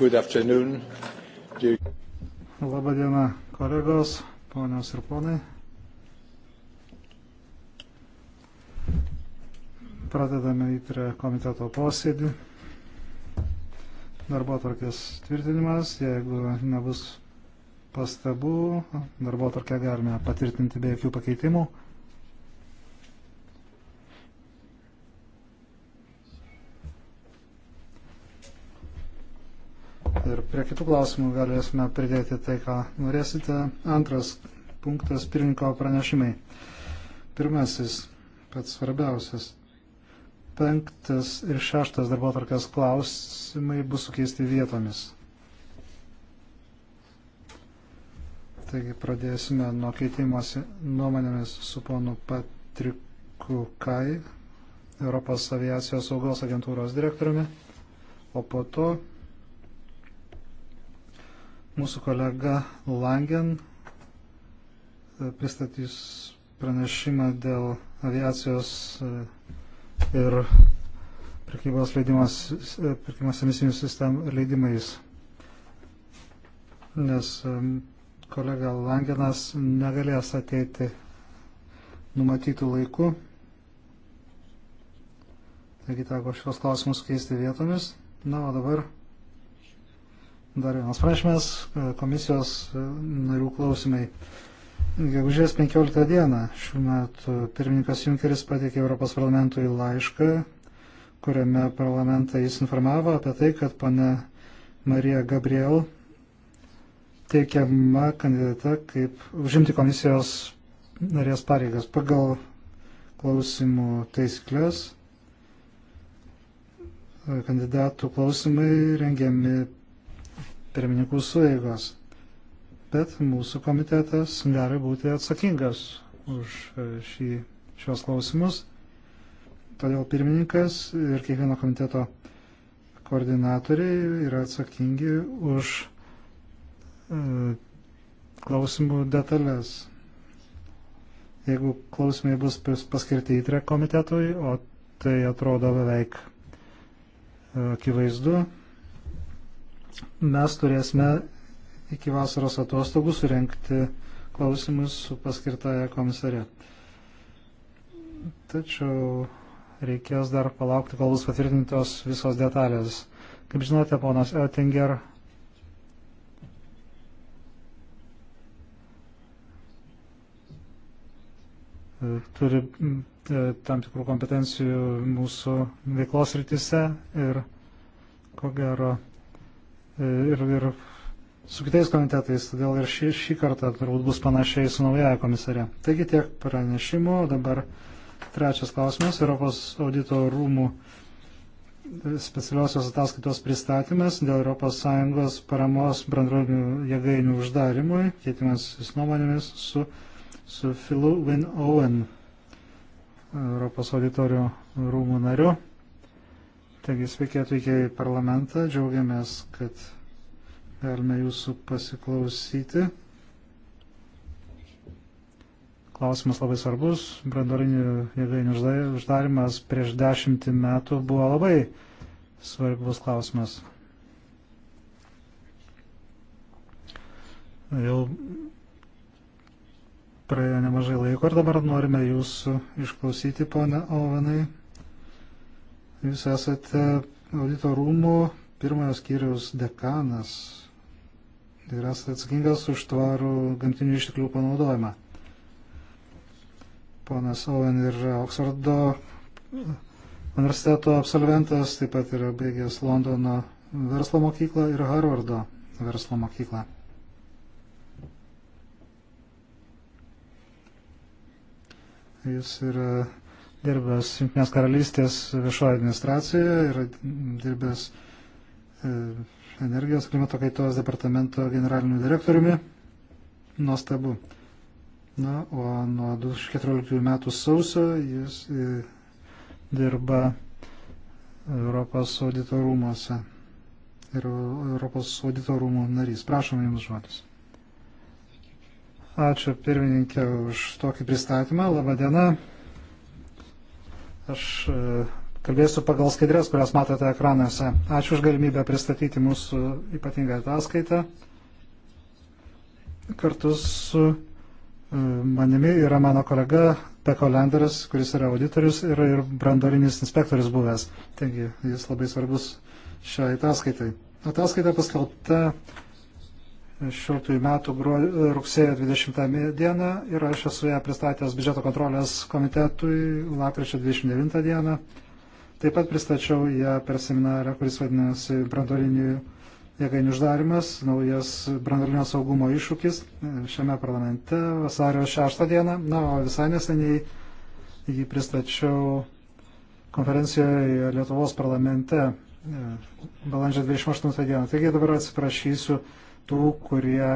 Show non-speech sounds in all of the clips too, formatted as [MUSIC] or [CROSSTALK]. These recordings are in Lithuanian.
Good afternoon. Labą dieną, kolegos, ponios ir ponai. Pradedame įtrę komiteto posėdį. Darbo tvarkės tvirtinimas, jeigu nebus pastabų, darbo tvarkę galime patvirtinti be jokių pakeitimų. prie kitų klausimų galėsime pridėti tai, ką norėsite. Antras punktas - pirmininko pranešimai. Pirmasis, pats svarbiausias. Penktas ir šeštas darbo tarkas klausimai bus sukeisti vietomis. Taigi pradėsime nuo keitimosi nuomonėmis su ponu Patriku Kai, Europos aviacijos saugos agentūros direktoriumi, o po to Mūsų kolega Langen e, pristatys pranešimą dėl aviacijos e, ir prekybos leidimas, e, pirkimas emisinių sistemų leidimais. Nes kolega Langenas negalės ateiti numatytų laikų. Taigi teko šios klausimus keisti vietomis. Na, o dabar Dar vienas prašymas, e, komisijos e, narių klausimai. Gegužės 15 dieną šių metų pirmininkas Junkeris pateikė Europos parlamentui laišką, kuriame parlamentą jis informavo apie tai, kad pane Marija Gabriel teikiama kandidata kaip užimti komisijos narės pareigas pagal klausimų taisyklės. E, kandidatų klausimai rengiami pirmininkų sueigos. Bet mūsų komitetas gali būti atsakingas už e, šį, šios klausimus. Todėl pirmininkas ir kiekvieno komiteto koordinatoriai yra atsakingi už e, klausimų detalės. Jeigu klausimai bus paskirti įtre komitetui, o tai atrodo beveik e, akivaizdu, e, mes turėsime iki vasaros atostogų surenkti klausimus su paskirtaja komisare. Tačiau reikės dar palaukti, kol bus patvirtintos visos detalės. Kaip žinote, ponas Oettinger turi e, tam tikrų kompetencijų mūsų veiklos rytise ir ko gero E, ir, ir su kitais komitetais, todėl ir šį, šį kartą turbūt bus panašiai su naujaja komisarė. Taigi tiek pranešimų, dabar trečias klausimas, Europos audito rūmų e, specialiosios ataskaitos pristatymas dėl ES paramos brandronių jėgainių uždarimui, keitimas vis nuomonėmis su, su Philu Win Owen, Europos auditorių rūmų nariu. Taigi sveiki atvykę į parlamentą, džiaugiamės, kad galime jūsų pasiklausyti. Klausimas labai svarbus. Brandorinių jėgainių uždarimas prieš dešimtį metų buvo labai svarbus klausimas. Jau praėjo nemažai laiko ir dabar norime jūsų išklausyti, pone Ovenai. Jūs esate audito rūmų pirmojo skyriaus dekanas ir esate atsakingas už tvarų gamtinių išteklių panaudojimą. Ponas Owen ir Oksfordo universiteto absolventas, taip pat yra baigęs Londono verslo mokyklą ir Harvardo verslo mokyklą. Jis yra dirbęs Junktinės karalystės viešoje administracijoje ir dirbęs e, energijos klimato kaitos departamento generaliniu direktoriumi. Nuostabu. Na, o nuo 2014 metų sausio jis e, dirba Europos audito rūmose ir Europos audito rūmų narys. Prašom Jums žodis. Ačiū pirmininkė už tokį pristatymą. Labadiena. diena. Aš e, kalbėsiu pagal skaidrės, kurias matote ekranuose. Ačiū už galimybę pristatyti mūsų ypatingą ataskaitą. Kartu su e, manimi yra mano kolega Peko Lenderis, kuris yra auditorius ir, ir brandolinis inspektorius buvęs. Taigi jis labai svarbus šiai ataskaitai. Ataskaita paskelbta šioltųjų metų rugsėjo 20 dieną ir aš esu ją pristatęs biudžeto kontrolės komitetui lapkričio 29 dieną. Taip pat pristačiau ją per seminarą, kuris vadinasi brandolinių jėgainių uždarimas, naujas brandolinio saugumo iššūkis e, šiame parlamente vasario 6 dieną. Na, o visai neseniai jį pristačiau konferencijoje Lietuvos parlamente e, balandžio 28 dieną. Taigi dabar atsiprašysiu tų, kurie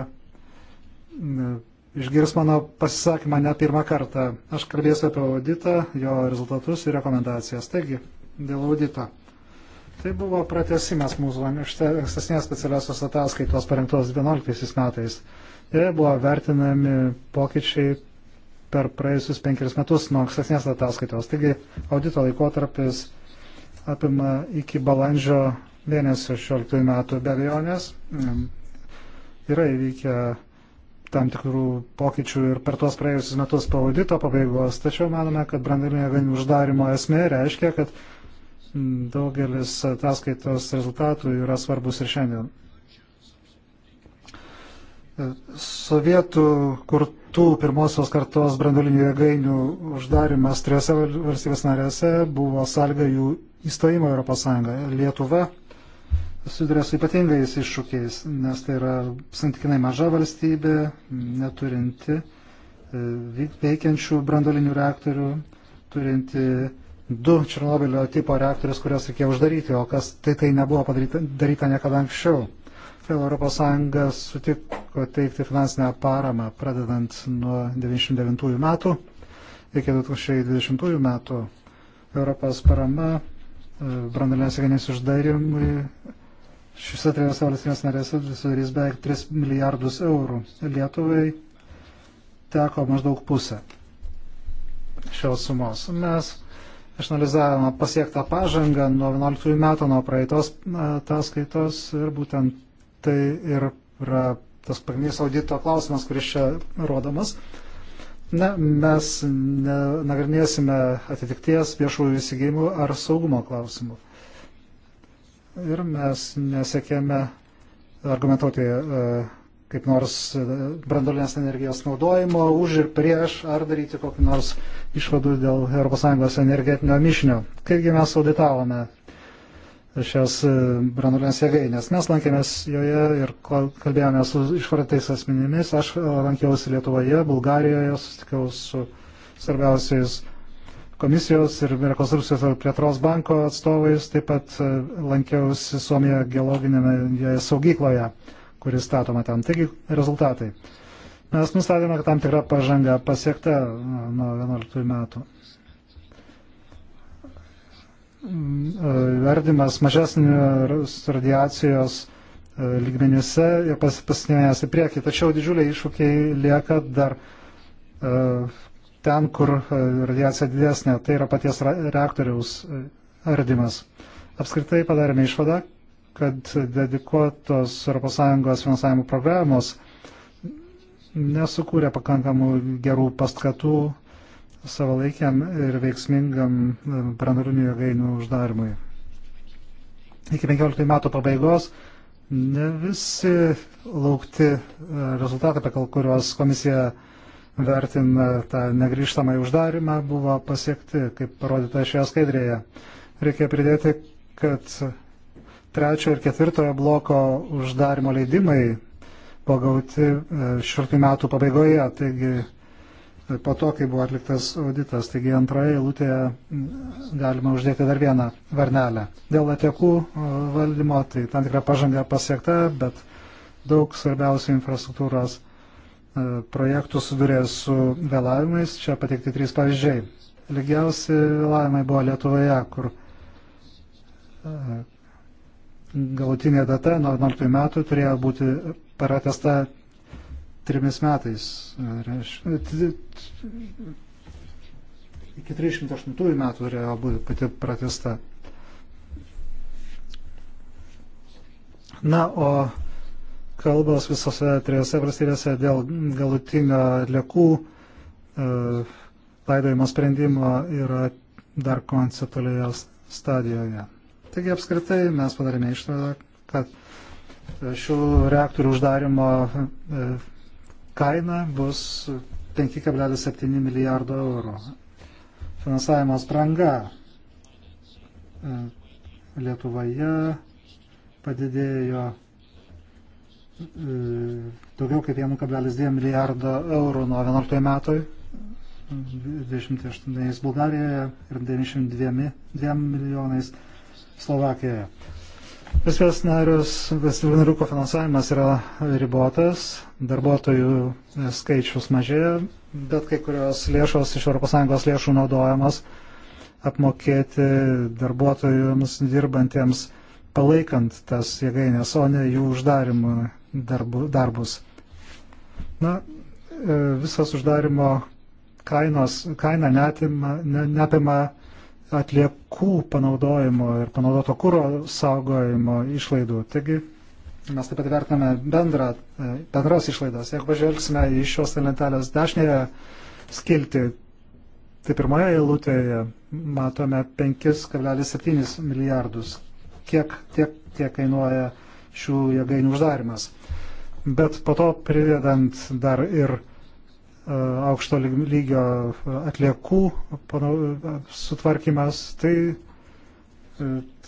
išgirs mano pasisakymą ne pirmą kartą. Aš kalbėsiu apie auditą, jo rezultatus ir rekomendacijas. Taigi, dėl audito. Tai buvo pratesimas mūsų ankstesnės specialiosios ataskaitos parengtos 11 metais. Joje buvo vertinami pokyčiai per praėjusius penkerius metus nuo ankstesnės ataskaitos. Taigi audito laikotarpis apima iki balandžio mėnesio 16 metų be abejonės yra įvykę tam tikrų pokyčių ir per tuos praėjusius metus po audito pabaigos, tačiau manome, kad brandalinio jėgainių uždarimo esmė reiškia, kad daugelis ataskaitos rezultatų yra svarbus ir šiandien. Sovietų kurtų pirmosios kartos brandolinių jėgainių uždarimas trijose valstybės narėse buvo sąlyga jų įstojimo Europos Sąjungą. Lietuva susiduria su ypatingais iššūkiais, nes tai yra santykinai maža valstybė, neturinti e, veikiančių brandolinių reaktorių, turinti du Černobilio tipo reaktorius, kuriuos reikėjo uždaryti, o kas tai tai nebuvo padaryta daryta niekada anksčiau. Todėl ES sutiko teikti finansinę paramą pradedant nuo 1999 metų iki 2020 metų. Europos parama e, brandalinės jėgainės uždarimui Šiuose trijose valstybės narėse sudarys beveik 3 milijardus eurų. Lietuvai teko maždaug pusę šios sumos. Mes išanalizavome pasiektą pažangą nuo 11 metų, nuo praeitos ataskaitos ir būtent tai ir yra tas pagrindinis audito klausimas, kuris čia rodomas. Na, mes nagrinėsime atitikties viešųjų įsigymų ar saugumo klausimų ir mes nesiekėme argumentuoti e, kaip nors e, brandolinės energijos naudojimo už ir prieš, ar daryti kokį nors išvadų dėl ES energetinio mišinio. Kaipgi mes auditavome šias e, brandolinės jėgainės. Mes lankėmės joje ir kalbėjome su išvartais asmenimis. Aš lankiausi Lietuvoje, Bulgarijoje, susitikau su svarbiausiais komisijos ir rekonstrukcijos ir plėtros banko atstovais, taip pat e, lankiausi Suomijoje geologinėje e, saugykloje, kuris statoma ten. Taigi rezultatai. Mes nustatėme, kad tam tikra pažanga pasiekta e, nuo 11 metų. Mm, Verdimas mažesnės radiacijos lygmenyse ir pas, pasinėjęs į priekį, tačiau didžiuliai iššūkiai lieka dar ten, kur e, radiacija didesnė, tai yra paties reaktoriaus e, ardymas. Apskritai padarėme išvadą, kad dedikuotos ES finansavimo programos nesukūrė pakankamų gerų paskatų savalaikiam ir veiksmingam e, branduolinių jėgainių uždarimui. Iki 15 metų pabaigos ne visi laukti rezultatai, apie kuriuos komisija vertina tą negrįžtamą uždarimą, buvo pasiekti, kaip parodyta šioje skaidrėje. Reikia pridėti, kad trečio ir ketvirtojo bloko uždarimo leidimai buvo gauti e, šiurtų metų pabaigoje, taigi e, po to, kai buvo atliktas auditas, taigi antroje eilutėje galima uždėti dar vieną varnelę. Dėl atiekų e, valdymo, tai tam tikra pažanga pasiekta, bet daug svarbiausių infrastruktūros E, projektų sudurė su vėlavimais. Čia pateikti trys pavyzdžiai. Lygiausi vėlavimai buvo Lietuvoje, kur e, galutinė data nuo 11 metų turėjo būti paratesta trimis metais. E, iki 308 metų turėjo būti pati pratesta. Na, o kalbos visose trijose valstybėse dėl galutinio atliekų e, laidojimo sprendimo yra dar konceptualioje stadijoje. Taigi apskritai mes padarėme išvadą, kad e, šių reaktorių uždarimo e, kaina bus 5,7 milijardo eurų. Finansavimo spranga Lietuvoje padidėjo E, daugiau kaip 1,2 milijardo eurų nuo 11 metų, 28 Bulgarijoje ir 92 milijonais Slovakijoje. Visvės narius, valstybių narių kofinansavimas yra ribotas, darbuotojų skaičius mažėja, bet kai kurios lėšos iš ES lėšų naudojamas apmokėti darbuotojams dirbantiems palaikant tas jėgainės, o ne jų uždarimui darbu, darbus. Na, e, visas uždarimo kainos, kaina neapima, ne, neapima atliekų panaudojimo ir panaudoto kūro saugojimo išlaidų. Taigi mes taip pat vertiname bendrą, e, bendras išlaidas. Jeigu pažvelgsime į šios lentelės dešinėje skilti, tai pirmoje eilutėje matome 5,7 milijardus. Kiek tiek, tiek kainuoja šių jėgainių uždarimas. Bet po to pridedant dar ir e, aukšto lygio atliekų sutvarkymas, tai e,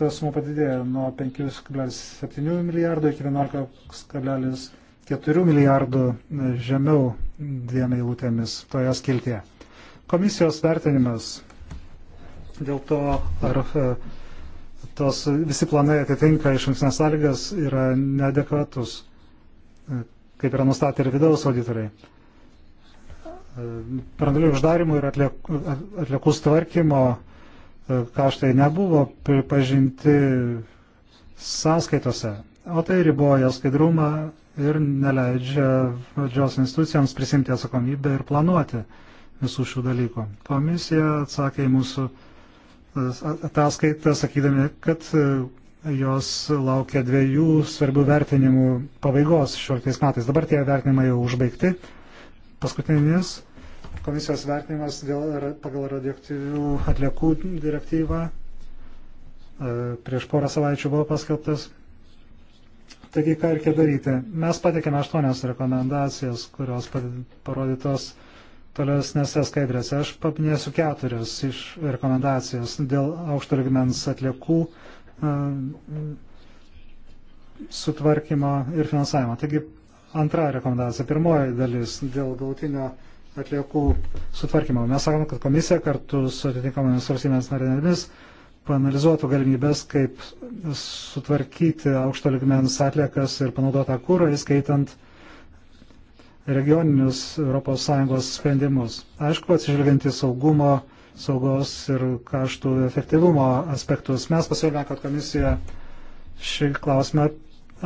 tas suma padidėjo nuo 5,7 milijardo iki 11,4 milijardo e, žemiau dviem eilutėmis toje skiltėje. Komisijos vertinimas dėl to, ar tos visi planai atitinka iš anksnės sąlygas yra neadekvatus, e, kaip yra nustatę ir vidaus auditoriai. Brandolių e, uždarimų ir atliekų, atliekų tvarkymo e, kaštai nebuvo pripažinti sąskaitose, o tai riboja skaidrumą ir neleidžia valdžios institucijoms prisimti atsakomybę ir planuoti visų šių dalykų. Komisija atsakė į mūsų uh, ataskaitą, sakydami, kad e, jos laukia dviejų svarbių vertinimų pabaigos 16 metais. Dabar tie vertinimai jau užbaigti. Paskutinis komisijos vertinimas dėl, pagal radioaktyvių atliekų direktyvą e, prieš porą savaičių buvo paskelbtas. Taigi, ką reikia daryti? Mes patikėme aštuonias rekomendacijas, kurios parodytos tolesnėse skaidrėse. Aš paminėsiu keturias iš rekomendacijas dėl aukšto ligmens atliekų e, sutvarkymo ir finansavimo. Taigi antra rekomendacija, pirmoji dalis dėl gautinio atliekų sutvarkymo. Mes sakome, kad komisija kartu su atitinkamomis valstybės narėmis panalizuotų galimybės, kaip sutvarkyti aukšto ligmens atliekas ir panaudotą kūrą, įskaitant uh, regioninius ES sprendimus. Aišku, atsižvelgiant į saugumo, saugos ir kaštų efektyvumo aspektus, mes pasiūlėme, kad komisija šį klausimą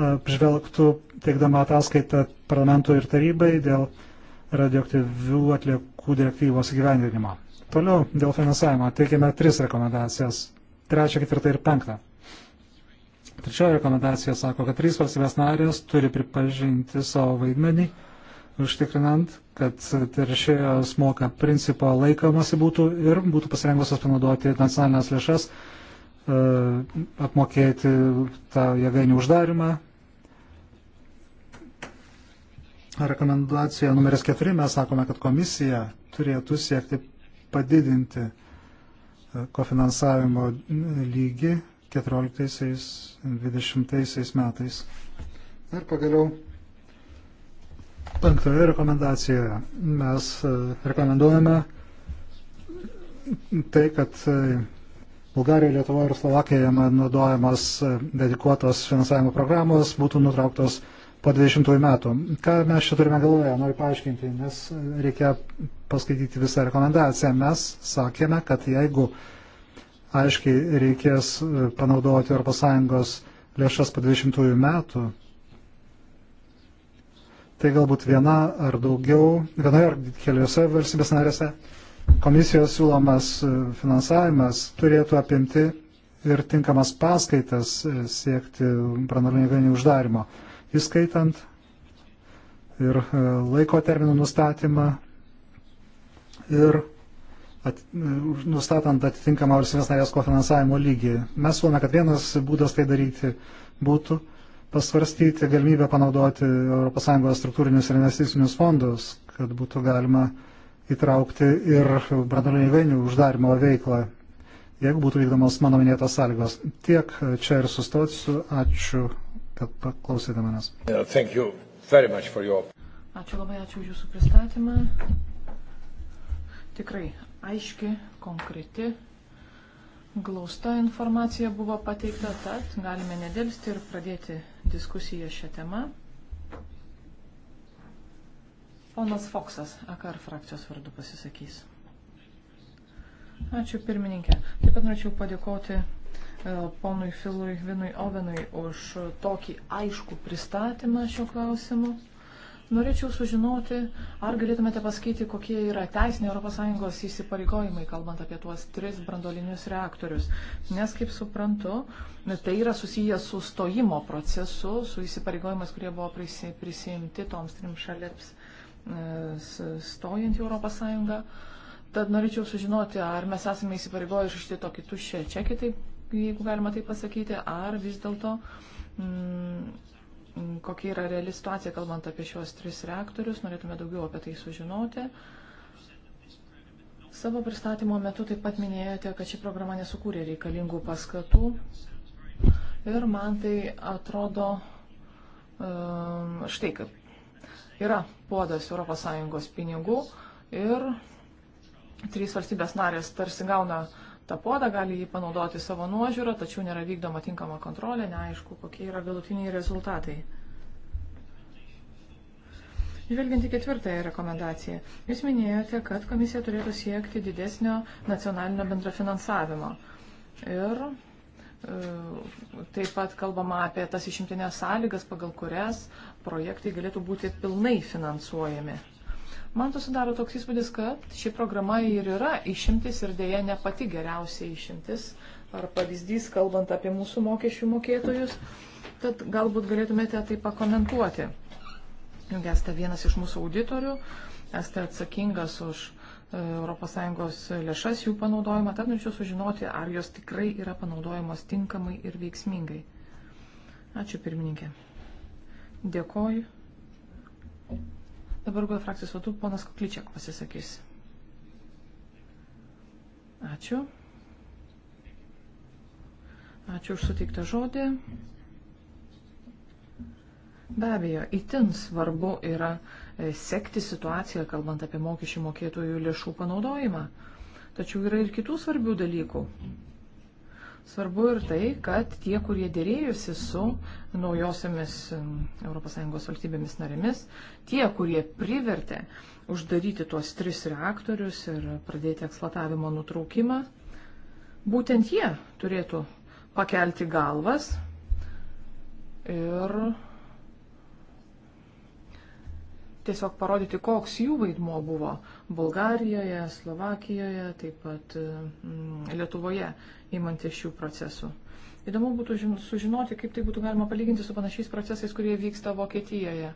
apžvelgtų, teikdama ataskaitą parlamentui ir tarybai dėl radioaktyvių atliekų direktyvos įgyvendinimo. Toliau dėl finansavimo teikėme tris rekomendacijas - trečią, ketvirtą ir penktą. Trečioji rekomendacija sako, kad trys valstybės narės turi pripažinti savo vaidmenį užtikrinant, kad teršėjos moka principo laikomasi būtų ir būtų pasirengusios panaudoti nacionalinės lėšas, e, apmokėti tą jėgainių uždarimą. Rekomendacija numeris 4 mes sakome, kad komisija turėtų siekti padidinti e, kofinansavimo lygį 14-20 metais. Ir pagaliau Penktoje rekomendacijoje mes e, rekomenduojame tai, kad e, Bulgarija, Lietuva ir Slovakija naudojamos e, dedikuotos finansavimo programos būtų nutrauktos po 20 metų. Ką mes čia turime galvoje, noriu paaiškinti, nes reikia paskaityti visą rekomendaciją. Mes sakėme, kad jeigu aiškiai reikės panaudoti ES lėšas po 20 metų, tai galbūt viena ar daugiau, vienoje ar keliose valstybės narėse komisijos siūlomas e, finansavimas turėtų apimti ir tinkamas paskaitas e, siekti branduolinio jėgainių uždarimo, įskaitant ir e, laiko terminų nustatymą ir at, nustatant atitinkamą valstybės narės kofinansavimo lygį. Mes suome, kad vienas būdas tai daryti būtų pasvarstyti galimybę panaudoti ES struktūrinius ir investicinius fondus, kad būtų galima įtraukti ir branduolinių įvainių uždarimo veiklą, jeigu būtų vykdomos mano minėtos sąlygos. Tiek čia ir sustosiu. Ačiū, kad paklausėte manęs. Your... Ačiū labai, ačiū už Jūsų pristatymą. Tikrai aiški, konkreti Glausta informacija buvo pateikta, tad galime nedėlsti ir pradėti diskusiją šią temą. Ponas Foksas, AKR frakcijos vardu pasisakys. Ačiū pirmininkė. Taip pat norėčiau padėkoti e, ponui Filui Vinui Ovenui už tokį aišku pristatymą šio klausimu. Norėčiau sužinoti, ar galėtumėte pasakyti, kokie yra teisiniai ES įsipareigojimai, kalbant apie tuos tris brandolinius reaktorius. Nes, kaip suprantu, tai yra susijęs su stojimo procesu, su įsipareigojimais, kurie buvo prisi, prisimti toms trim šalėms e, stojant į ES. Tad norėčiau sužinoti, ar mes esame įsipareigoję išrašyti tokį tuščią čekį, taip, jeigu galima tai pasakyti, ar vis dėlto mm, Mm, kokia yra reali situacija, kalbant apie šios tris reaktorius, norėtume daugiau apie tai sužinoti. Savo pristatymo metu taip pat minėjote, kad ši programa nesukūrė reikalingų paskatų ir man tai atrodo um, štai kaip. Yra puodas ES pinigų ir trys valstybės narės tarsi gauna uh, tą podą, gali jį panaudoti savo nuožiūrą, tačiau nėra vykdoma tinkama kontrolė, neaišku, kokie yra galutiniai rezultatai. Žvelgiant į ketvirtąją rekomendaciją, jūs minėjote, kad komisija turėtų siekti didesnio nacionalinio bendrafinansavimo. Ir e, Taip pat kalbama apie tas išimtinės sąlygas, pagal kurias projektai galėtų būti pilnai finansuojami. Man susidaro toks įspūdis, kad ši programa ir yra išimtis ir dėja ne pati geriausia išimtis ar pavyzdys, kalbant apie mūsų mokesčių mokėtojus. Tad galbūt galėtumėte tai pakomentuoti. Juk esate vienas iš mūsų auditorių, esate atsakingas už ES lėšas, jų panaudojimą, tad norėčiau sužinoti, ar jos tikrai yra panaudojamos tinkamai ir veiksmingai. Ačiū pirmininkė. Dėkoju. Dabar gal e frakcijos vadų ponas Kuklyčiak pasisakys. Ačiū. Ačiū už suteiktą žodį. Be abejo, itin svarbu yra e, sekti situaciją, kalbant apie mokesčių mokėtojų lėšų panaudojimą. Tačiau yra ir kitų svarbių dalykų. Svarbu ir tai, kad tie, kurie dėrėjusi su naujosiamis ES valstybėmis narėmis, tie, kurie privertė uždaryti tuos tris reaktorius ir pradėti eksploatavimo nutraukimą, būtent jie turėtų pakelti galvas ir tiesiog parodyti, koks jų vaidmuo buvo Bulgarijoje, Slovakijoje, taip pat mm, Lietuvoje įmantis šių procesų. Įdomu būtų žin, sužinoti, kaip tai būtų galima palyginti su panašiais procesais, kurie vyksta Vokietijoje.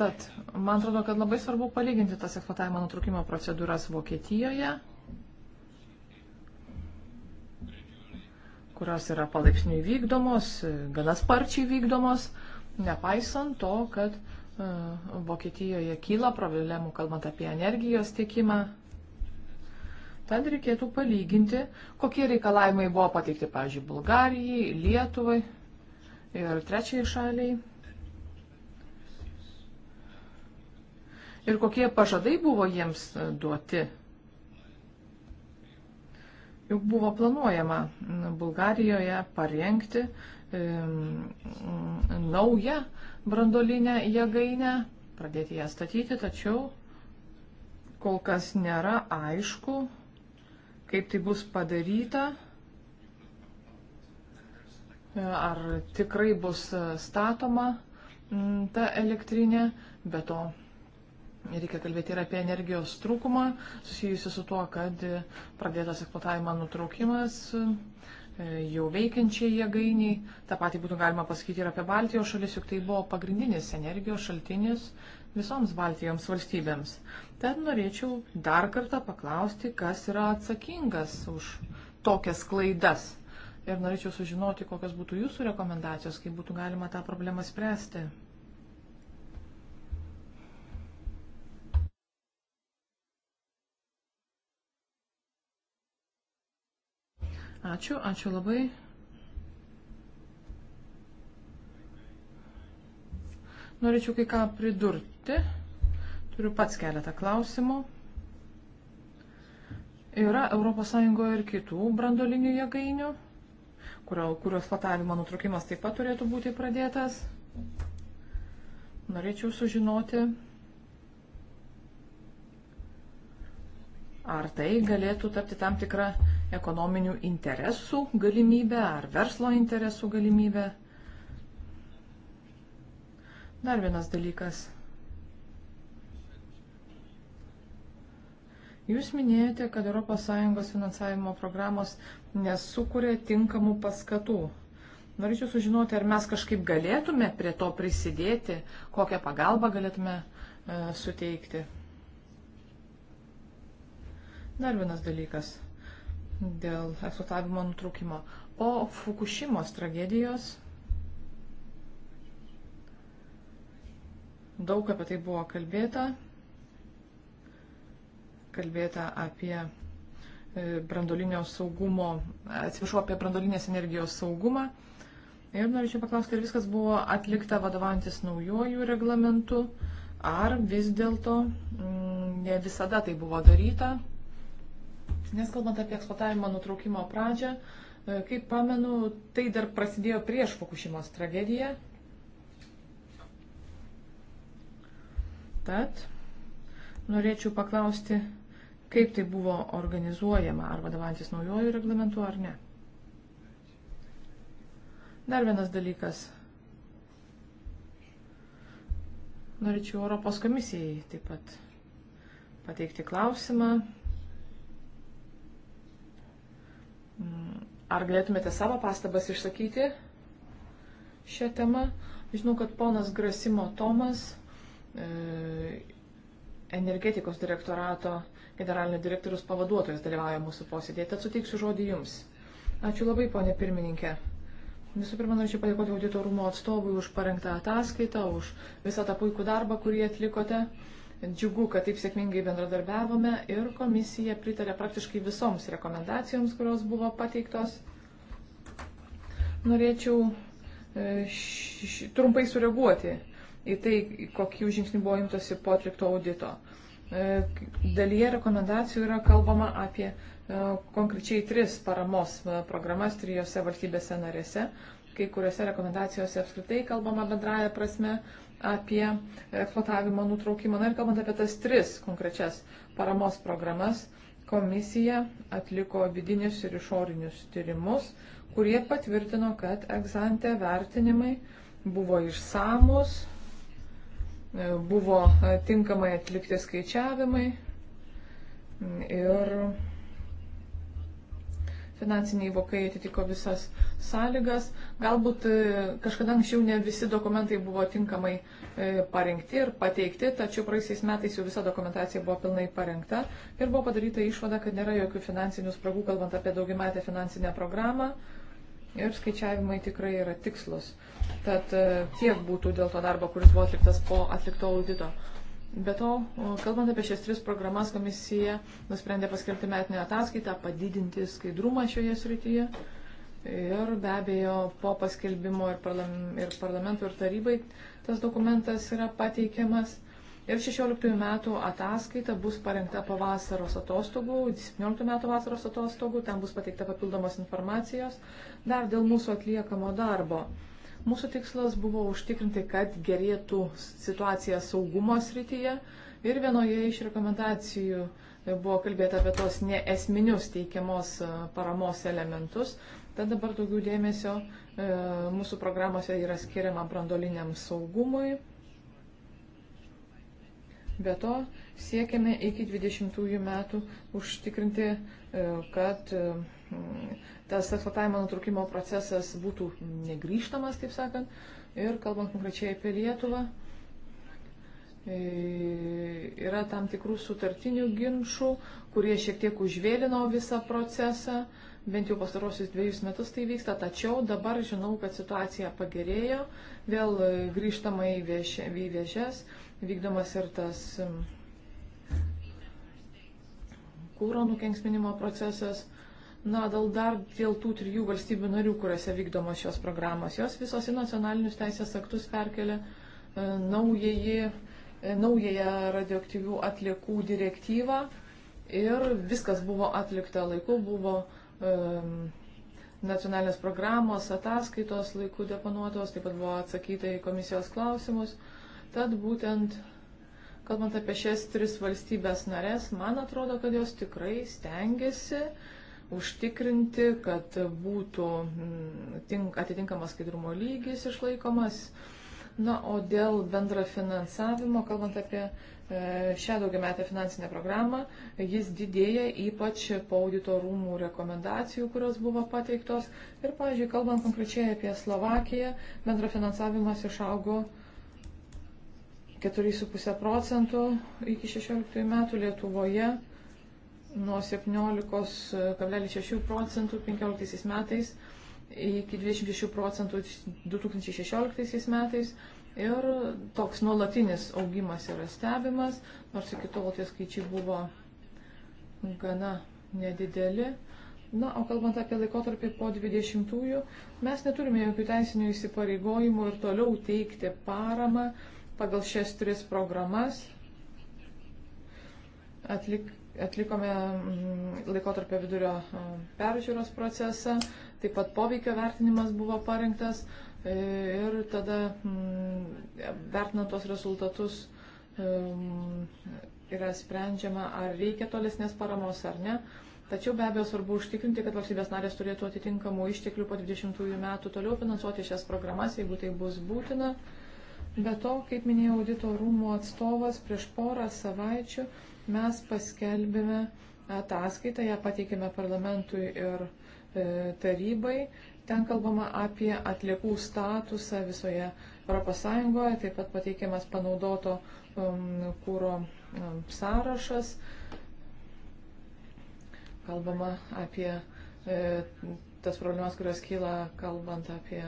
Tad, man atrodo, kad labai svarbu palyginti tas eksploatavimo nutrukimo procedūras Vokietijoje, kurios yra palaipsniui vykdomos, gana sparčiai vykdomos, nepaisant to, kad e, Vokietijoje kyla problemų, kalbant apie energijos tiekimą. Tad reikėtų palyginti, kokie reikalavimai buvo pateikti, pavyzdžiui, Bulgarijai, Lietuvai ir trečiai šaliai. Ir kokie pažadai buvo jiems e, duoti. Juk buvo planuojama Bulgarijoje parengti naują brandolinę jėgainę, pradėti ją statyti, tačiau kol kas nėra aišku, kaip tai bus padaryta, ar tikrai bus statoma ta elektrinė, bet to reikia kalbėti ir apie energijos trūkumą, susijusi su tuo, kad pradėtas eksploatavimo nutraukimas E, jau veikiančiai jėgainiai. Ta pati būtų galima pasakyti ir apie Baltijos šalis, juk tai buvo pagrindinis energijos šaltinis visoms Baltijoms valstybėms. Tad norėčiau dar kartą paklausti, kas yra atsakingas už tokias klaidas. Ir norėčiau sužinoti, kokios būtų jūsų rekomendacijos, kaip būtų galima tą problemą spręsti. Ačiū, ačiū labai. Norėčiau kai ką pridurti. Turiu pats keletą klausimų. Yra ES ir kitų brandolinių jėgainių, kurio, kurios platavimo nutrukimas taip pat turėtų būti pradėtas. Norėčiau sužinoti, ar tai galėtų tapti tam tikrą ekonominių interesų galimybę ar verslo interesų galimybę. Dar vienas dalykas. Jūs minėjote, kad ES finansavimo programos nesukuria tinkamų paskatų. Norėčiau sužinoti, ar mes kažkaip galėtume prie to prisidėti, kokią pagalbą galėtume e, suteikti. Dar vienas dalykas dėl eksploatavimo nutraukimo. Po Fukushimos tragedijos daug apie tai buvo kalbėta. Kalbėta apie e, brandolinio saugumo, atsiprašau, apie brandolinės energijos saugumą. Ir norėčiau paklausti, ar viskas buvo atlikta vadovantis naujojų reglamentų, ar vis dėlto mm, ne visada tai buvo daryta, Nes kalbant apie eksploatavimo nutraukimo pradžią, e, kaip pamenu, tai dar prasidėjo prieš Fukushimos tragediją. Tad norėčiau paklausti, kaip tai buvo organizuojama, ar vadovantis naujojų reglamentu ar ne. Dar vienas dalykas. Norėčiau Europos komisijai taip pat pateikti klausimą. Mm, ar galėtumėte savo pastabas išsakyti šią temą? Žinau, kad ponas Grasimo Tomas, e, energetikos direktorato generalinio direktorius pavaduotojas dalyvauja mūsų posėdėje, tad suteiksiu žodį jums. Ačiū labai, ponė pirmininkė. Visų pirma, norėčiau padėkoti auditorumo atstovui už parengtą ataskaitą, už visą tą puikų darbą, kurį atlikote. Džiugu, kad taip sėkmingai bendradarbiavome ir komisija pritarė praktiškai visoms rekomendacijoms, kurios buvo pateiktos. Norėčiau e, trumpai sureaguoti į tai, kokių žingsnių buvo imtasi po atlikto audito. E, dalyje rekomendacijų yra kalbama apie e, konkrečiai tris paramos programas trijose valstybėse narėse. Kai kuriuose rekomendacijose apskritai kalbama bendraja prasme, apie eksploatavimo nutraukimą. Na ir kalbant apie tas tris konkrečias paramos programas, komisija atliko vidinius ir išorinius tyrimus, kurie patvirtino, kad egzante vertinimai buvo išsamus, buvo tinkamai atlikti skaičiavimai ir finansiniai vokai atitiko visas sąlygas. Galbūt e, kažkada anksčiau ne visi dokumentai buvo tinkamai e, parengti ir pateikti, tačiau praeisiais metais jau visa dokumentacija buvo pilnai parengta ir buvo padaryta išvada, kad nėra jokių finansinių spragų, kalbant apie daugiametę finansinę programą. Ir skaičiavimai tikrai yra tikslus. Tad e, tiek būtų dėl to darbo, kuris buvo atliktas po atlikto audito. Be to, kalbant apie šias tris programas, komisija nusprendė paskelbti metinę ataskaitą, padidinti skaidrumą šioje srityje. Ir be abejo, po paskelbimo ir, parlam, ir parlamentų ir tarybai tas dokumentas yra pateikiamas. Ir 16 metų ataskaita bus parengta po vasaros atostogų, 17 metų vasaros atostogų, ten bus pateikta papildomos informacijos dar dėl mūsų atliekamo darbo. Mūsų tikslas buvo užtikrinti, kad gerėtų situacija saugumo srityje ir vienoje iš rekomendacijų buvo kalbėta apie tos neesminius teikiamos e, paramos elementus. Tad dabar daugiau dėmesio e, mūsų programuose yra skiriama brandoliniam saugumui. Be to, siekiame iki 20 metų užtikrinti, e, kad tas eksploatavimo nutraukimo procesas būtų negryžtamas, taip sakant. Ir kalbant konkrečiai apie Lietuvą, e, yra tam tikrų sutartinių ginčių, kurie šiek tiek užvėlino visą procesą, bent jau pastarosius dviejus metus tai vyksta, tačiau dabar žinau, kad situacija pagerėjo, vėl grįžtama į, viešė, į viežes, vykdomas ir tas mm, kūro nukenksminimo procesas. Na, dėl dar dėl tų trijų valstybių narių, kuriuose vykdomos šios programos, jos visos į nacionalinius teisės aktus perkelia e, naująją, e, naująją radioaktyvių atliekų direktyvą ir viskas buvo atlikta laiku, buvo e, nacionalinės programos, ataskaitos laiku deponuotos, taip pat buvo atsakyta į komisijos klausimus. Tad būtent, kalbant apie šias tris valstybės narės, man atrodo, kad jos tikrai stengiasi užtikrinti, kad būtų mm, atitinkamas skaidrumo lygis išlaikomas. Na, o dėl bendra finansavimo, kalbant apie e, šią daugiametę finansinę programą, jis didėja ypač po audito rūmų rekomendacijų, kurios buvo pateiktos. Ir, pažiūrėjau, kalbant konkrečiai apie Slovakiją, bendra finansavimas išaugo 4,5 procentų iki 16 metų Lietuvoje nuo 17,6 procentų 15 metais iki 26 procentų 2016 metais. Ir toks nuolatinis augimas yra stebimas, nors iki tol tie skaičiai buvo gana nedideli. Na, o kalbant apie laikotarpį po 20-ųjų, mes neturime jokių teisinių įsipareigojimų ir toliau teikti paramą pagal šias tris programas. Atlik, Atlikome mm, laikotarpio vidurio e, peržiūros procesą, taip pat poveikio vertinimas buvo parengtas e, ir tada mm, vertinant tos rezultatus e, mm, yra sprendžiama, ar reikia tolesnės paramos ar ne. Tačiau be abejo svarbu užtikrinti, kad valstybės narės turėtų atitinkamų išteklių po 20 metų toliau finansuoti šias programas, jeigu tai bus būtina. Be to, kaip minėjo audito rūmų atstovas, prieš porą savaičių mes paskelbėme ataskaitą, ją pateikėme parlamentui ir e, tarybai. Ten kalbama apie atliekų statusą visoje ES, taip pat pateikiamas panaudoto um, kūro um, sąrašas. Kalbama apie e, tas problemas, kurios kyla kalbant apie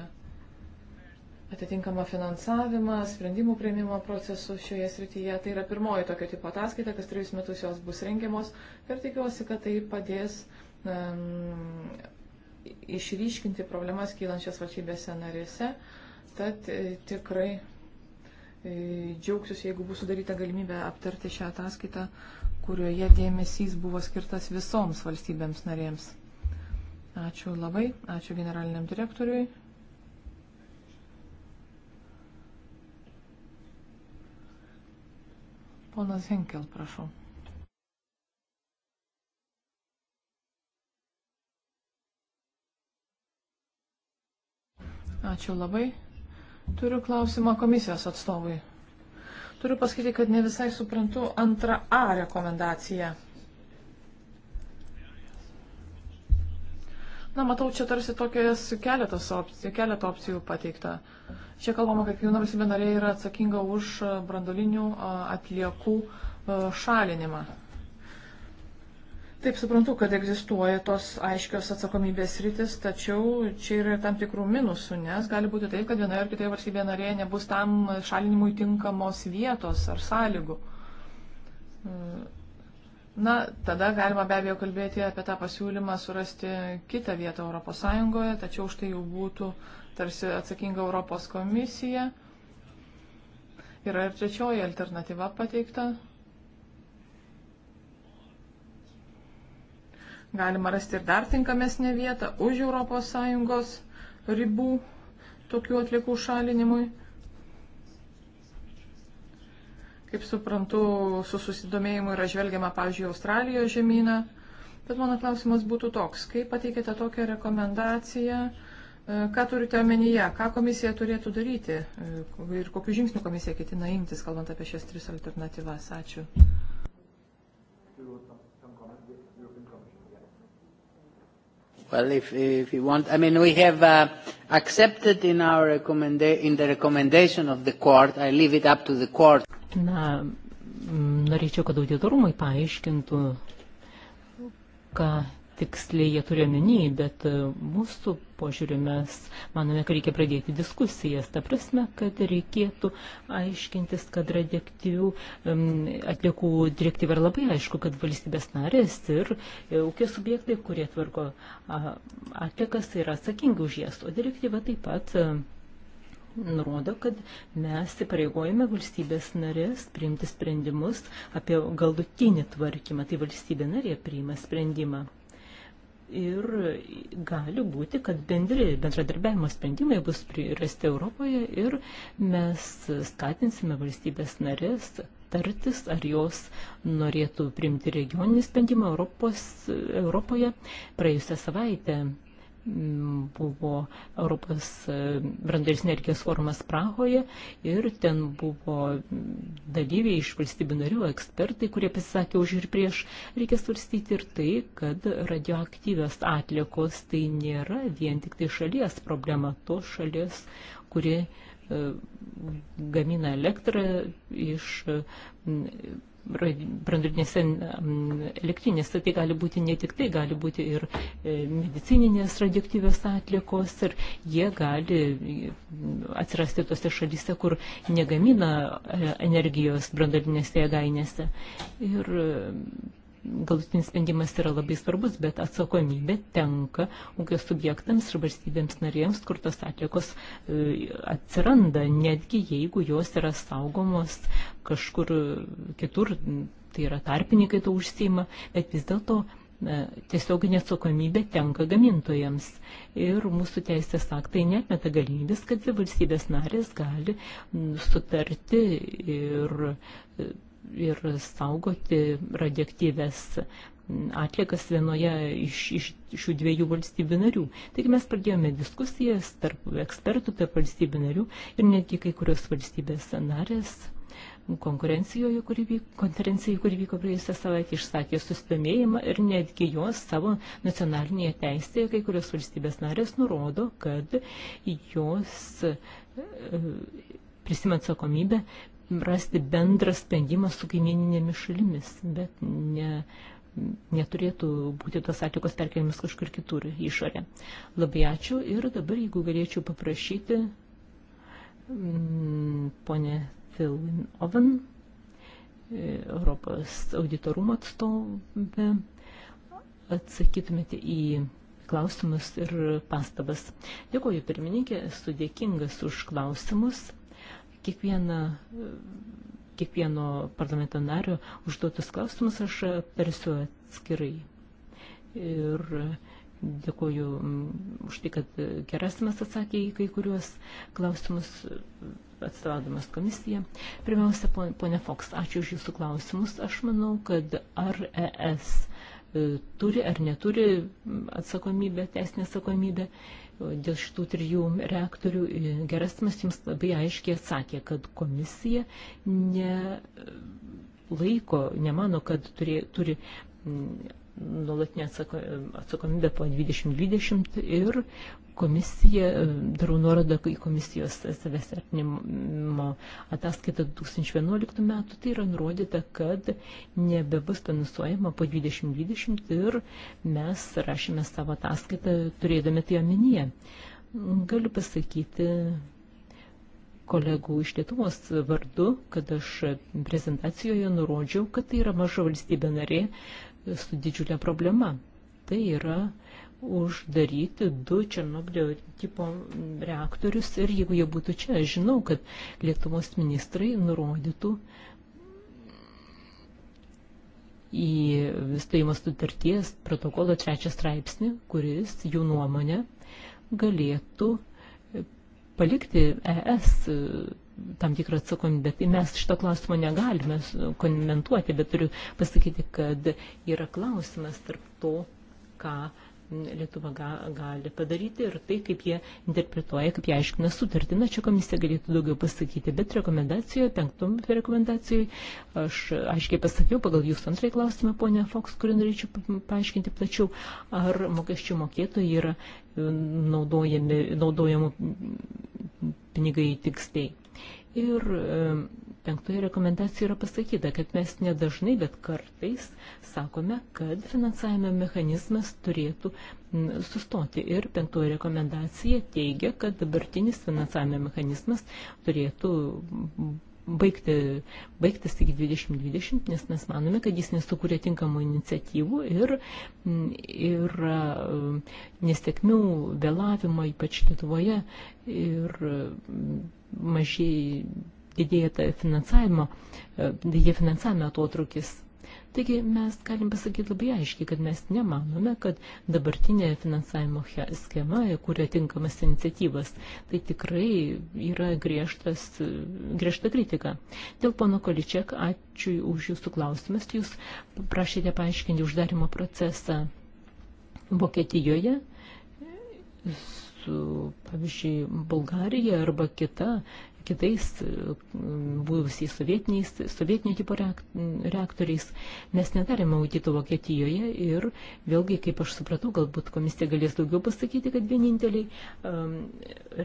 atitinkamą finansavimą, sprendimų prieimimo procesus šioje srityje. Tai yra pirmoji tokio tipo ataskaita, kas trejus metus jos bus rengiamos ir tikiuosi, kad tai padės um, išryškinti problemas kylančias valstybėse narėse. Tad e, tikrai e, džiaugsiuosi, jeigu bus sudaryta galimybė aptarti šią ataskaitą, kurioje dėmesys buvo skirtas visoms valstybėms narėms. Ačiū labai, ačiū generaliniam direktoriui. Ponas Henkel, prašau. Ačiū labai. Turiu klausimą komisijos atstovui. Turiu pasakyti, kad ne visai suprantu antrą A rekomendaciją. Na, matau, čia tarsi tokias keletas opcijų, keletą opcijų pateikta. Čia kalbama, kad kiekviena valstybė narė yra atsakinga už e, brandolinių e, atliekų e, šalinimą. Taip suprantu, kad egzistuoja tos aiškios atsakomybės rytis, tačiau čia yra tam tikrų minusų, nes gali būti taip, kad vienoje ar kitoje valstybėje narėje nebus tam šalinimui tinkamos vietos ar sąlygų. Na, tada galima be abejo kalbėti apie tą pasiūlymą surasti kitą vietą ES, tačiau už tai jau būtų tarsi atsakinga Europos komisija. Yra ir trečioji alternatyva pateikta. Galima rasti ir dar tinkamesnę vietą už ES ribų tokių atlikų šalinimui. Kaip suprantu, su susidomėjimu yra žvelgiama, pavyzdžiui, Australijos žemyną. Bet mano klausimas būtų toks, kaip pateikėte tokią rekomendaciją, e, ką turite omenyje, ką komisija turėtų daryti e, ir kokiu žingsniu komisija ketina imtis, kalbant apie šias tris alternatyvas. Ačiū. Well, if, if you want, I mean, we have uh, accepted in, our recommenda- in the recommendation of the court, I leave it up to the court. Na, norėčiau, kad auditorumai paaiškintų, ką tiksliai jie turi omeny, bet e, mūsų požiūriu mes manome, kad reikia pradėti diskusijas. Ta prasme, kad reikėtų aiškintis, kad radioaktyvių atliekų direktyva yra labai aišku, kad valstybės narės ir e, ūkio subjektai, kurie tvarko atliekas, yra atsakingi už jas. O direktyva taip pat e, nurodo, kad mes įpareigojame valstybės narės priimti sprendimus apie galutinį tvarkymą, tai valstybė narė priima sprendimą ir gali būti, kad bendri bendradarbiavimo sprendimai bus prirasti Europoje ir mes skatinsime valstybės narės tartis, ar jos norėtų priimti regioninį sprendimą Europos, Europoje. Praėjusią savaitę buvo Europos e, brandaris energijos forumas Prahoje ir ten buvo dalyviai iš valstybių narių, ekspertai, kurie pasisakė už ir prieš. Reikia svarstyti ir tai, kad radioaktyvios atliekos tai nėra vien tik tai šalies problema, tos šalies, kuri e, gamina elektrą iš brandulinėse elektrinėse. Tai gali būti ne tik tai, gali būti ir e, medicininės radioaktyvios atlikos ir jie gali atsirasti tose šalyse, kur negamina e, energijos brandulinėse jėgainėse. Ir galutinis sprendimas yra labai svarbus, bet atsakomybė tenka ūkio subjektams ir valstybėms narėms, kur tos atliekos e, atsiranda, netgi jeigu jos yra saugomos kažkur kitur, tai yra tarpininkai to užsima, bet vis dėlto e, tiesioginė atsakomybė tenka gamintojams. Ir mūsų teisės aktai netmeta galimybės, kad valstybės narės gali sutarti ir e, ir saugoti radioaktyves atlikas vienoje iš, iš šių dviejų valstybių narių. Taigi mes pradėjome diskusijas tarp ekspertų, tarp valstybių narių ir netgi kai kurios valstybės narės konkurencijoje, kuri vyko, konferencijoje, kuri vyko praėjusią savaitę, išsakė susidomėjimą ir netgi jos savo nacionalinėje teisėje kai kurios valstybės narės nurodo, kad jos e, prisimant atsakomybę rasti bendrą sprendimą su kaimininėmis šalimis, bet ne, neturėtų būti tos atlikos perkeliamas kažkur kitur išorė. Labai ačiū ir dabar, jeigu galėčiau paprašyti mm, ponę Philin Oven, e, Europos auditorumo atstovę, atsakytumėte į klausimus ir pastabas. Dėkuoju pirmininkė, esu dėkingas už klausimus kiekvieną kiekvieno parlamento nario užduotus klausimus aš persiu atskirai. Ir dėkoju mm, už tai, kad Gerasimas atsakė į kai kuriuos klausimus atstovaudamas komisiją. Pirmiausia, ponė Fox, ačiū už jūsų klausimus. Aš manau, kad ar ES e, turi ar neturi mm, atsakomybę, teisinę atsakomybę, dėl šitų trijų reaktorių e, Gerasmas jums labai aiškiai atsakė, kad komisija nelaiko, nemano, kad turi, turi nuolatinę atsakomybę po 2020 ir komisija, e, darau nuorodą į komisijos savęs vertinimo ataskaitą 2011 metų, tai yra nurodyta, kad nebebus finansuojama po 2020 ir mes rašėme savo ataskaitą turėdami tai omenyje. Galiu pasakyti kolegų iš Lietuvos vardu, kad aš prezentacijoje nurodžiau, kad tai yra maža valstybė narė, su didžiulė problema. Tai yra uždaryti du Černobilio tipo reaktorius ir jeigu jie būtų čia, aš žinau, kad Lietuvos ministrai nurodytų į stojimo sutarties protokolo trečią straipsnį, kuris jų nuomonė galėtų palikti ES tam tikrą atsakomybę. Tai mes šito klausimo negalime komentuoti, bet turiu pasakyti, kad yra klausimas tarp to, ką Lietuva gali padaryti ir tai, kaip jie interpretuoja, kaip jie aiškina sutartį. Na, čia komisija galėtų daugiau pasakyti, bet rekomendacijoje, penktom rekomendacijoje, aš aiškiai pasakiau, pagal jūsų antrąjį klausimą, ponia Fox, kurį norėčiau paaiškinti plačiau, ar mokesčių mokėtojai yra e, naudojami, naudojamų pinigai tiksliai. Ir penktoje rekomendacijoje yra pasakyta, kad mes nedažnai, bet kartais sakome, kad finansavimo mechanizmas turėtų sustoti. Ir penktoje rekomendacija teigia, kad dabartinis finansavimo mechanizmas turėtų baigti, baigtis iki 2020, nes mes manome, kad jis nesukūrė tinkamų iniciatyvų ir, ir nesėkmių vėlavimo, ypač Lietuvoje. Ir mažiai didėja ta finansavimo, e, didėja finansavimo atotrukis. Taigi mes galim pasakyti labai aiškiai, kad mes nemanome, kad dabartinė finansavimo schema, kuria tinkamas iniciatyvas, tai tikrai yra griežtas, griežta kritika. Dėl pono Količiak, ačiū už jūsų klausimas. Jūs prašėte paaiškinti uždarimo procesą Vokietijoje su, pavyzdžiui, Bulgarija arba kita, kitais mm, buvusiais sovietiniais, sovietinio tipo reaktoriais. Mes nedarėme audito Vokietijoje ir vėlgi, kaip aš supratau, galbūt komisija galės daugiau pasakyti, kad vieninteliai um,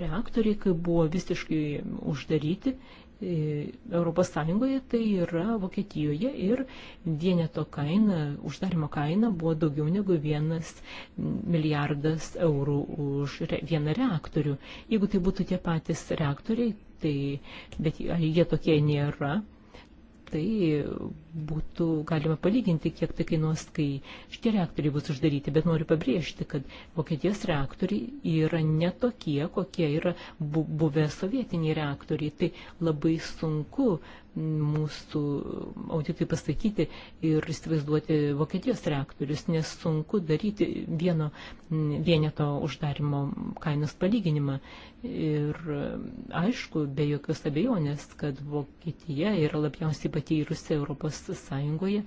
reaktoriai, kai buvo visiškai uždaryti Europos Sąjungoje, tai yra Vokietijoje ir vieneto kaina, uždarimo kaina buvo daugiau negu vienas milijardas eurų už vieną reaktorių. Jeigu tai būtų tie patys reaktoriai, tai, bet jie tokie nėra, tai būtų galima palyginti, kiek tai kainuos, kai šitie reaktoriai bus uždaryti, bet noriu pabrėžti, kad Vokietijos reaktoriai yra netokie, kokie yra buvę sovietiniai reaktoriai. Tai labai sunku mūsų auditui pasakyti ir įsivaizduoti Vokietijos reaktorius, nes sunku daryti vieno vieneto uždarimo kainos palyginimą. Ir aišku, be jokios abejonės, kad Vokietija yra labiausiai patyrusi Europos sąjungoje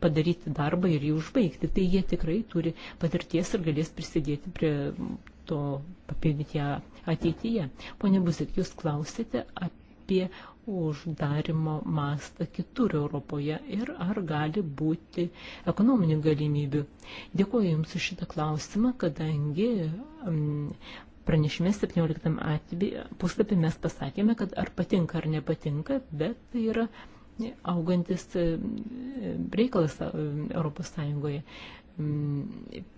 padaryti darbą ir jį užbaigti. Tai jie tikrai turi patirties ir galės prisidėti prie to papildyti ją ateityje. Pone Buzit, jūs klausėte apie uždarimo mastą kitur Europoje ir ar gali būti ekonominių galimybių. Dėkuoju Jums už šitą klausimą, kadangi pranešime 17 puslapį mes pasakėme, kad ar patinka ar nepatinka, bet tai yra augantis e, reikalas e, Europos Sąjungoje.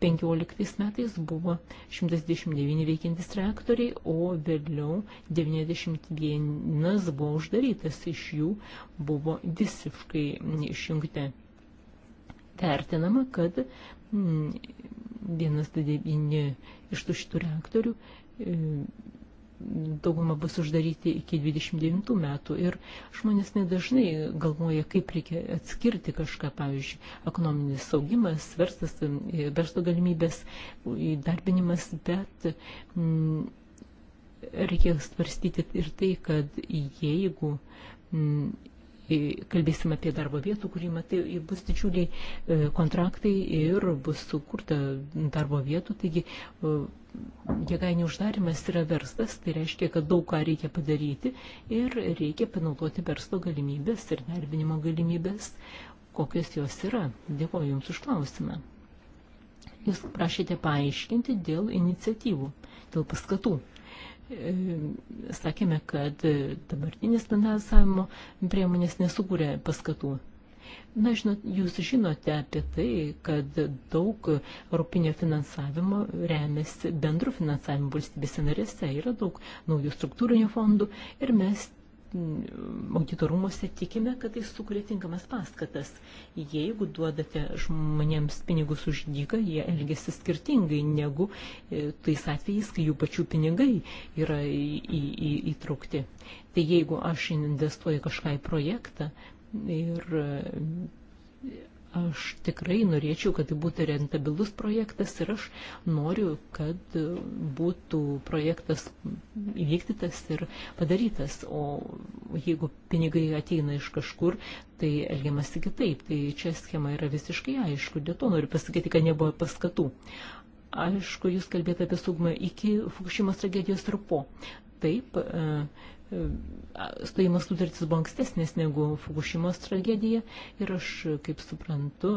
15 mm, metais buvo 129 veikiantis reaktoriai, o vėliau 91 buvo uždarytas, iš jų buvo visiškai išjungti. Vertinama, kad mm, vienas iš tų šitų reaktorių e, dauguma bus uždaryti iki 29 metų ir žmonės nedažnai galvoja, kaip reikia atskirti kažką, pavyzdžiui, ekonominis saugimas, verslas, e, verslo galimybės, darbinimas, bet m, mm, reikia svarstyti ir tai, kad jeigu m, mm, kalbėsim apie darbo vietų kūrimą, tai bus didžiuliai e, kontraktai ir bus sukurta darbo vietų, taigi e, jėgainių uždarimas yra verslas, tai reiškia, kad daug ką reikia padaryti ir reikia panaudoti verslo galimybės ir darbinimo galimybės, kokios jos yra. Dėkuoju Jums už klausimą. Jūs prašėte paaiškinti dėl iniciatyvų, dėl paskatų. Ehm, sakėme, kad e, dabartinis finansavimo priemonės nesukūrė paskatų. Na, žinot, jūs žinote apie tai, kad daug europinio finansavimo remiasi bendru finansavimu valstybėse narėse, yra daug naujų struktūrinių fondų ir mes auditorumuose tikime, kad tai sukuria tinkamas paskatas. Jeigu duodate žmonėms pinigus už dyką, jie elgesi skirtingai negu e, tais atvejais, kai jų pačių pinigai yra į, į, į, įtraukti. Tai jeigu aš investuoju kažką į projektą ir Aš tikrai norėčiau, kad tai būtų rentabilus projektas ir aš noriu, kad būtų projektas įvykdytas ir padarytas. O jeigu pinigai ateina iš kažkur, tai elgiamasi kitaip. Tai čia schema yra visiškai aišku. Dėl to noriu pasakyti, kad nebuvo paskatų. Aišku, jūs kalbėjote apie saugumą iki Fukushimos tragedijos ir po. Taip, stojimas sutartis buvo ankstesnės negu Fukushimos tragedija ir aš, kaip suprantu,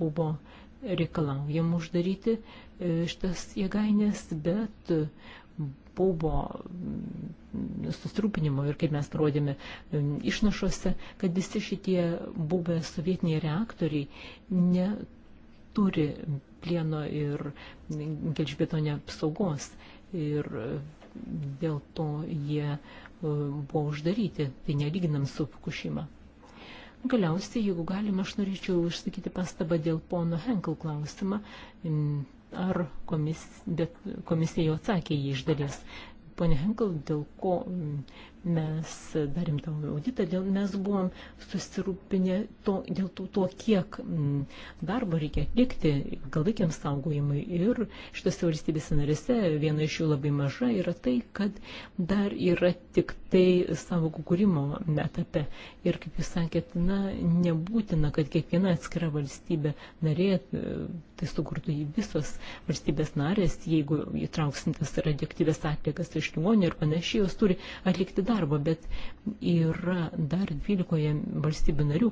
buvo reikalaujama uždaryti e, šitas jėgainės, bet buvo susirūpinimo ir kaip mes nurodėme išnašuose, kad visi šitie buvę sovietiniai reaktoriai neturi plieno ir gelžbetonio apsaugos. Ir dėl to jie e, buvo uždaryti, tai nelyginam su Fukushima. Galiausiai, jeigu galima, aš norėčiau išsakyti pastabą dėl pono Henkel klausimą, ar komis, bet komisija jau atsakė jį iš dalies. Pone Henkel, dėl ko mes darėm tą auditą, dėl, mes buvom susirūpinę to, dėl to, to kiek m, mm, darbo reikia atlikti galvikiam saugojimui. Ir šitose valstybėse narėse viena iš jų labai maža yra tai, kad dar yra tik tai savokų kūrimo etape. Ir kaip jūs sakėt, na, nebūtina, kad kiekviena atskira valstybė narė, e, tai sukurtų į visos valstybės narės, jeigu įtrauksintas radioaktyvės atliekas iš ligonio ir panašiai, jos turi atlikti darbą darbo, bet yra dar 12 valstybių narių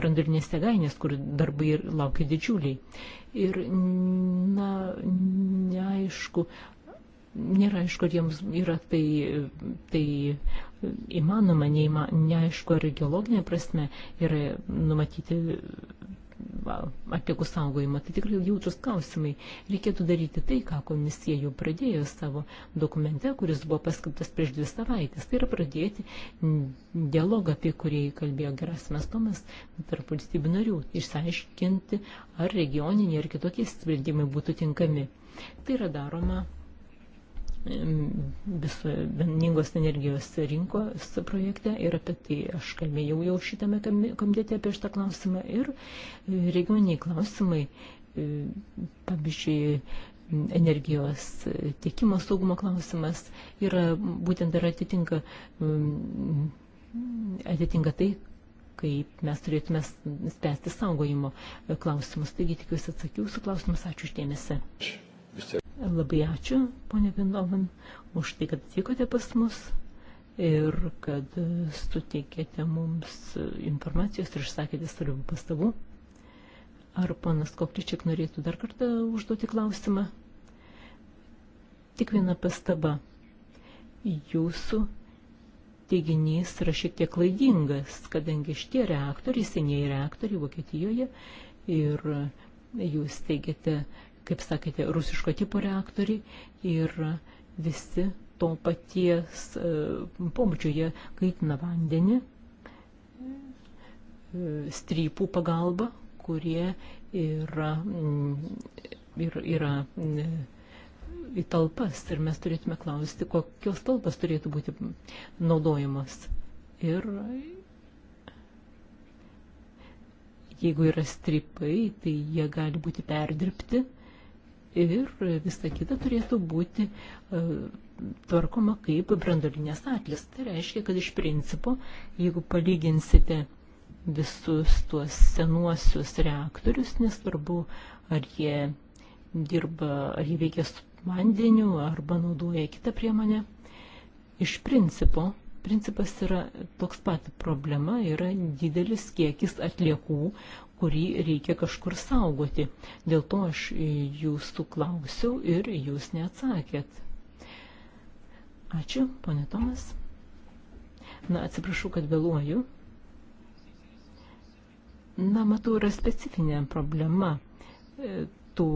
brandulinės tegainės, kur darbai laukia didžiuliai. Ir, na, neaišku, nėra aišku, ar jiems yra tai, tai įmanoma, neįma, neaišku, ar geologinė prasme yra numatyti atliekų saugojimą. Tai tikrai jautrus klausimai. Reikėtų daryti tai, ką komisija jau pradėjo savo dokumente, kuris buvo paskaptas prieš dvi savaitės. Tai yra pradėti dialogą, apie kurį kalbėjo Gerasimas Tomas tarp valstybių narių, išsiaiškinti, ar regioniniai ar kitokie sprendimai būtų tinkami. Tai yra daroma viso vieningos energijos rinkos projekte ir apie tai aš kalbėjau jau šitame komitete apie šitą klausimą ir e, regioniniai klausimai, e, pavyzdžiui, energijos tiekimo saugumo klausimas yra būtent dar atitinka, atitinka tai, kaip mes turėtume spręsti saugojimo klausimus. Taigi tikiuosi atsakiau su klausimus. Ačiū uždėmesi. Ačiū. Labai ačiū, ponė Vinovan, už tai, kad atvykote pas mus ir kad suteikėte mums informacijos ir išsakėte svarbių pastabų. Ar ponas Koptičiak norėtų dar kartą užduoti klausimą? Tik viena pastaba. Jūsų teiginys yra šiek tiek klaidingas, kadangi šitie reaktoriai, senieji reaktoriai Vokietijoje ir jūs teigiate, kaip sakėte, rusiško tipo reaktoriai ir visi to paties e, pobūdžio jie kaitina vandenį e, strypų pagalba, kurie yra, mm, yra, yra mm, į talpas ir mes turėtume klausti, kokios talpas turėtų būti naudojamas. Ir jeigu yra stripai, tai jie gali būti perdirbti ir visa kita turėtų būti e, tvarkoma kaip brandolinės atlis. Tai reiškia, kad iš principo, jeigu palyginsite visus tuos senuosius reaktorius, nesvarbu, ar jie dirba, ar jie veikia su vandeniu, arba naudoja kitą priemonę, iš principo, principas yra toks pat problema, yra didelis kiekis atliekų, kurį reikia kažkur saugoti. Dėl to aš jūsų klausiau ir jūs neatsakėt. Ačiū, ponė Tomas. Na, atsiprašau, kad vėluoju. Na, matau, yra specifinė problema e, tų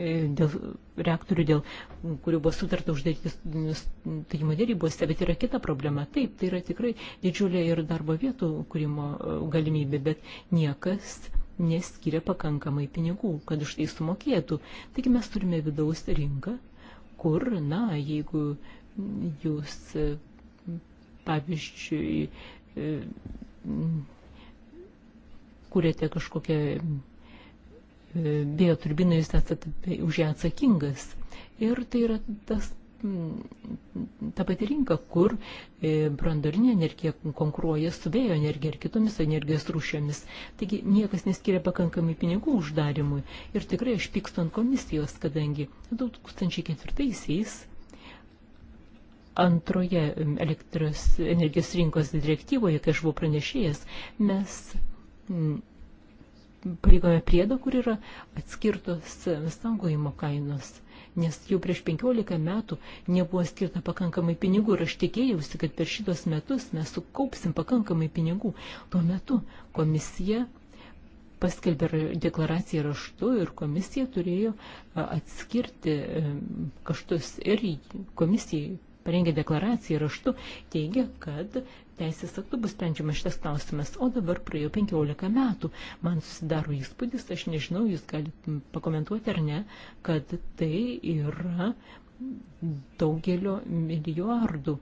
E, dėl reaktorių, dėl kurių buvo sutarta uždaryti statymo dėrybose, bet yra kita problema. Taip, tai yra tikrai didžiulė ir darbo vietų kūrimo e, galimybė, bet niekas neskiria pakankamai pinigų, kad už tai sumokėtų. Taigi mes turime vidaus rinką, kur, na, jeigu jūs, e, pavyzdžiui, kuriate kažkokią bioturbinai jūs esate už ją atsakingas. Ir tai yra tas, ta pati rinka, kur e, brandolinė energija konkuruoja su vėjo energija ir kitomis energijos rūšiamis. Taigi niekas neskiria pakankamai pinigų uždarimui. Ir tikrai aš pykstu ant komisijos, kadangi 2004-aisiais antroje elektros energijos rinkos direktyvoje, kai aš buvau pranešėjęs, mes pareigojame priedą, kur yra atskirtos saugojimo kainos. Nes jau prieš 15 metų nebuvo skirta pakankamai pinigų ir aš tikėjausi, kad per šitos metus mes sukaupsim pakankamai pinigų. Tuo metu komisija paskelbė deklaraciją raštu ir komisija turėjo atskirti kaštus ir komisijai parengė deklaraciją raštu, teigia, kad teisės aktu bus sprendžiama šitas klausimas, o dabar praėjo 15 metų. Man susidaro įspūdis, aš nežinau, jūs galite pakomentuoti ar ne, kad tai yra daugelio milijardų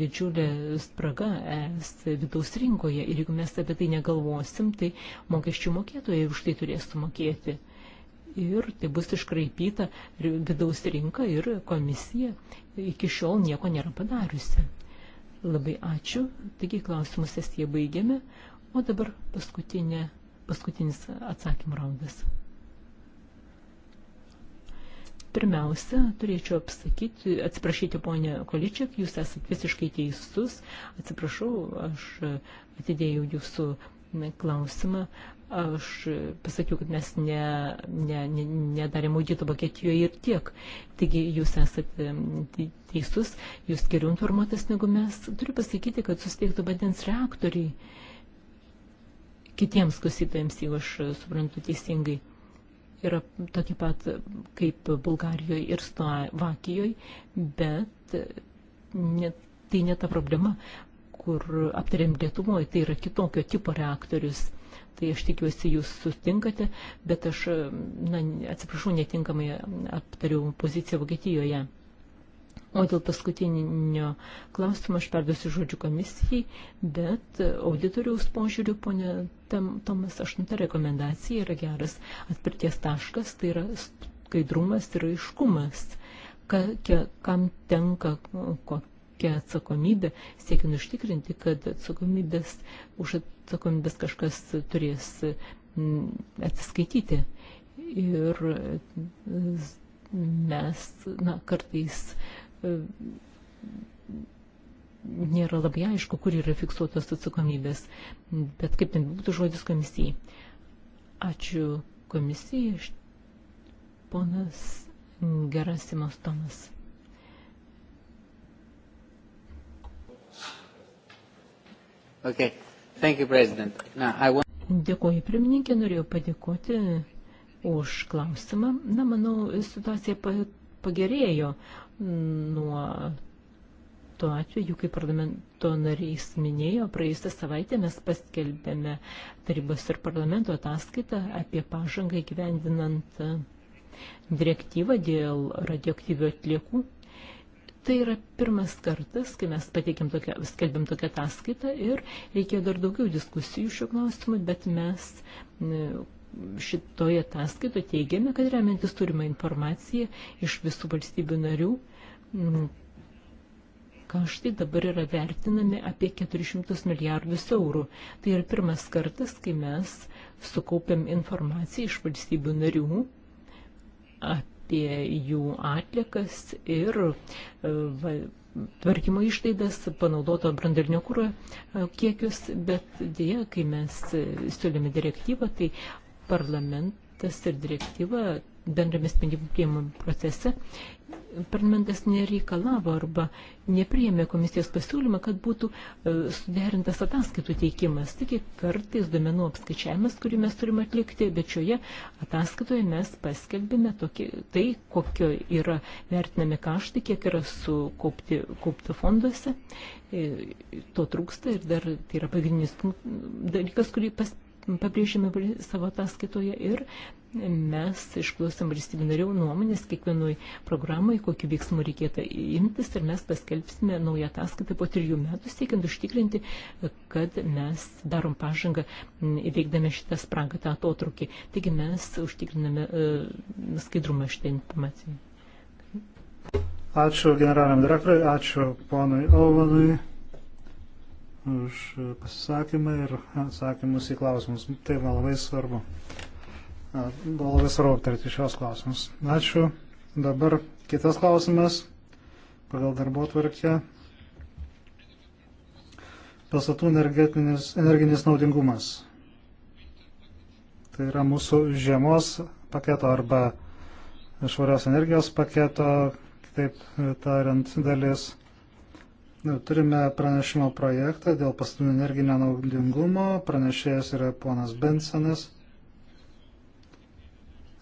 didžiulė spraga es vidaus rinkoje ir jeigu mes apie tai negalvosim, tai mokesčių mokėtojai už tai turės sumokėti ir tai bus iškraipyta vidaus rinka ir komisija iki šiol nieko nėra padariusi. Labai ačiū. Taigi klausimus estiją baigėme, o dabar paskutinė, paskutinis atsakymų raundas. Pirmiausia, turėčiau apsakyti, atsiprašyti ponė Količiak, jūs esat visiškai teisus. Atsiprašau, aš atidėjau jūsų klausimą Aš pasakiau, kad mes ne, ne, ne, nedarėm audito Vokietijoje ir tiek. Taigi jūs esate teisus, jūs geriau informuotas negu mes. Turiu pasakyti, kad susteiktų vandens reaktoriai kitiems klausytojams, jeigu aš suprantu teisingai, yra tokie pat kaip Bulgarijoje ir Slovakijoje, bet ne, tai ne ta problema, kur aptarėm Lietuvoje, tai yra kitokio tipo reaktorius tai aš tikiuosi jūs sutinkate, bet aš, na, atsiprašau, netinkamai aptariau poziciją Vokietijoje. O dėl paskutinio klausimo aš perduosiu žodžių komisijai, bet auditoriaus požiūriu, ponė Tomas, aštunta rekomendacija yra geras atpirties taškas, tai yra skaidrumas ir aiškumas, ka, kam tenka, ko, reikia atsakomybę, siekiant užtikrinti, kad atsakomybės, už atsakomybės kažkas turės mm, atsiskaityti. Ir mm, mes, na, kartais mm, nėra labai aišku, kur yra fiksuotos atsakomybės, bet kaip ten būtų žodis komisijai. Ačiū komisijai, ponas Gerasimas Tomas. Okay. Thank you, President. Now, I want... Dėkuoju, pirmininkė, norėjau padėkoti už klausimą. Na, manau, situacija pagerėjo nuo tuo atveju, kai parlamento narys minėjo, praėjusią savaitę mes paskelbėme tarybos ir parlamento ataskaitą apie pažangą įgyvendinant e, direktyvą dėl radioaktyvių atliekų Tai yra pirmas kartas, kai mes pateikėm tokią, skelbėm tokią ataskaitą ir reikėjo dar daugiau diskusijų šiuo klausimu, bet mes šitoje ataskaitoje teigiame, kad remiantis turimą informaciją iš visų valstybių narių, kaštai dabar yra vertinami apie 400 milijardus eurų. Tai yra pirmas kartas, kai mes sukaupėm informaciją iš valstybių narių apie apie jų atlikas ir e, va, tvarkymo išlaidas, panaudoto brandalinio kūro e, kiekius, bet dėja, kai mes e, siūlėme direktyvą, tai parlamentas ir direktyva bendrame sprendimų prieimimo procese, parlamentas nereikalavo arba nepriėmė komisijos pasiūlymą, kad būtų e, suderintas ataskaitų teikimas. Tik kartais duomenų apskaičiavimas, kurį mes turime atlikti, bet šioje ataskaitoje mes paskelbėme tokį, tai, kokio yra vertinami kaštai, kiek yra sukaupti kaupti fonduose. E, to trūksta ir dar tai yra pagrindinis dalykas, kurį pas, pabrėžėme savo ataskaitoje ir mes išklausėm valstybių narių nuomonės kiekvienoj programai, kokiu veiksmu reikėtų imtis ir mes paskelbsime naują ataskaitą po trijų metų, siekiant užtikrinti, kad mes darom pažangą įveikdami šitą spragą, tą atotrukį. Taigi mes užtikriname e, skaidrumą šitą informaciją. Ačiū generaliniam direktoriui, ačiū ponui Alvanui už pasisakymą ir atsakymus į klausimus. Tai man labai svarbu. Buvo labai svarbu aptarti šios klausimus. Ačiū. Dabar kitas klausimas pagal darbo tvarkę. Pastatų energetinis, energinis naudingumas. Tai yra mūsų žiemos paketo arba švarios energijos paketo, kitaip tariant, dalis Turime pranešimo projektą dėl pastatų energinio naudingumo. Pranešėjas yra ponas Bensonas.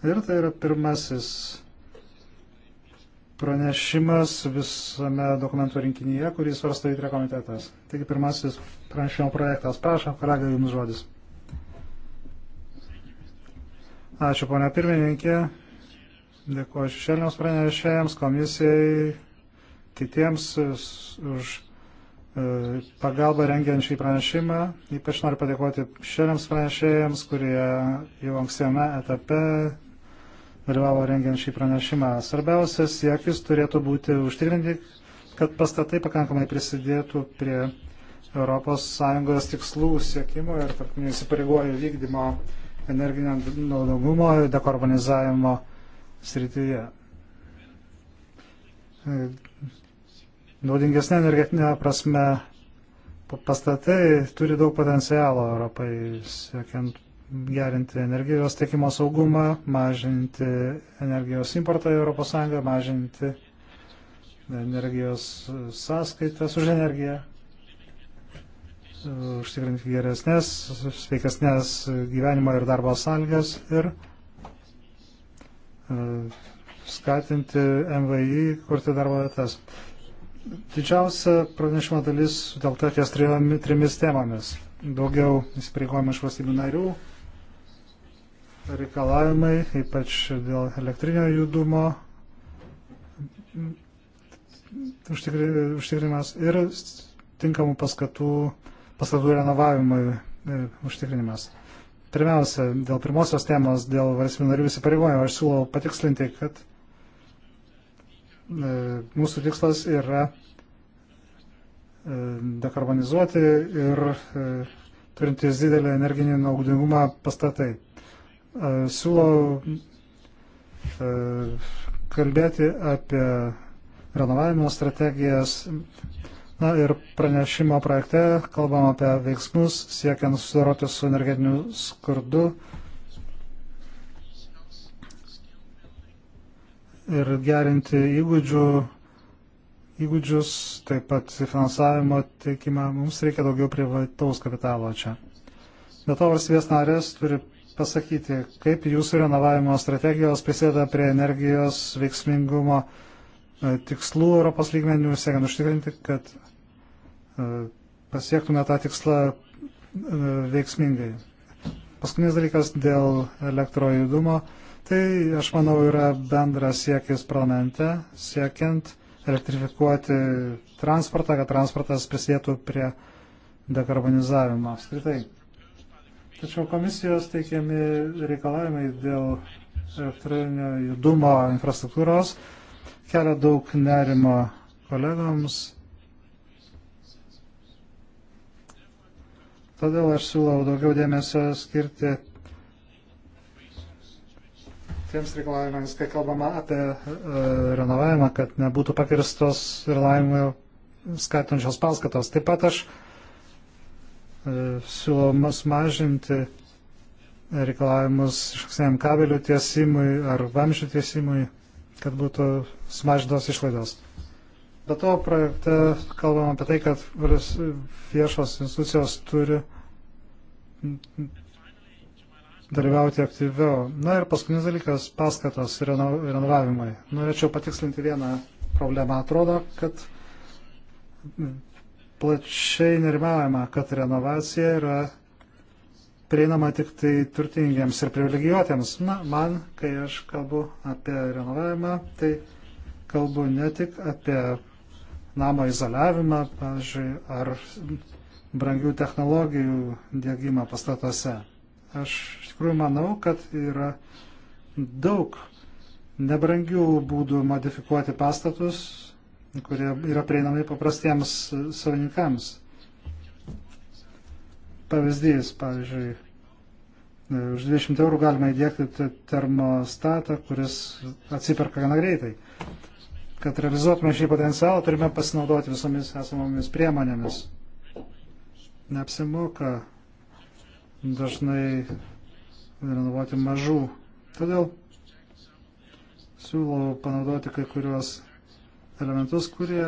Ir tai yra pirmasis pranešimas visame dokumentų rinkinyje, kurį svarsto įtrė komitetas. Taigi pirmasis pranešimo projektas. Prašom, kolega, jums žodis. Ačiū, ponia pirmininkė. Dėkuoju šešėliams pranešėjams, komisijai, kitiems e, už e, pagalbą rengiant šį pranešimą. Ypač noriu padėkoti šiandiems pranešėjams, kurie jau ankstame etape dalyvavo rengiant šį pranešimą. Svarbiausias siekis turėtų būti užtikrinti, kad pastatai pakankamai prisidėtų prie ES tikslų siekimo ir tarptautinių įsipareigojimų vykdymo energinio naudogumo ir dekarbonizavimo srityje. E, naudingesnė energetinė prasme pastatai turi daug potencialo Europai, siekiant gerinti energijos tiekimo saugumą, mažinti energijos importą į ES, mažinti energijos sąskaitas už energiją, užtikrinti geresnės, sveikesnės gyvenimo ir darbo sąlygas ir e, skatinti MVI kurti darbo vietas. Didžiausia pranešimo dalis sutelta ties trimis temomis. Daugiau įsipareigojimų iš valstybių narių, reikalavimai, ypač dėl elektrinio judumo, užtikrinimas ir tinkamų paskatų, paskatų renovavimui e, užtikrinimas. Pirmiausia, dėl pirmosios temos, dėl valstybių narių įsipareigojimų, aš siūlau patikslinti, kad E, mūsų tikslas yra e, dekarbonizuoti ir e, turintys didelį energinį naudingumą pastatai. Siūlau kalbėti apie renovavimo strategijas. Na ir pranešimo projekte kalbam apie veiksmus siekiant susidoroti su energetiniu skurdu ir gerinti įgūdžių, įgūdžius, taip pat finansavimo teikimą. Mums reikia daugiau privataus kapitalo čia. Be to, valstybės narės turi pasakyti, kaip jūsų renovavimo strategijos prisideda prie energijos veiksmingumo e, tikslų Europos lygmenių, siekiant užtikrinti, kad e, pasiektume tą tikslą e, veiksmingai. Paskutinis dalykas dėl elektrojudumo. judumo Tai, aš manau, yra bendras siekis parlamente, siekiant elektrifikuoti transportą, kad transportas prisidėtų prie dekarbonizavimo apskritai. Tačiau komisijos teikiami reikalavimai dėl elektroninio judumo infrastruktūros kelia daug nerimo kolegoms. Todėl aš siūlau daugiau dėmesio skirti tiems reikalavimams, kai kalbama apie e, renovavimą, kad nebūtų pakirstos reikalavimų skatinančios paskatos. Taip pat aš e, siūlau sumažinti reikalavimus išaksiniam kabelių tiesimui ar vamžių tiesimui, kad būtų sumažintos išlaidos. Be to, projekte kalbam apie tai, kad viešos institucijos turi dalyvauti aktyviau. Na ir paskutinis dalykas - paskatos reno, renovavimai. Norėčiau patikslinti vieną problemą. Atrodo, kad plačiai nerimavimą, kad renovacija yra prieinama tik tai turtingiems ir privilegijuotiems. Na, man, kai aš kalbu apie renovavimą, tai kalbu ne tik apie namo izoliavimą, pavyzdžiui, ar brangių technologijų dėgymą pastatuose. Aš iš tikrųjų manau, kad yra daug nebrangių būdų modifikuoti pastatus, kurie yra prieinami paprastiems savininkams. Pavyzdys, pavyzdžiui, už 20 eurų galima įdėkti termostatą, kuris atsiperka gana greitai. Kad realizuotume šį potencialą, turime pasinaudoti visomis esamomis priemonėmis. Neapsimoka dažnai renovuoti mažų. Todėl siūlau panaudoti kai kuriuos elementus, kurie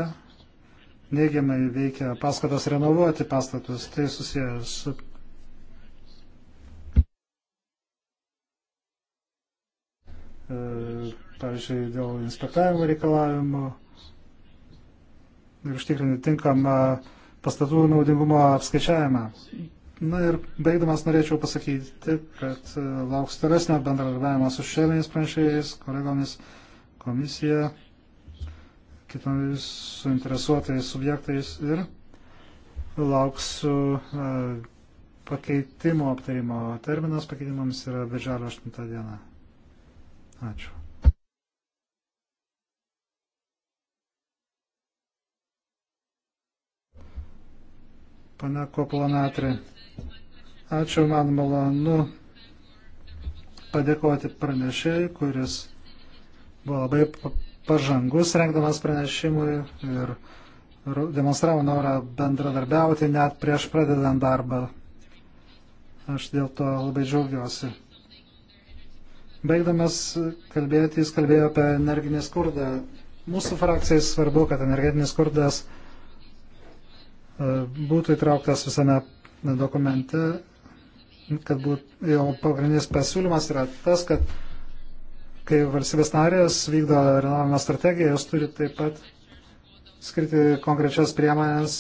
neigiamai veikia paskatas renovuoti pastatus. Tai susijęs su e, pavyzdžiui, dėl inspektavimo reikalavimo ir užtikrinti tinkamą pastatų naudingumo apskaičiavimą. Na ir baigdamas norėčiau pasakyti, kad e, lauks tolesnio bendradarbiavimo su šeliniais pranešėjais, kolegomis, komisija, kitomis suinteresuotais subjektais ir lauksiu e, pakeitimo aptarimo. Terminas pakeitimams yra birželio 8 diena. Ačiū. Pane Koplanatri. Ačiū, man malonu padėkoti pranešėjui, kuris buvo labai pažangus rengdamas pranešimui ir demonstravo norą bendradarbiauti net prieš pradedant darbą. Aš dėl to labai džiaugiuosi. Baigdamas kalbėti, jis kalbėjo apie energinį skurdą. Mūsų frakcijai svarbu, kad energetinis skurdas e, būtų įtrauktas visame dokumente kad būtų jo pagrindinis pasiūlymas yra tas, kad kai valstybės narės vykdo renovavimo strategiją, jos turi taip pat skirti konkrečias priemonės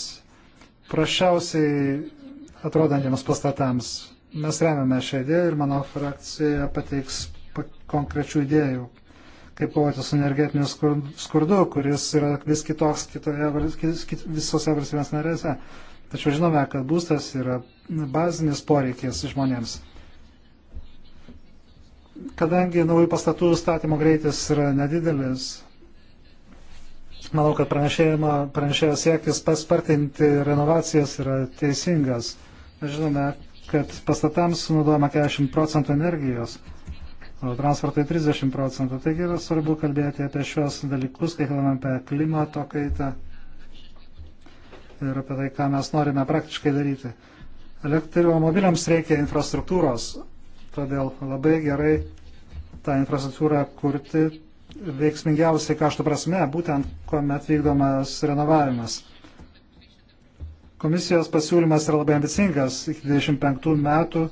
prašiausiai atrodantiems pastatams. Mes remiame šią idėją ir mano frakcija pateiks konkrečių idėjų, kaip kovoti su energetiniu skurdu, kuris yra vis kitoks kitoje, visose valstybės narėse. Tačiau žinome, kad būstas yra bazinis poreikis žmonėms. Kadangi naujų pastatų statymo greitis yra nedidelis, manau, kad pranešėjo siekis paspartinti renovacijas yra teisingas. Žinome, kad pastatams sunaudojama 40 procentų energijos, o transportui 30 procentų. Taigi yra svarbu kalbėti apie šios dalykus, kai kalbame apie klimato kaitą ir apie tai, ką mes norime praktiškai daryti. Elektromobiliams reikia infrastruktūros, todėl labai gerai tą infrastruktūrą kurti veiksmingiausiai kaštų prasme, būtent kuomet vykdomas renovavimas. Komisijos pasiūlymas yra labai ambicingas. Iki 25 metų e,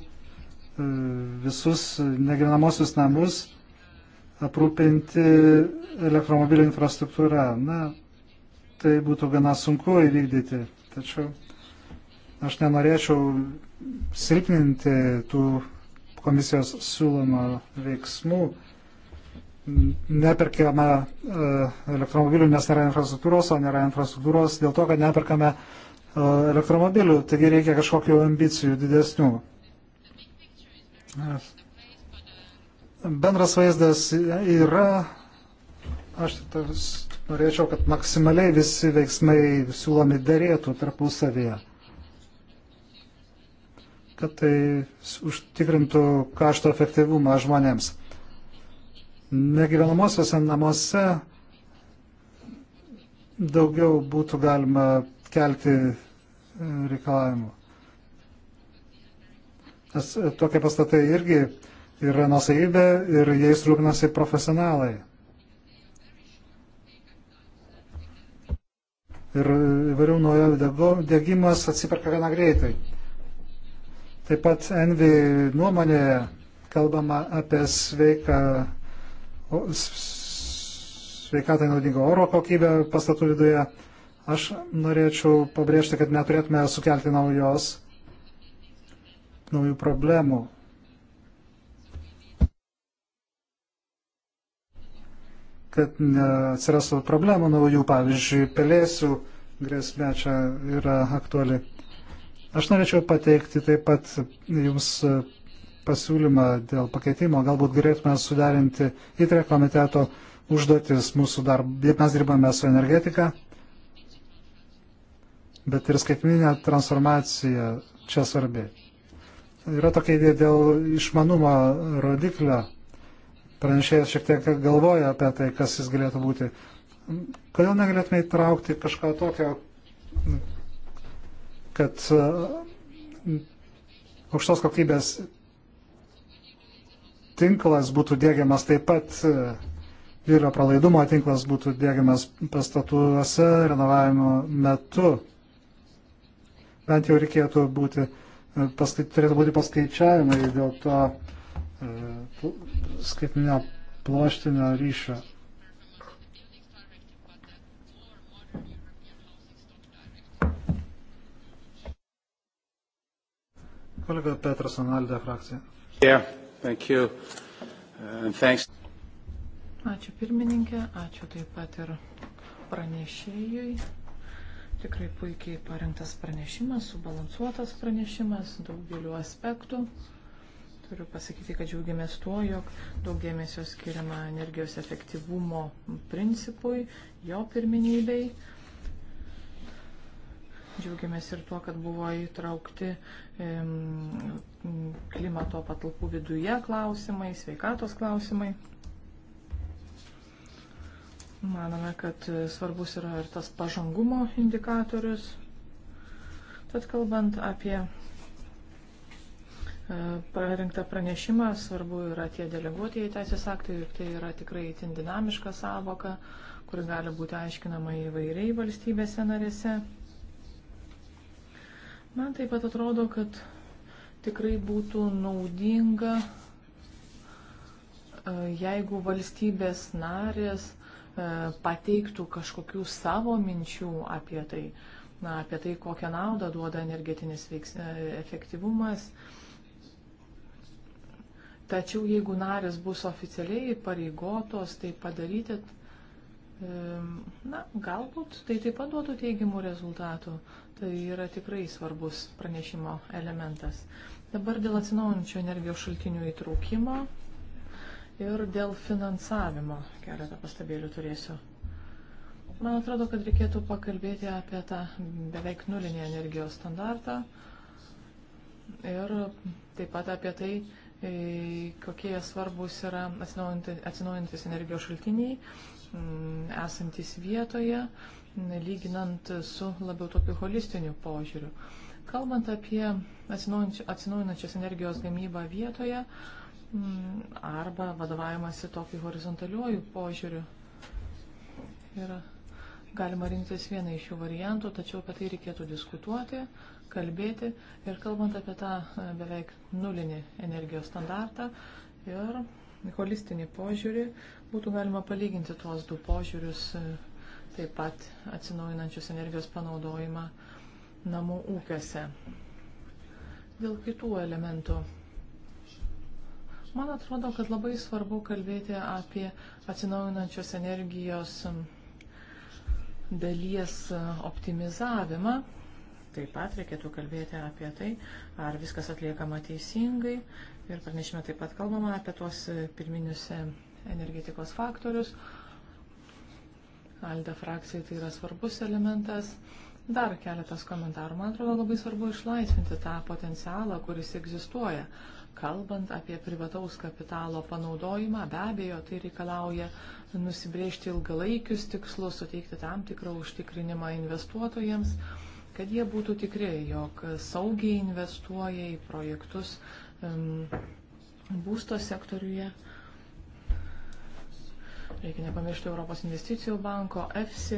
visus negyvenamosius namus aprūpinti elektromobilių infrastruktūra. Na, tai būtų gana sunku įvykdyti. Tačiau Aš nenorėčiau silpninti tų komisijos siūlomą veiksmų, neperkame elektromobilių, nes nėra infrastruktūros, o nėra infrastruktūros dėl to, kad neperkame e, elektromobilių, taigi reikia kažkokių ambicijų didesnių. Bendras vaizdas yra, aš norėčiau, kad maksimaliai visi veiksmai siūlomi dėrėtų tarpusavėje kad tai užtikrintų kašto efektyvumą žmonėms. Negyvenamosiuose namuose daugiau būtų galima kelti e, reikalavimų. Nes e, tokie pastatai irgi yra nusavybė ir jais rūpinasi profesionalai. Ir e, įvairių naujovių degimas atsiperka gana greitai. Taip pat Envi nuomonėje kalbama apie sveiką, sveikatai naudingą oro kokybę pastatų viduje. Aš norėčiau pabrėžti, kad neturėtume sukelti naujos, naujų problemų. Kad atsirastų problemų naujų, pavyzdžiui, pelėsių grėsmė čia yra aktuali. Aš norėčiau pateikti taip pat jums pasiūlymą dėl pakeitimo. Galbūt galėtume suderinti įtrė komiteto užduotis mūsų darbą. Mes dirbame su energetika, bet ir skaitminė transformacija čia svarbi. Yra tokia idėja dėl išmanumo rodiklio. Pranešėjas šiek tiek galvoja apie tai, kas jis galėtų būti. Kodėl negalėtume įtraukti kažką tokio, kad e, aukštos kokybės tinklas būtų dėgiamas taip pat e, ir pralaidumo tinklas būtų dėgiamas pastatuose renovavimo metu. Bent jau reikėtų būti, e, paskai, turėtų būti paskaičiavimai dėl to skaitminio ploštinio ryšio. Kolega Petras Analda frakcija. Yeah, thank you. Uh, and thanks. Ačiū pirmininkė, ačiū taip pat ir pranešėjui. Tikrai puikiai parengtas pranešimas, subalansuotas pranešimas daugeliu aspektų. Turiu pasakyti, kad džiaugiamės tuo, jog daug dėmesio skiriama energijos efektyvumo principui, jo pirminybei. Džiaugiamės ir tuo, kad buvo įtraukti klimato patalpų viduje klausimai, sveikatos klausimai. Manome, kad svarbus yra ir tas pažangumo indikatorius. Tad kalbant apie e, parinktą pranešimą, svarbu yra tie deleguotieji teisės aktai ir tai yra tikrai itin dinamiška savoka, kuri gali būti aiškinama įvairiai valstybėse narėse. Man taip pat atrodo, kad tikrai būtų naudinga, e, jeigu valstybės narės e, pateiktų kažkokių savo minčių apie tai, na, apie tai, kokią naudą duoda energetinis veiks, e, efektyvumas. Tačiau jeigu narės bus oficialiai pareigotos tai padaryti, Na, galbūt tai taip pat duotų teigiamų rezultatų. Tai yra tikrai svarbus pranešimo elementas. Dabar dėl atsinaujančio energijos šaltinių įtraukimo ir dėl finansavimo keletą pastabėlių turėsiu. Man atrodo, kad reikėtų pakalbėti apie tą beveik nulinį energijos standartą ir taip pat apie tai, e, kokie svarbus yra atsinaujantis energijos šaltiniai Mm, esantis vietoje, lyginant su labiau tokiu holistiniu požiūriu. Kalbant apie atsinaujinančios energijos gamybą vietoje mm, arba vadovavimąsi tokiu horizontaliuoju požiūriu, yra galima rinktis vieną iš šių variantų, tačiau apie tai reikėtų diskutuoti, kalbėti ir kalbant apie tą e, beveik nulinį energijos standartą ir holistinį požiūrį, Būtų galima palyginti tuos du požiūrius, e, taip pat atsinaujinančios energijos panaudojimą namų ūkiuose. Dėl kitų elementų. Man atrodo, kad labai svarbu kalbėti apie atsinaujinančios energijos dalies e, optimizavimą. Taip pat reikėtų kalbėti apie tai, ar viskas atliekama teisingai. Ir pranešime taip pat kalbama apie tuos e, pirminius energetikos faktorius. Alde frakcijai tai yra svarbus elementas. Dar keletas komentarų. Man atrodo labai svarbu išlaisvinti tą potencialą, kuris egzistuoja. Kalbant apie privataus kapitalo panaudojimą, be abejo, tai reikalauja nusibriežti ilgalaikius tikslus, suteikti tam tikrą užtikrinimą investuotojams, kad jie būtų tikri, jog saugiai investuoja į projektus um, būsto sektoriuje. Uh, Reikia nepamiršti Europos investicijų banko, EFSI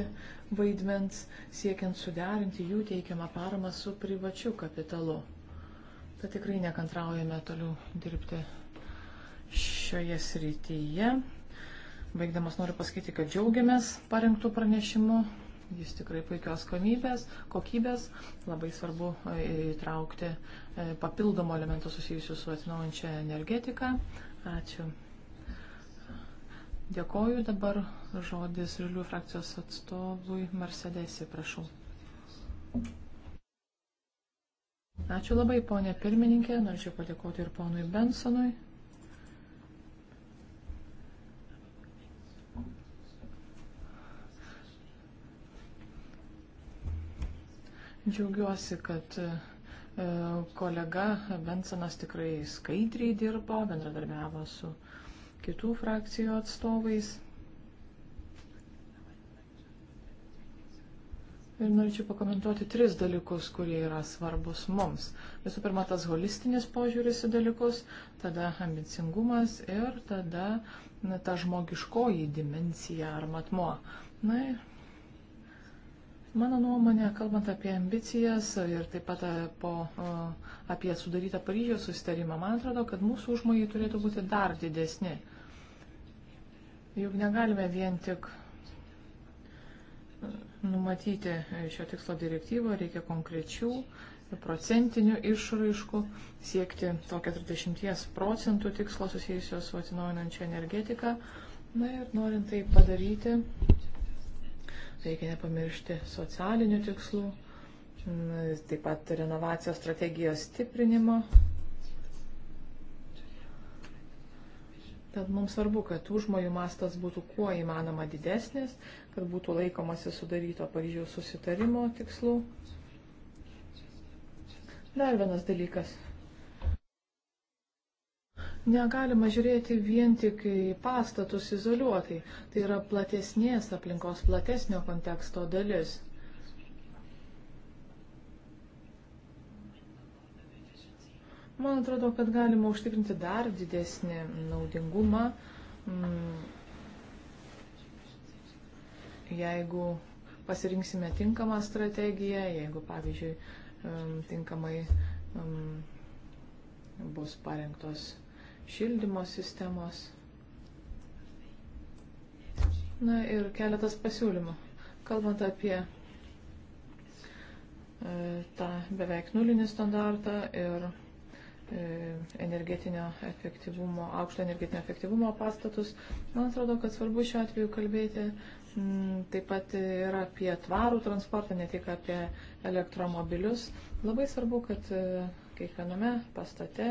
vaidmens, siekiant suderinti jų teikiamą paramą su privačiu kapitalu. Tad tikrai nekantraujame toliau dirbti šioje srityje. Baigdamas noriu pasakyti, kad džiaugiamės parengtų pranešimu. Jis tikrai puikios komybės, kokybės. Labai svarbu e, įtraukti e, papildomų elementų susijusių su atsinaujančia energetika. Ačiū. Dėkoju dabar žodis Žalių frakcijos atstovui Marsedėsi, prašau. Ačiū labai, ponė pirmininkė, norėčiau padėkoti ir ponui Bensonui. Džiaugiuosi, kad e, kolega Bensonas tikrai skaidriai dirbo, bendradarbiavo su kitų frakcijų atstovais. Ir norėčiau pakomentuoti tris dalykus, kurie yra svarbus mums. Visų pirma, tas holistinis požiūris į dalykus, tada ambicingumas ir tada na, ta žmogiškoji dimencija ar matmo. Na ir mano nuomonė, kalbant apie ambicijas ir taip pat e, po, apie sudarytą Paryžiaus susitarimą, man atrodo, kad mūsų užmojai turėtų būti dar didesni. Juk negalime vien tik e, numatyti e, šio tikslo direktyvą, reikia konkrečių procentinių išraiškų, siekti to 40 procentų tikslo susijusio su atsinaujinančia energetika. Na ir norint tai padaryti, reikia nepamiršti socialinių tikslų, taip pat renovacijos strategijos stiprinimo Tad mums svarbu, kad užmojų mastas būtų kuo įmanoma didesnis, kad būtų laikomasi sudaryto Paryžiaus susitarimo tikslų. Dar vienas dalykas. Negalima žiūrėti vien tik į pastatus izoliuotai. Tai yra platesnės aplinkos, platesnio konteksto dalis. Man atrodo, kad galima užtikrinti dar didesnį naudingumą, mm. jeigu pasirinksime tinkamą strategiją, jeigu, pavyzdžiui, tinkamai bus parengtos šildymo sistemos. Na ir keletas pasiūlymų. Kalbant apie e, tą beveik nulinį standartą ir E, energetinio efektyvumo, aukšto energetinio efektyvumo pastatus. Man atrodo, kad svarbu šiuo atveju kalbėti m, taip pat ir apie tvarų transportą, ne tik apie elektromobilius. Labai svarbu, kad e, kiekviename pastate,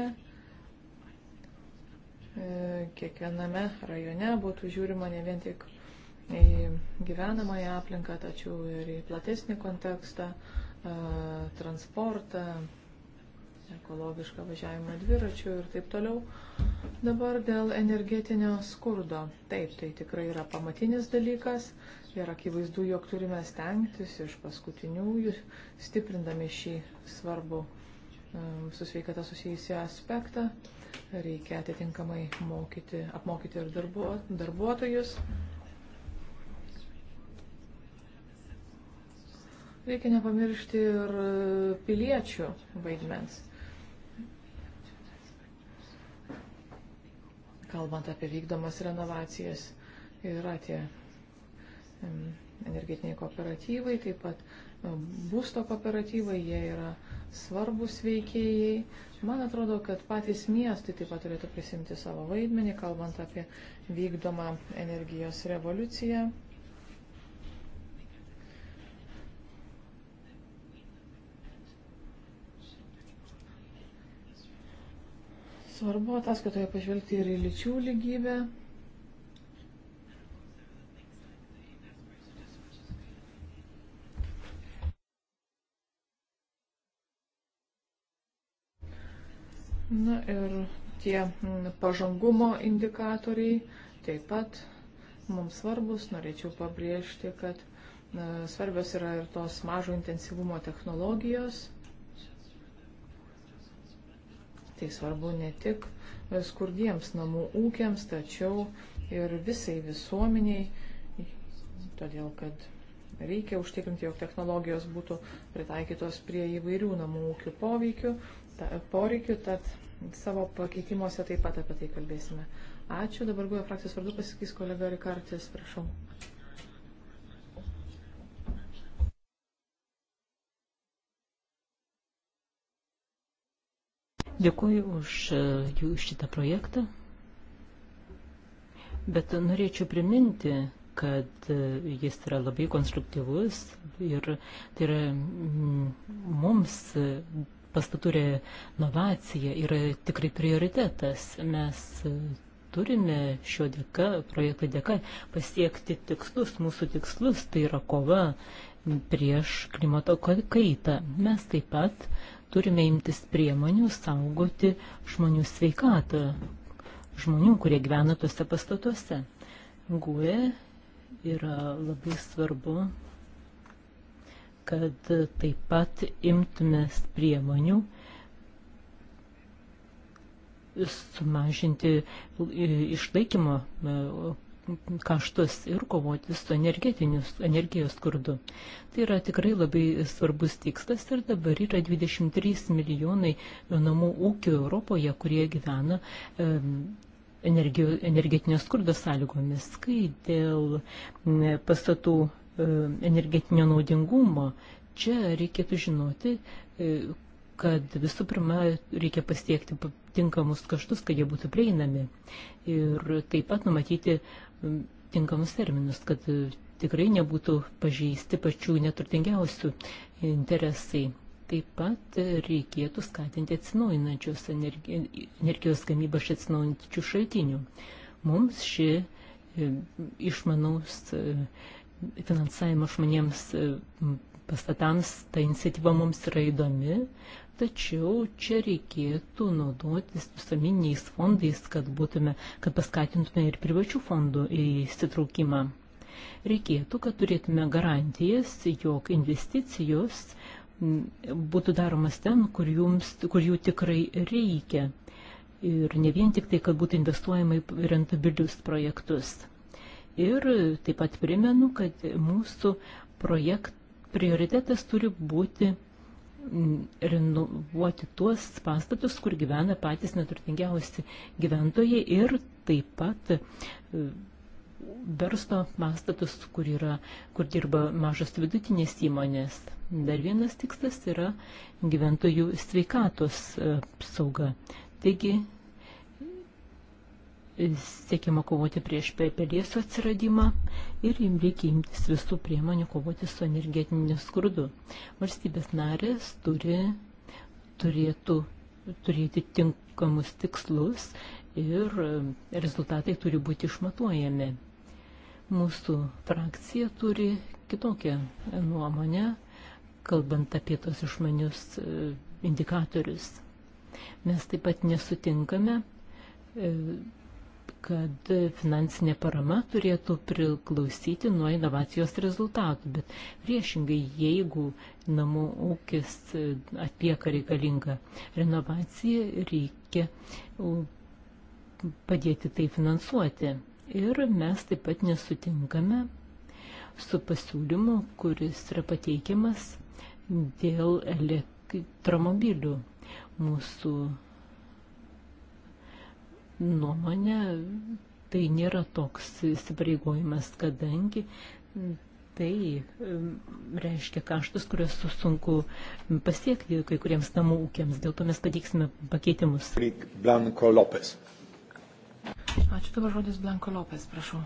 e, kiekviename rajone būtų žiūrima ne vien tik į gyvenamąją aplinką, tačiau ir į platesnį kontekstą, transportą, ekologišką važiavimą dviračių ir taip toliau. Dabar dėl energetinio skurdo. Taip, tai tikrai yra pamatinis dalykas ir akivaizdu, jog turime stengtis iš paskutinių, stiprindami šį svarbų um, su sveikata susijusi aspektą. Reikia atitinkamai mokyti, apmokyti ir darbuo, darbuotojus. Reikia nepamiršti ir piliečių vaidmens. kalbant apie vykdomas renovacijas, yra tie energetiniai kooperatyvai, taip pat e, būsto kooperatyvai, jie yra svarbus veikėjai. Man atrodo, kad patys miestai taip pat turėtų prisimti savo vaidmenį, kalbant apie vykdomą energijos revoliuciją. Svarbu ataskaitoje pažvelgti ir į lyčių lygybę. Na ir tie mm, pažangumo indikatoriai taip pat mums svarbus. Norėčiau pabrėžti, kad e, svarbios yra ir tos mažo intensyvumo technologijos. Tai svarbu ne tik e, skurdiems namų ūkiams, tačiau ir visai visuomeniai, todėl kad reikia užtikrinti, jog technologijos būtų pritaikytos prie įvairių namų ūkių poveikių, ta, poreikių, tad savo pakeitimuose taip pat apie tai kalbėsime. Ačiū, dabar buvo frakcijos vardu pasakys kolega Rikartis, prašau. Dėkuoju už e, jų šitą projektą, bet norėčiau priminti, kad e, jis yra labai konstruktyvus ir tai yra mums e, pastatų renovacija yra tikrai prioritetas. Mes turime šio dėka, projekto dėka pasiekti tikslus, mūsų tikslus, tai yra kova prieš klimato kaitą. Mes taip pat turime imtis priemonių saugoti žmonių sveikatą, žmonių, kurie gyvena tuose pastatuose. GUE yra labai svarbu, kad taip pat imtumės priemonių sumažinti išlaikymo kaštus ir kovoti su energijos skurdu. Tai yra tikrai labai svarbus tikslas ir dabar yra 23 milijonai namų ūkių Europoje, kurie gyvena energetinio skurdo sąlygomis, kai dėl pastatų e, energetinio naudingumo čia reikėtų žinoti, e, kad visų pirma reikia pasiekti tinkamus kaštus, kad jie būtų prieinami. Ir taip pat numatyti tinkamus terminus, kad e, tikrai nebūtų pažeisti pačių neturtingiausių interesai. Taip pat reikėtų skatinti atsinaujinančios energijos gamybą iš atsinaujinančių šaltinių. Mums ši e, išmanaus e, finansavimo žmonėms pastatams ta iniciatyva mums yra įdomi. Tačiau čia reikėtų naudotis visuomeniniais fondais, kad, būtume, kad paskatintume ir privačių fondų įsitraukimą. Reikėtų, kad turėtume garantijas, jog investicijos būtų daromas ten, kur, jums, kur jų tikrai reikia. Ir ne vien tik tai, kad būtų investuojama į rentabilius projektus. Ir taip pat primenu, kad mūsų projekt, prioritetas turi būti Mm, renovuoti tuos pastatus, kur gyvena patys neturtingiausi gyventojai ir taip pat e, verslo pastatus, kur, yra, kur dirba mažos vidutinės įmonės. Dar vienas tikslas yra gyventojų sveikatos e, apsauga. Taigi siekiama kovoti prieš pelėsio atsiradimą ir jim reikia imtis visų priemonių kovoti su energetiniu skurdu. Valstybės narės turi, turėtų turėti tinkamus tikslus ir rezultatai turi būti išmatuojami. Mūsų frakcija turi kitokią nuomonę, kalbant apie tos išmanius e, indikatorius. Mes taip pat nesutinkame e, kad finansinė parama turėtų priklausyti nuo inovacijos rezultatų, bet priešingai, jeigu namų ūkis atlieka reikalingą renovaciją, reikia padėti tai finansuoti. Ir mes taip pat nesutinkame su pasiūlymu, kuris yra pateikiamas dėl elektromobilių. Mūsų nuomonė, tai nėra toks įsipareigojimas, kadangi tai reiškia kaštus, kuriuos sunku pasiekti kai kuriems namų ūkiams. Dėl to mes pateiksime pakeitimus. Blanko Lopes. Ačiū dabar žodis Blanko Lopes, prašau.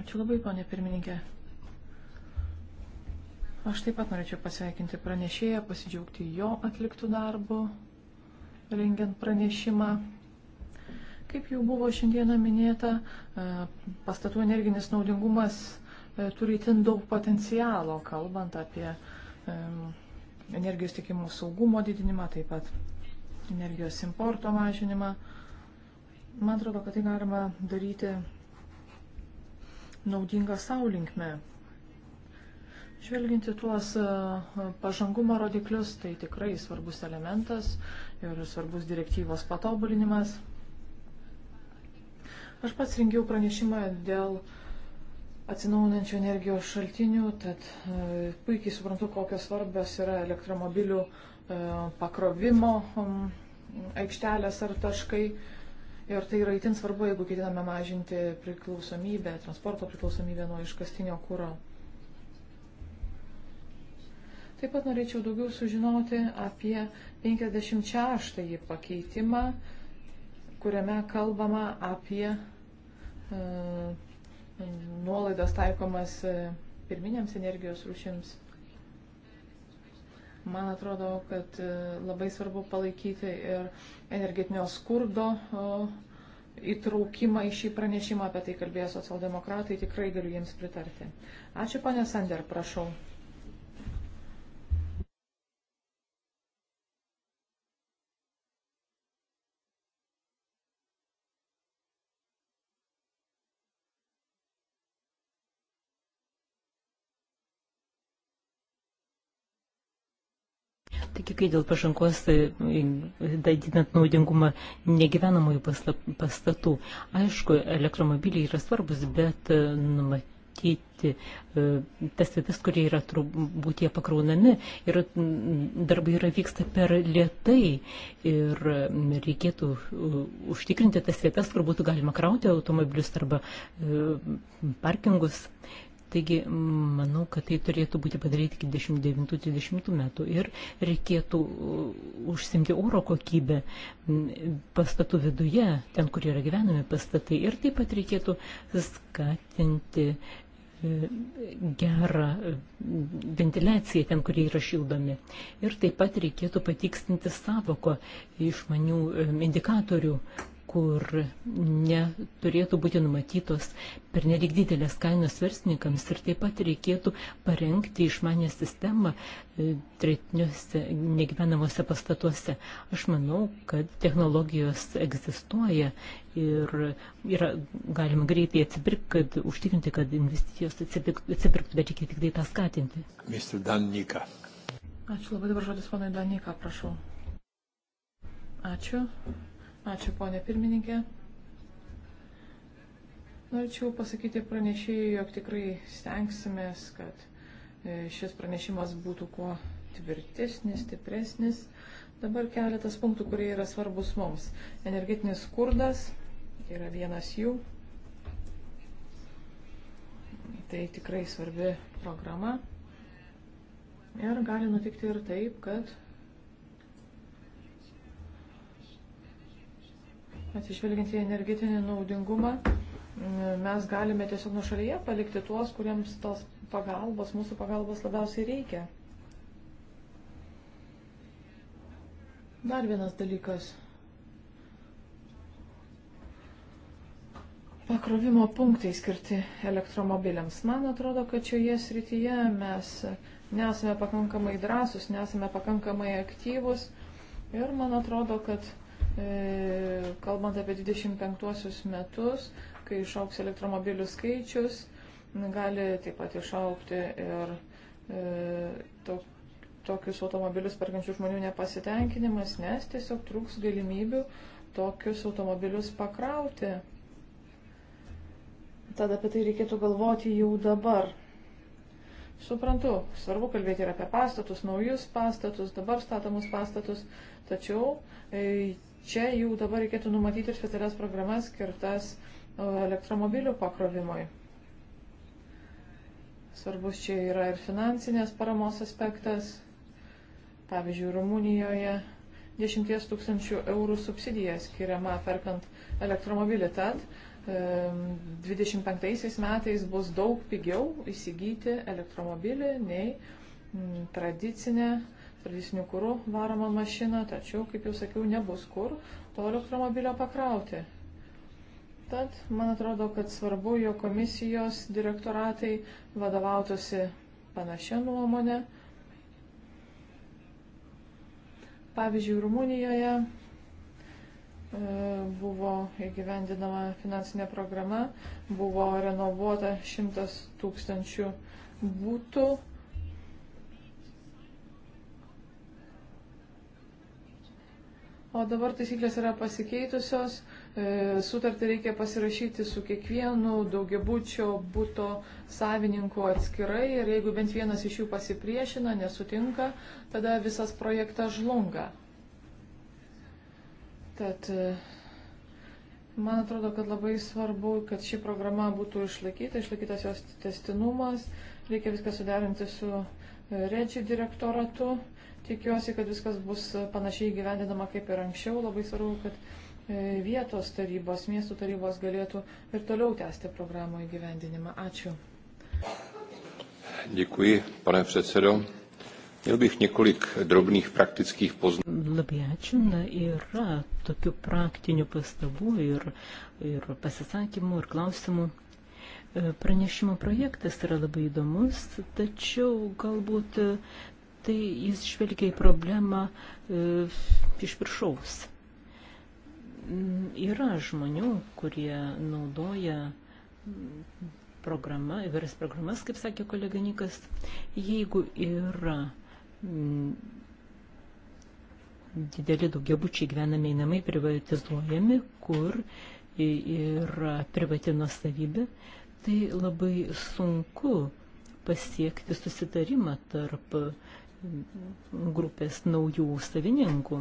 Ačiū labai, ponė pirmininkė. Aš taip pat norėčiau pasveikinti pranešėją, pasidžiaugti jo atliktų darbų rengiant pranešimą. Kaip jau buvo šiandieną minėta, e, pastatų energinis naudingumas e, turi itin daug potencialo, kalbant apie e, energijos tikimų saugumo didinimą, taip pat energijos importo mažinimą. Man atrodo, kad tai galima daryti naudinga saulinkme. Žvelginti tuos pažangumo rodiklius, tai tikrai svarbus elementas, ir svarbus direktyvos patobulinimas. Aš pats rengiau pranešimą dėl atsinaujinančių energijos šaltinių, tad e, puikiai suprantu, kokios svarbios yra elektromobilių e, pakrovimo aikštelės ar taškai. Ir tai yra itin svarbu, jeigu ketiname mažinti priklausomybę, transporto priklausomybę nuo iškastinio kūro. Taip pat norėčiau daugiau sužinoti apie 56 pakeitimą, kuriame kalbama apie e, nuolaidas taikomas e, pirminiams energijos rūšims. Man atrodo, kad e, labai svarbu palaikyti ir energetinio skurdo įtraukimą į šį pranešimą, apie tai kalbėjo socialdemokratai, tikrai galiu jiems pritarti. Ačiū, ponė Sander, prašau. Taigi, kai dėl pažangos tai, didinant naudingumą negyvenamųjų pastatų, aišku, elektromobiliai yra svarbus, bet e, numatyti e, tas vietas, kurie yra turbūt jie pakraunami ir darbai yra vyksta per lietai ir reikėtų užtikrinti tas vietas, kur būtų galima krauti automobilius arba e, parkingus. E, Taigi, manau, kad tai turėtų būti padaryti iki 29-30 metų ir reikėtų uh, užsimti oro kokybę pastatų viduje, ten, kur yra gyvenami pastatai. Ir taip pat reikėtų skatinti uh, gerą uh, ventiliaciją ten, kurie yra šildomi. Ir taip pat reikėtų patikstinti savoko išmanių um, indikatorių kur neturėtų būti numatytos per nelik didelės kainos verslininkams ir taip pat reikėtų parengti išmanę sistemą e, tretiniuose negyvenamuose pastatuose. Aš manau, kad technologijos egzistuoja ir yra, galima greitai atsipirkti, kad užtikrinti, kad investicijos atsipirktų, bet reikia tik tai tą skatinti. Mr. Danika. Ačiū labai dabar žodis ponai Danika, prašau. Ačiū. Ačiū, ponė pirmininkė. Norėčiau pasakyti pranešėjai, jog tikrai stengsimės, kad e, šis pranešimas būtų kuo tvirtesnis, stipresnis. Dabar keletas punktų, kurie yra svarbus mums. Energetinis skurdas yra vienas jų. Tai tikrai svarbi programa. Ir gali nutikti ir taip, kad Atsižvelgiant į energetinį naudingumą, mes galime tiesiog nušalyje palikti tuos, kuriems tos pagalbos, mūsų pagalbos labiausiai reikia. Dar vienas dalykas. Pakrovimo punktai skirti elektromobiliams. Man atrodo, kad šioje srityje mes nesame pakankamai drąsus, nesame pakankamai aktyvus ir man atrodo, kad E, kalbant apie 25 metus, kai išauks elektromobilių skaičius, gali taip pat išaukti ir e, to, tokius automobilius perkančių žmonių nepasitenkinimas, nes tiesiog trūks galimybių tokius automobilius pakrauti. Tad apie tai reikėtų galvoti jau dabar. Suprantu, svarbu kalbėti ir apie pastatus, naujus pastatus, dabar statomus pastatus, tačiau e, Čia jau dabar reikėtų numatyti ir specialias programas skirtas elektromobilių pakrovimui. Svarbus čia yra ir finansinės paramos aspektas. Pavyzdžiui, Rumunijoje 10 tūkstančių eurų subsidija skiriama perkant elektromobilį. Tad 25 metais bus daug pigiau įsigyti elektromobilį nei tradicinę tradicinių kūrų varomą mašiną, tačiau, kaip jau sakiau, nebus kur to elektromobilio pakrauti. Tad, man atrodo, kad svarbu, jo komisijos direktoratai vadovautųsi panašia nuomonė. Pavyzdžiui, Rumunijoje e, buvo įgyvendinama finansinė programa, buvo renovuota 100 tūkstančių būtų O dabar taisyklės yra pasikeitusios, e, sutartį reikia pasirašyti su kiekvienu daugiabučio būto savininku atskirai ir jeigu bent vienas iš jų pasipriešina, nesutinka, tada visas projektas žlunga. Tad e, man atrodo, kad labai svarbu, kad ši programa būtų išlaikyta, išlaikytas jos testinumas, reikia viską suderinti su e, redžių direktoratu Tikiuosi, kad viskas bus panašiai gyvendinama kaip ir anksčiau. Labai svarbu, kad e, vietos tarybos, miestų tarybos galėtų ir toliau tęsti programų įgyvendinimą. Ačiū. Děkuji, pane předsedo. Měl bych několik drobných praktických poznámek. Labai ačiū. Na, yra tokių praktinių pastabų ir, ir pasisakymų ir klausimų. E, pranešimo projektas yra labai įdomus, tačiau galbūt tai jis žvelgia į problemą e, iš viršaus. Mm, yra žmonių, kurie naudoja programą, įvairias programas, kaip sakė koleganikas, jeigu yra m, mm, dideli daugiabučiai gyvenamiai namai privatizuojami, kur yra privati nuosavybė, tai labai sunku pasiekti susitarimą tarp uh, grupės naujų savininkų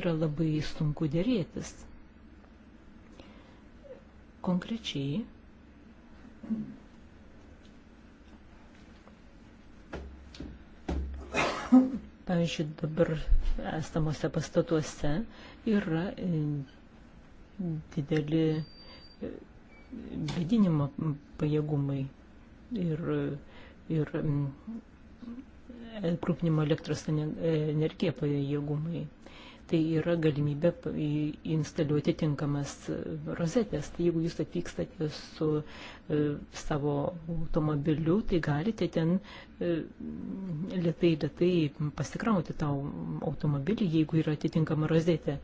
yra labai sunku dėrėtis. Konkrečiai pavyzdžiui, dabar esamuose pastatuose yra e, dideli e, vedinimo pajėgumai ir, ir E, aprūpinimo elektros e, energija pajėgumai. Tai yra galimybė instaliuoti tinkamas rozetės. Tai jeigu jūs atvykstate su e, savo automobiliu, tai galite ten e, lietai, lietai pasikrauti tą automobilį, jeigu yra atitinkama rozetė.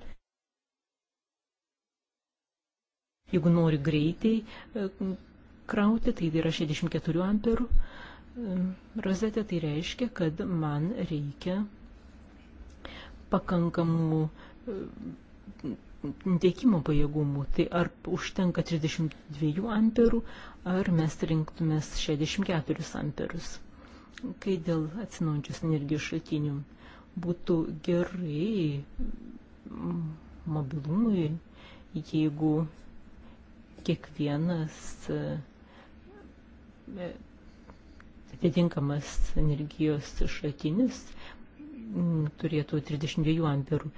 Jeigu nori greitai e, krauti, tai yra 64 amperų rozetę, tai reiškia, kad man reikia pakankamų e, tiekimo pajėgumų. Tai ar užtenka 32 amperų, ar mes rinktumės 64 amperus. Kai dėl atsinaujančios energijos šaltinių būtų gerai mobilumui, jeigu kiekvienas e, netinkamas energijos šaltinis turėtų 32 amperų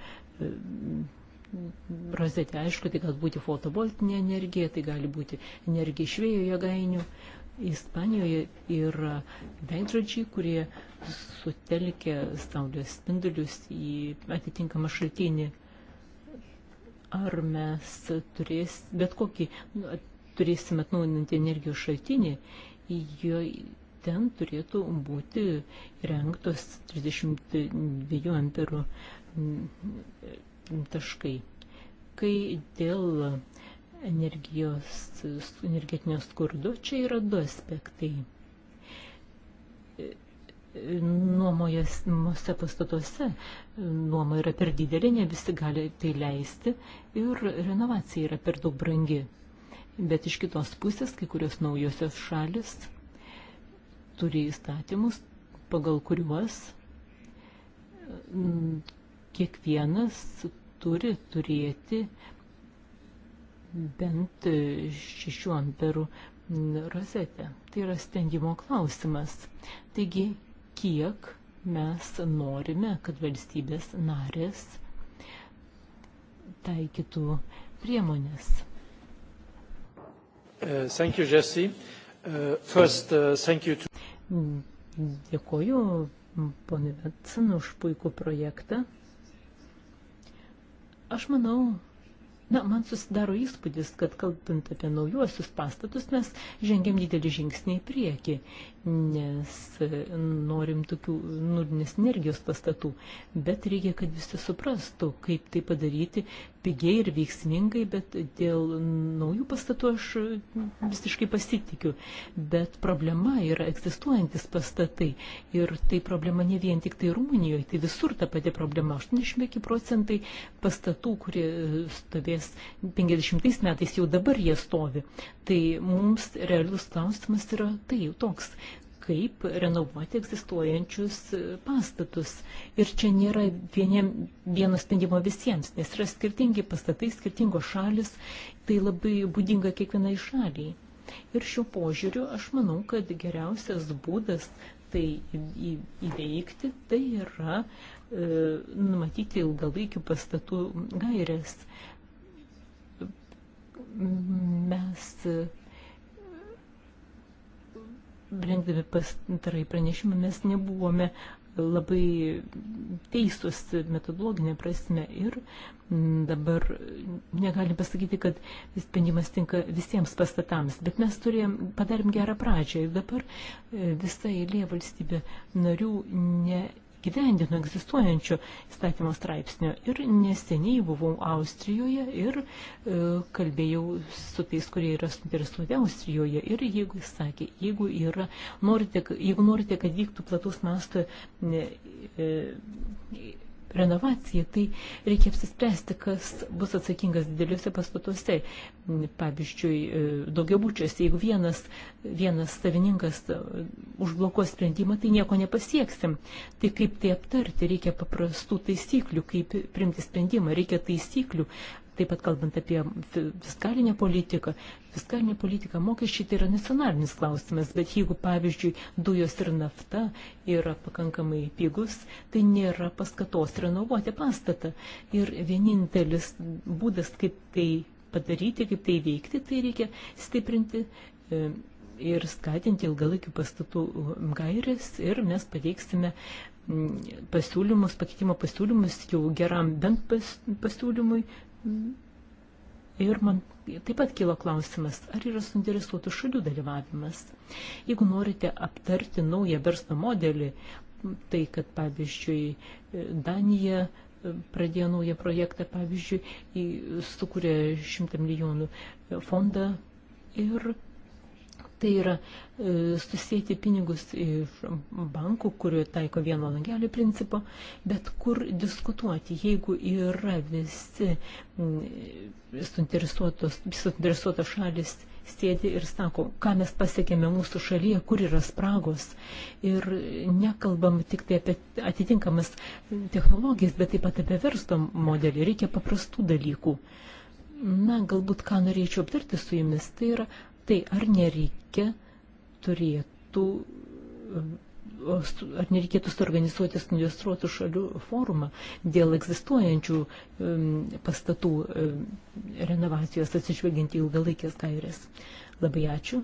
rozetė. Aišku, tai gali būti fotovoltinė energija, tai gali būti energija iš vėjo jėgainių. Ispanijoje yra veidrodžiai, kurie sutelkia saulės spindulius į atitinkamą šaltinį. Ar mes turės, bet kokį, nu, turėsime atnaujinantį energijos šaltinį, jo ten turėtų būti rengtos 32 amperų mm, taškai. Kai dėl energijos, energetinio skurdo, čia yra du aspektai. Nuomojose pastatuose nuoma yra per didelė, ne visi gali tai leisti ir renovacija yra per daug brangi. Bet iš kitos pusės kai kurios naujosios šalis turi įstatymus, pagal kuriuos mm, kiekvienas turi turėti bent 6 amperų mm, rozetę. Tai yra stengimo klausimas. Taigi, kiek mes norime, kad valstybės narės taikytų priemonės. Uh, thank you, Jesse. Uh, first, uh, thank you to... Dėkoju ponui Vetsen už puikų projektą. Aš manau, na, man susidaro įspūdis, kad kalbant apie naujuosius pastatus, mes žengėm didelį žingsnį į priekį, nes e, norim tokių nulinės energijos pastatų, bet reikia, kad visi suprastų, kaip tai padaryti, pigiai ir veiksmingai, bet dėl naujų pastatų aš visiškai pasitikiu. Bet problema yra egzistuojantis pastatai ir tai problema ne vien tik tai Rumunijoje, tai visur ta pati problema. 85 procentai pastatų, kurie stovės 50 metais, jau dabar jie stovi. Tai mums realus klausimas yra tai toks, kaip renovuoti egzistuojančius e, pastatus. Ir čia nėra vieniem, vieno sprendimo visiems, nes yra skirtingi pastatai, skirtingos šalis, tai labai būdinga kiekvienai šaliai. Ir šiuo požiūriu aš manau, kad geriausias būdas tai įveikti, tai yra e, numatyti ilgalaikių pastatų gairias. Mes e, rengdami pastarai pranešimą, mes nebuvome labai teistus metodologinė prasme ir dabar negalim pasakyti, kad sprendimas tinka visiems pastatams, bet mes turėjom, padarėm gerą pradžią ir dabar e, visa eilė valstybė narių ne įgyvendino egzistuojančių įstatymo straipsnio. Ir neseniai buvau Austrijoje ir e, kalbėjau su tais, kurie yra suinteresuoti Austrijoje. Ir jeigu jis sakė, jeigu, yra, norite, jeigu norite, kad vyktų platus masto e, e, renovaciją, tai reikia apsispręsti, kas bus atsakingas dideliuose pastatuose. Pavyzdžiui, e, daugiabučiuose, jeigu vienas, vienas savininkas e, užblokuos sprendimą, tai nieko nepasieksim. Tai kaip tai aptarti, reikia paprastų taisyklių, kaip primti sprendimą, reikia taisyklių Taip pat kalbant apie fiskalinę politiką, fiskalinė politika, mokesčiai tai yra nacionalinis klausimas, bet jeigu, pavyzdžiui, dujos ir nafta yra pakankamai pigus, tai nėra paskatos renovuoti pastatą. Ir vienintelis būdas, kaip tai padaryti, kaip tai veikti, tai reikia stiprinti. E, ir skatinti ilgalaikių pastatų gairės ir mes pateiksime pasiūlymus, pakeitimo pasiūlymus jau geram bent pasiūlymui, Ir man taip pat kilo klausimas, ar yra suinteresuotų šalių dalyvavimas. Jeigu norite aptarti naują verslo modelį, tai kad pavyzdžiui Danija e, pradėjo naują projektą, pavyzdžiui, sukūrė 100 milijonų fondą ir Tai yra e, susėti pinigus iš bankų, kuriuo taiko vieno langelio principo, bet kur diskutuoti, jeigu yra visi suinteresuotos, suinteresuotos šalis sėdi ir sako, ką mes pasiekėme mūsų šalyje, kur yra spragos. Ir nekalbam tik tai apie atitinkamas technologijas, bet taip pat apie verslo modelį. Reikia paprastų dalykų. Na, galbūt ką norėčiau aptarti su jumis, tai yra tai ar nereikia turėtų ar nereikėtų suorganizuoti investuotų šalių forumą dėl egzistuojančių pastatų renovacijos atsižvelgiant į ilgalaikės gairės. Labai ačiū,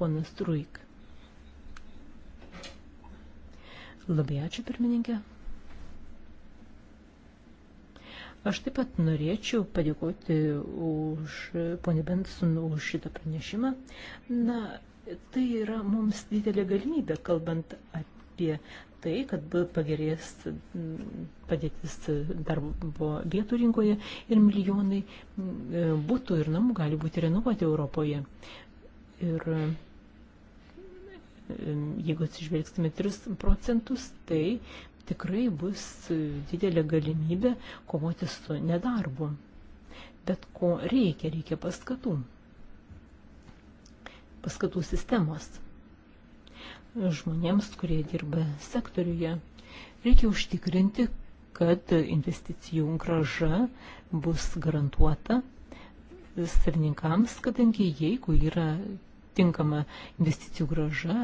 ponas Truik. Labai ačiū, pirmininkė. Aš taip pat norėčiau padėkoti už ponį Benson už šitą pranešimą. Na, tai yra mums didelė galimybė, kalbant apie tai, kad pagerės padėtis darbo vietų rinkoje ir milijonai būtų ir namų gali būti renovuoti Europoje. Ir jeigu atsižvelgsime 3 procentus, tai tikrai bus didelė galimybė kovoti su nedarbu. Bet ko reikia? Reikia paskatų. Paskatų sistemos. Žmonėms, kurie dirba sektoriuje, reikia užtikrinti, kad investicijų graža bus garantuota savininkams, kadangi jeigu yra tinkama investicijų graža,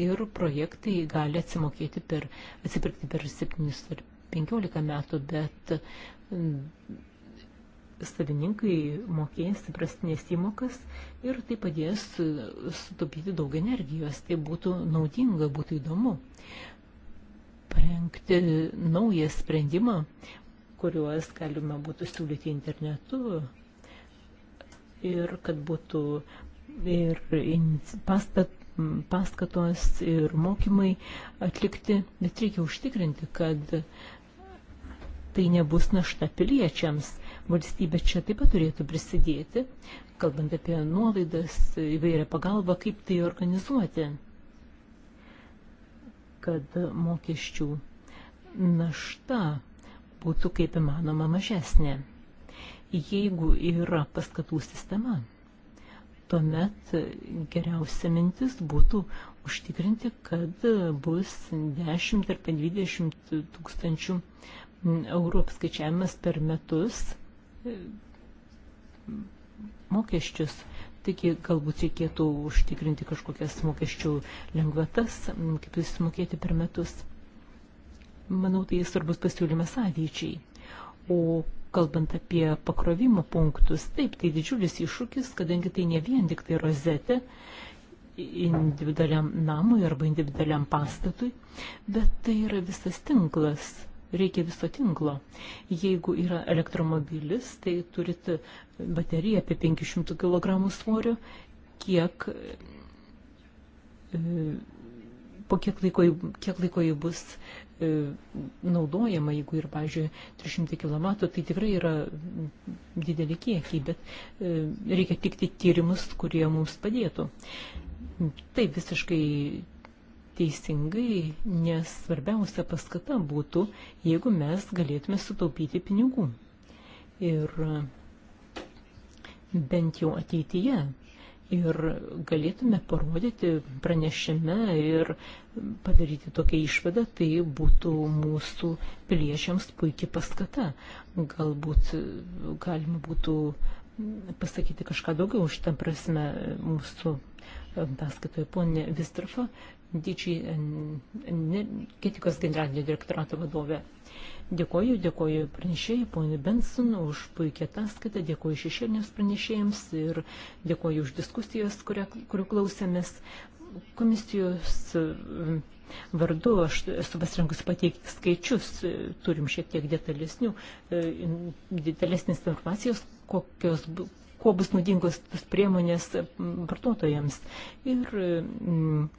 ir projektai gali atsimokėti per, atsipirkti per 7 ar 15 metų, bet mm, savininkai mokės įprastinės įmokas ir tai padės sutaupyti daug energijos. Tai būtų naudinga, būtų įdomu parengti naują sprendimą, kuriuos galima būtų siūlyti internetu ir kad būtų ir pastat paskatos ir mokymai atlikti, bet reikia užtikrinti, kad tai nebus našta piliečiams. Valstybė čia taip pat turėtų prisidėti, kalbant apie nuolaidas, įvairią pagalbą, kaip tai organizuoti, kad mokesčių našta būtų kaip įmanoma mažesnė, jeigu yra paskatų sistema tuomet geriausia mintis būtų užtikrinti, kad bus 10 ar 20 tūkstančių eurų apskaičiavimas per metus mokesčius. Taigi galbūt reikėtų užtikrinti kažkokias mokesčių lengvatas, kaip jis mokėti per metus. Manau, tai svarbus pasiūlymas ateičiai. O Kalbant apie pakrovimo punktus, taip, tai didžiulis iššūkis, kadangi tai ne vien tik tai rozetė individualiam namui arba individualiam pastatui, bet tai yra visas tinklas, reikia viso tinklo. Jeigu yra elektromobilis, tai turit bateriją apie 500 kg svorio, kiek, e, po kiek laiko, kiek laiko jį bus E, naudojama, jeigu ir, pavyzdžiui, 300 km, tai tikrai yra dideli kiekiai, bet e, reikia tikti tyrimus, kurie mums padėtų. Taip visiškai teisingai, nes svarbiausia paskata būtų, jeigu mes galėtume sutaupyti pinigų. Ir e, bent jau ateityje ir galėtume parodyti pranešime ir padaryti tokią išvadą, tai būtų mūsų piliečiams puikia paskata. Galbūt galima būtų pasakyti kažką daugiau už tą prasme mūsų ataskaitoje ponė Vistrafa, didžiai energetikos generalinio direktorato vadovė. Dėkoju, dėkoju pranešėjai, ponui Benson, už puikią ataskaitą, dėkoju šešėlinėms pranešėjams ir dėkoju už diskusijas, kurią, kurių klausėmės. Komisijos e, vardu aš esu pasirinkusi pateikti skaičius, e, turim šiek tiek detalesnių, e, detalesnės informacijos, kokios kuo bus naudingos tos priemonės vartotojams. Ir mm,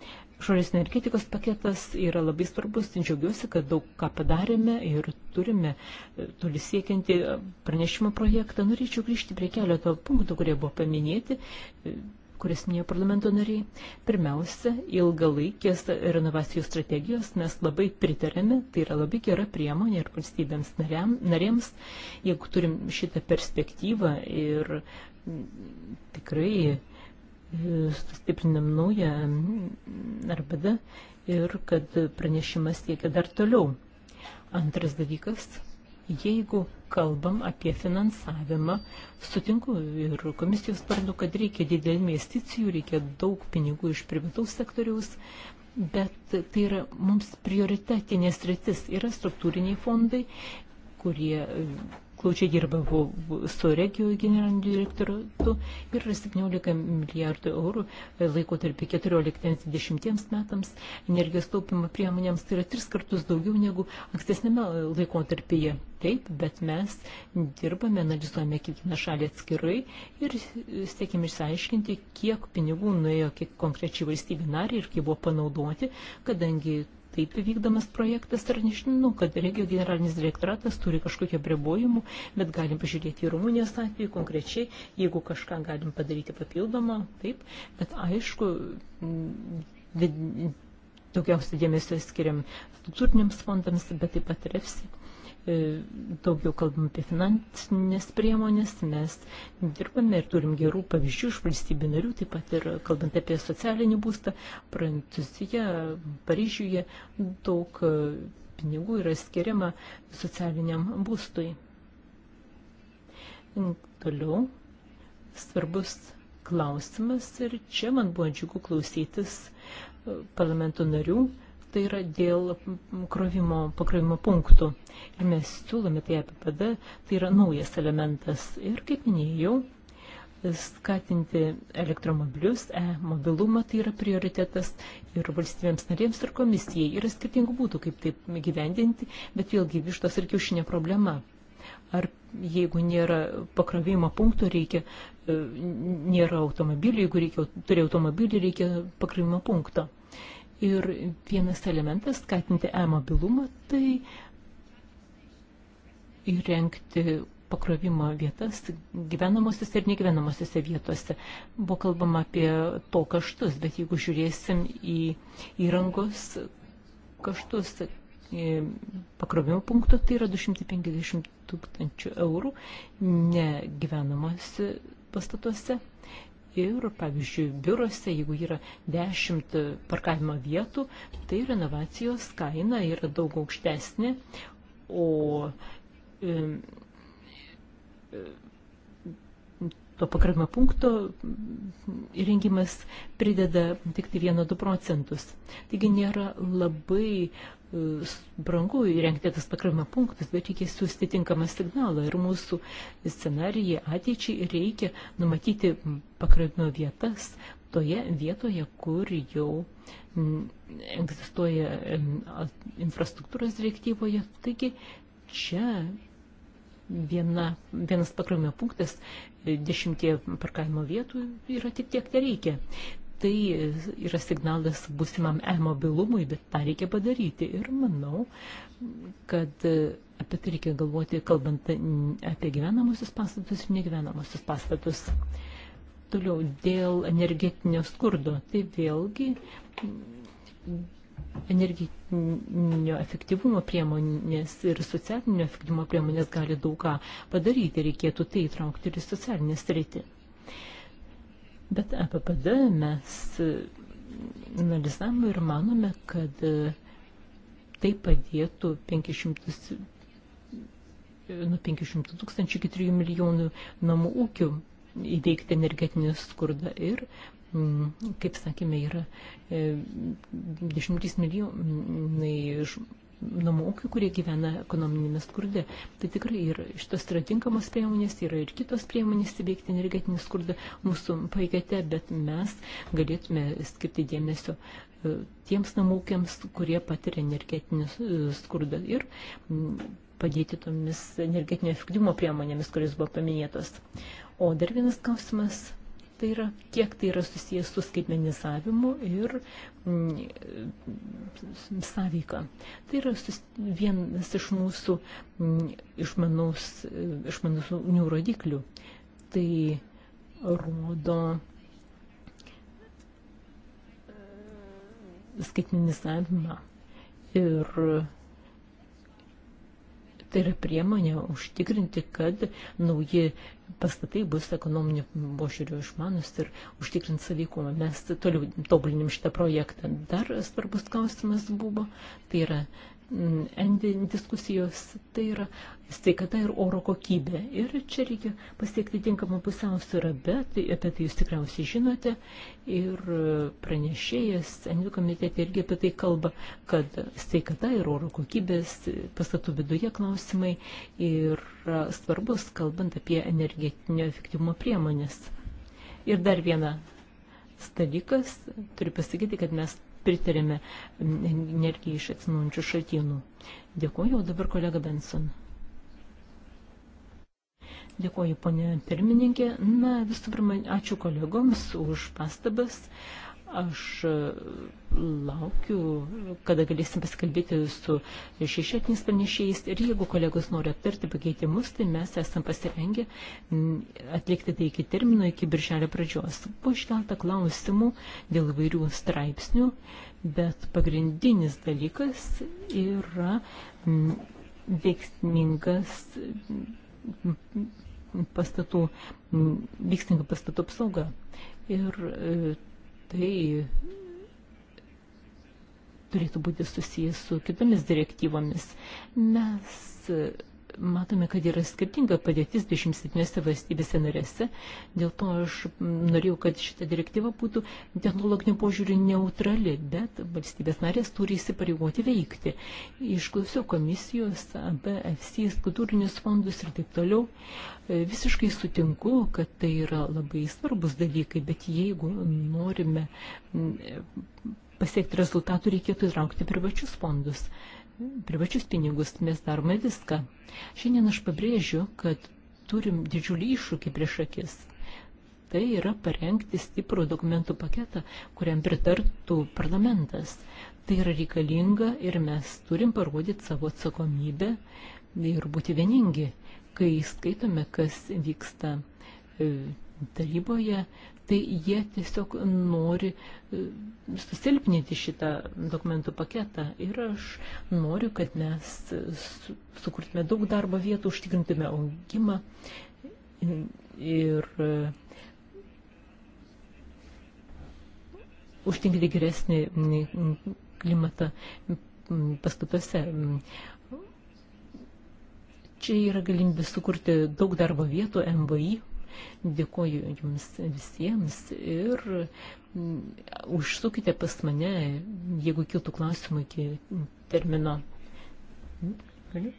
Šorės energetikos paketas yra labai svarbus, džiaugiuosi, kad daug ką padarėme ir turime e, toli siekiantį e, pranešimo projektą. Norėčiau grįžti prie keleto punktų, kurie buvo paminėti, e, kuris minėjo parlamento nariai. Pirmiausia, ilgalaikės renovacijų strategijos mes labai pritarėme, tai yra labai gera priemonė ir valstybėms narėms, jeigu turim šitą perspektyvą ir tikrai sustiprinam naują RBD ir kad pranešimas siekia dar toliau. Antras dalykas, jeigu kalbam apie finansavimą, sutinku ir komisijos vardu, kad reikia didelį investicijų, reikia daug pinigų iš privataus sektoriaus, bet tai yra mums prioritetinės rytis, yra struktūriniai fondai, kurie klaučiai dirba su regijų generaliniu direktoratu ir 17 milijardų eurų laiko tarp 14-20 metams energijos taupimo priemonėms tai yra tris kartus daugiau negu ankstesnėme laikotarpyje. Taip, bet mes dirbame, analizuojame kiekvieną šalį atskirai ir siekime išsiaiškinti, kiek pinigų nuėjo kiek konkrečiai valstybė narė ir kaip buvo panaudoti, kadangi kaip vykdomas projektas, ar nežinau, kad regio generalinis direktoratas turi kažkokio pribojimų, bet galim pažiūrėti į Rumunijos atvejį konkrečiai, jeigu kažką galim padaryti papildomą, taip, bet aišku, mm, daugiausia dėmesio skiriam struktūriniams fondams, bet taip pat refsi. E, daugiau kalbam apie finansinės priemonės, mes dirbame ir turim gerų pavyzdžių iš valstybių narių, taip pat ir kalbant apie socialinį būstą, Prancūzija, Paryžiuje daug e, pinigų yra skiriama socialiniam būstui. Toliau svarbus klausimas ir čia man buvo džiugu klausytis e, parlamento narių tai yra dėl krovimo, pakrovimo punktų. Ir mes siūlome tai APPD, tai yra naujas elementas. Ir kaip minėjau, skatinti elektromobilius, e-mobilumą tai yra prioritetas ir valstybėms narėms ir komisijai. Yra skirtingų būdų, kaip taip gyvendinti, bet vėlgi vištos ir kiaušinė problema. Ar jeigu nėra pakrovimo punktų, reikia, e, nėra automobilių, jeigu reikia, turi automobilį, reikia pakrovimo punkto. Ir vienas elementas skatinti e-mobilumą, tai įrengti pakrovimo vietas gyvenamosiose ir negyvenamosiose vietose. Buvo kalbama apie to kaštus, bet jeigu žiūrėsim į įrangos kaštus pakrovimo punkto, tai yra 250 tūkstančių eurų negyvenamosiose pastatuose ir, pavyzdžiui, biurose, jeigu yra 10 parkavimo vietų, tai renovacijos kaina yra daug aukštesnė, o e, e, to pakravimo punkto įrengimas prideda tik tai 1-2 procentus. Taigi nėra labai brangu įrengti tas pakrovimo punktus, bet reikia siūsti tinkamą signalą ir mūsų scenarijai ateičiai reikia numatyti pakrovimo vietas toje vietoje, kur jau egzistuoja infrastruktūros direktyvoje. Taigi čia viena, vienas pakrovimo punktas dešimtie parkavimo vietų yra tik tiek, tai reikia tai yra signalas būsimam e-mobilumui, bet tą reikia padaryti. Ir manau, kad apie tai reikia galvoti, kalbant apie gyvenamosius pastatus ir negyvenamosius pastatus. Toliau, dėl energetinio skurdo, tai vėlgi energetinio efektyvumo priemonės ir socialinio efektyvumo priemonės gali daug ką padaryti, reikėtų tai įtraukti ir į socialinę sritį. Uh, Bet apie PD mes e, analizavome ir manome, kad e, tai padėtų 500, e, nuo 500 tūkstančių iki 3 milijonų namų ūkių įveikti energetinį skurdą ir mm, kaip sakėme, yra 10 milijonai namų ūkių, kurie gyvena ekonominėme skurde. Tai tikrai ir šitos yra tinkamos priemonės, tai yra ir kitos priemonės įveikti energetinį skurdą mūsų paigate, bet mes galėtume skirti dėmesio e, tiems namų ūkiams, kurie patiria energetinį e, skurdą ir padėti tomis energetinio efektyvumo priemonėmis, kuris buvo paminėtos. O dar vienas klausimas tai yra, kiek tai yra susijęs su skaitmenizavimu ir mm, sąveika. Tai yra sus, vienas iš mūsų mm, išmanaus, išmanausnių rodiklių. Tai rodo e, skaitmenizavimą ir Tai yra priemonė užtikrinti, kad nauji pastatai bus ekonominių požiūrių išmanus ir užtikrint savykumą. Mes toliau tobulinim šitą projektą. Dar svarbus klausimas buvo, tai yra endi diskusijos, tai yra sveikata ir oro kokybė. Ir čia reikia pasiekti tinkamą pusiausvyrą, bet apie tai jūs tikriausiai žinote. Ir pranešėjas endi komitete irgi apie tai kalba, kad sveikata ir oro kokybės pastatų viduje klausimai yra svarbus, kalbant apie energetinio efektyvumo priemonės. Ir dar viena dalykas, turiu pasakyti, kad mes pritarėme energijai iš atsinaujančių šaltinų. Dėkuoju, o dabar kolega Benson. Dėkuoju, ponė pirmininkė. Na, visų pirma, ačiū kolegoms už pastabas. Uh, Aš e, laukiu, kada galėsim pasikalbėti su šešėtiniais pranešėjais ir jeigu kolegos nori aptarti pakeitimus, tai mes esam pasirengę atlikti tai iki termino, iki birželio pradžios. Buvo iškelta klausimų dėl vairių straipsnių, bet pagrindinis dalykas yra veiksmingas pastatų, veiksminga pastatų apsauga. Ir e, tai turėtų būti susijęs su kitomis direktyvomis. Mes matome, kad yra skirtinga padėtis 27 valstybėse narėse. Dėl to aš norėjau, kad šita direktyva būtų technologinių požiūrių neutrali, bet valstybės narės turi įsipareigoti veikti. Išklausiau komisijos, BFC, kultūrinius fondus ir taip toliau. Visiškai sutinku, kad tai yra labai svarbus dalykai, bet jeigu norime pasiekti rezultatų, reikėtų įtraukti privačius fondus privačius pinigus, mes darome viską. Šiandien aš pabrėžiu, kad turim didžiulį iššūkį prieš akis. Tai yra parengti stiprų dokumentų paketą, kuriam pritartų parlamentas. Tai yra reikalinga ir mes turim parodyti savo atsakomybę ir būti vieningi, kai skaitome, kas vyksta e, taryboje, tai jie tiesiog nori e, susilpninti šitą dokumentų paketą. Ir aš noriu, kad mes sukurtume daug darbo vietų, užtikrintume augimą ir e, užtinkti geresnį klimatą pastatuose. Čia yra galimybė sukurti daug darbo vietų MVI Dėkoju jums visiems ir mm, užsukite pas mane, jeigu kiltų klausimų iki termino. Mm, galiu?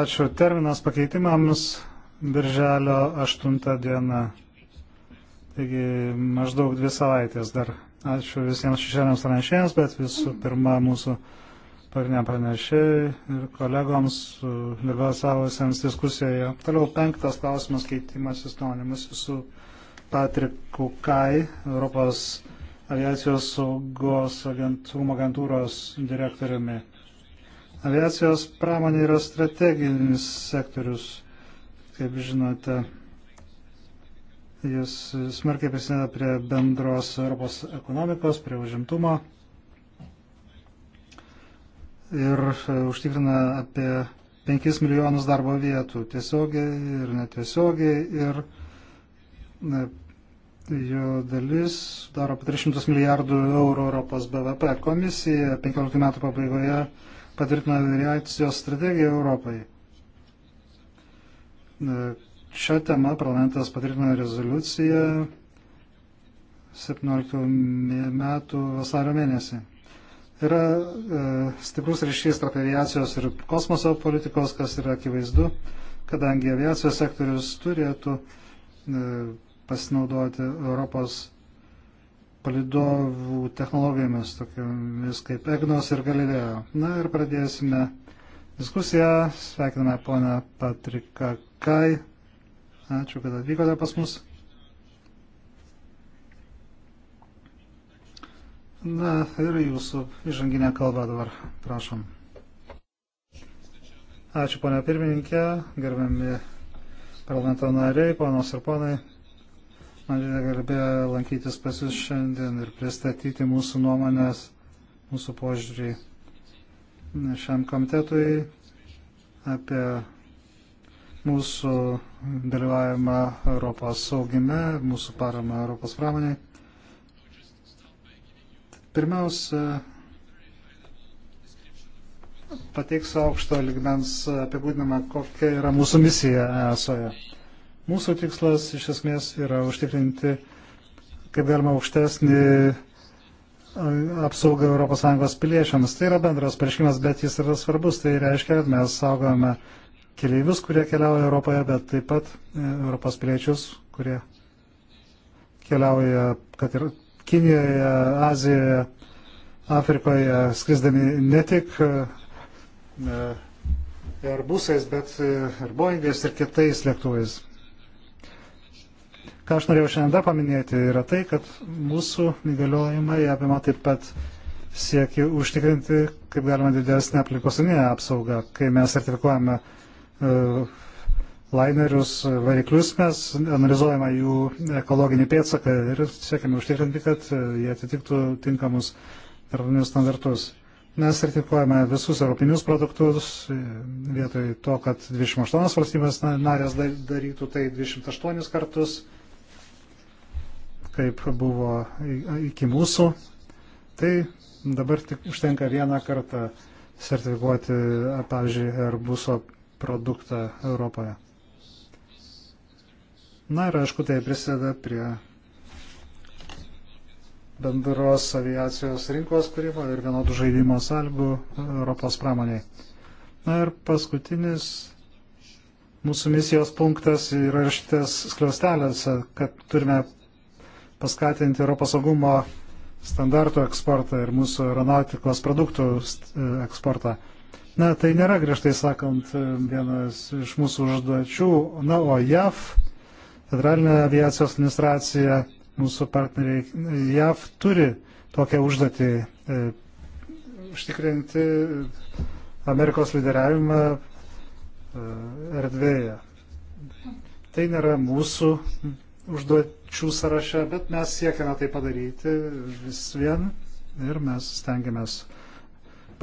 Ačiū. Terminas pakeitimams birželio 8 diena. Taigi maždaug dvi savaitės dar. Ačiū visiems šešėliams pranešėjams, bet visų pirma mūsų pariniam pranešėjai ir kolegoms e, dalyvavusiems diskusijoje. Toliau penktas klausimas keitimasis nuonimis su Patriku Kai, Europos aviacijos saugos agentūrumo agentūros direktoriumi. Aviacijos pramonė yra strateginis sektorius, kaip žinote. Jis smarkiai prisideda prie bendros Europos ekonomikos, prie užimtumo ir e, užtikrina apie 5 milijonus darbo vietų tiesiogiai ir netiesiogiai ir jo dalis daro 300 milijardų eurų Europos BVP. Komisija 15 metų pabaigoje patvirtino aviacijos strategiją Europai. Šią temą parlamentas patvirtino rezoliuciją 17 metų vasario mėnesį. Yra e, stiprus ryšys tarp aviacijos ir kosmoso politikos, kas yra akivaizdu, kadangi aviacijos sektorius turėtų e, pasinaudoti Europos palidovų technologijomis, tokiamis kaip EGNOS ir Galilėjo. Na ir pradėsime diskusiją. Sveikiname ponę Patriką Kai. Ačiū, kad atvykote pas mus. Na ir jūsų įžanginė kalba dabar, prašom. Ačiū, ponia pirmininkė, gerbiami parlamento nariai, ponos ir ponai. Man didelė garbė lankytis pas jūs šiandien ir pristatyti mūsų nuomonės, mūsų požiūrį šiam komitetui apie mūsų dalyvavimą Europos saugime, mūsų paramą Europos pramoniai. Pirmiausia, pateiksiu aukšto ligmens apibūdinimą, kokia yra mūsų misija ESOje. Mūsų tikslas iš esmės yra užtikrinti, kaip galima aukštesnį apsaugą ES piliečiams. Tai yra bendras pareiškimas, bet jis yra svarbus. Tai reiškia, kad mes saugojame keleivius, kurie keliauja Europoje, bet taip pat e, Europos piliečius, kurie keliauja, kad ir Kinijoje, Azijoje, Afrikoje skrisdami ne tik e, e, Airbusais, bet e, ir Boeingais ir kitais lėktuvais. Ką aš norėjau šiandien dar paminėti, yra tai, kad mūsų įgaliojimai apima taip pat siekį užtikrinti kaip galima didesnę aplikosinę apsaugą, kai mes sertifikuojame uh, lainerius, variklius, mes analizuojame jų ekologinį pėdsaką ir siekime užtikrinti, kad jie atitiktų tinkamus tarptautinius standartus. Mes sertifikuojame visus europinius produktus, vietoj to, kad 28 valstybės narės darytų tai 28 kartus, kaip buvo iki mūsų. Tai dabar tik užtenka vieną kartą sertifikuoti, pavyzdžiui, Airbuso produktą Europoje. Na ir aišku, tai prisideda prie bendros aviacijos rinkos kūrimo ir vienodų žaidimo sąlygų Europos pramoniai. Na ir paskutinis mūsų misijos punktas yra šitas skliaustelėse, kad turime paskatinti Europos saugumo standartų eksportą ir mūsų aeronautikos produktų e, eksportą. Na, tai nėra griežtai sakant e, vienas iš mūsų užduočių. Na, o JAV Federalinė aviacijos administracija, mūsų partneriai JAV turi tokią užduotį e, užtikrinti Amerikos lyderiavimą e, erdvėje. Tai nėra mūsų užduočių sąraše, bet mes siekiame tai padaryti vis vien ir mes stengiamės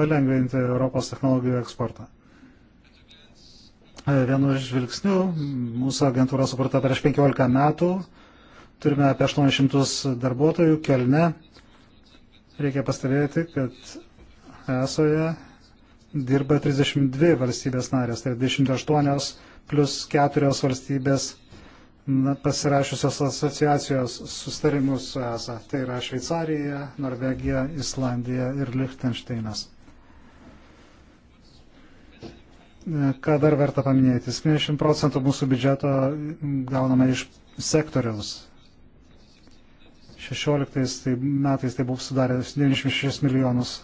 palengventi Europos technologijų eksportą. E, vienu žvilgsniu. Mūsų agentūra sukurta prieš 15 metų. Turime apie 800 darbuotojų Kelne. Reikia pastebėti, kad esoje dirba 32 valstybės narės, tai 28 plus 4 valstybės na, pasirašiusios asociacijos sustarimus su ESA. Tai yra Šveicarija, Norvegija, Islandija ir Liechtensteinas ką dar verta paminėti. 70 procentų mūsų biudžeto gauname iš sektoriaus. 16 tai metais tai buvo sudaręs 96 milijonus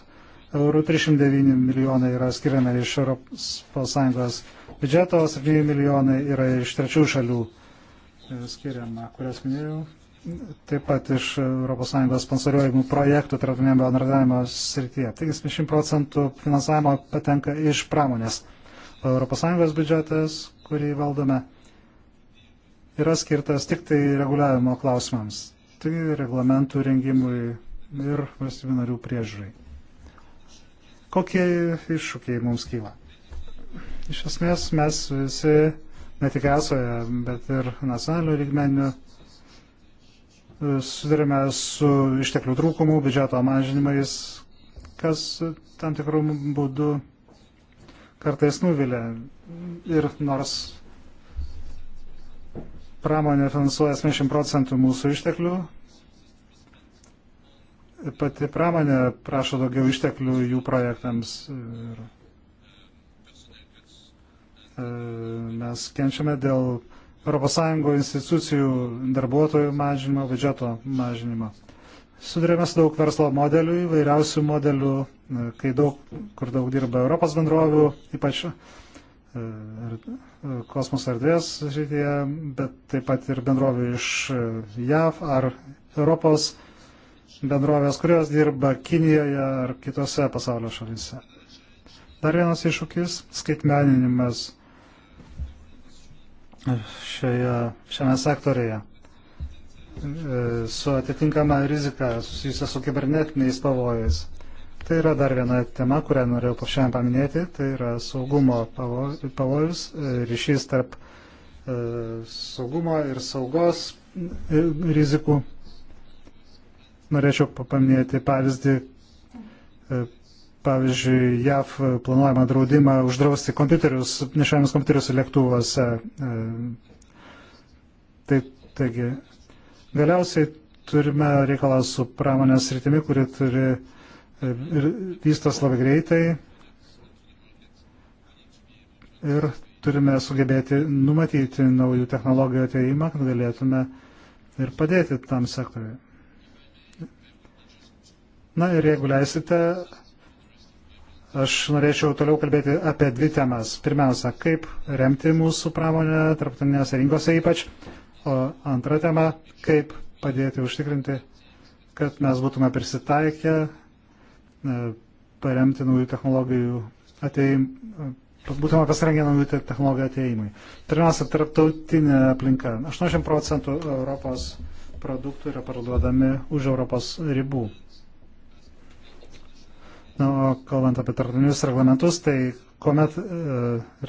eurų, 309 milijonai yra skiriami iš ES biudžeto, 7 milijonai yra iš trečių šalių e, skiriama, kurias minėjau. Taip pat iš ES sponsoriuojimų projektų tarptautinėme bendradavimo srityje. Taigi 70 procentų finansavimo patenka iš pramonės. ES biudžetas, kurį valdome, yra skirtas tik tai reguliavimo klausimams, tai reglamentų rengimui ir valstybių narių priežiūrai. Kokie iššūkiai mums kyla? Iš esmės mes visi, ne tik esoje, bet ir nacionalinių lygmenių, sudarėme su išteklių trūkumu, biudžeto mažinimais, kas tam tikrų būdų kartais nuvilia. Ir nors pramonė finansuoja 70 procentų mūsų išteklių, pati pramonė prašo daugiau išteklių jų projektams. Ir e, mes kenčiame dėl ES institucijų darbuotojų mažinimo, biudžeto mažinimo. Sudurėme su daug verslo modelių, įvairiausių modelių, e, kai daug, kur daug dirba Europos bendrovių, ypač e, er, e, kosmoso erdvės žaidėje, bet taip pat ir bendrovių iš JAV ar Europos bendrovės, kurios dirba Kinijoje ar kitose pasaulio šalyse. Dar vienas iššūkis - skaitmeninimas šioje, šiame sektorėje. E, su atitinkama rizika susijusia su kibernetiniais pavojais. Tai yra dar viena tema, kurią norėjau šiandien paminėti, tai yra saugumo pavojus, e, ryšys tarp e, saugumo ir saugos rizikų. Norėčiau paminėti pavyzdį, pavyzdžiui, JAV planuojama draudimą uždrausti kompiuterius, nešiojamus kompiuterius lėktuvuose. Tai, taigi, Galiausiai turime reikalą su pramonės rytimi, kuri turi ir vystos labai greitai. Ir turime sugebėti numatyti naujų technologijų ateimą, kad galėtume ir padėti tam sektoriui. Na ir jeigu leisite, aš norėčiau toliau kalbėti apie dvi temas. Pirmiausia, kaip remti mūsų pramonę, tarptautinėse rinkose ypač. O antra tema - kaip padėti užtikrinti, kad mes būtume prisitaikę, e, paremti naujų technologijų ateimą e, būtume pasirengę naujų technologijų ateimui. Pirmiausia, tarptautinė aplinka. 80 procentų Europos produktų yra parduodami už Europos ribų. Na, o kalbant apie tarptautinius reglamentus, tai kuomet e,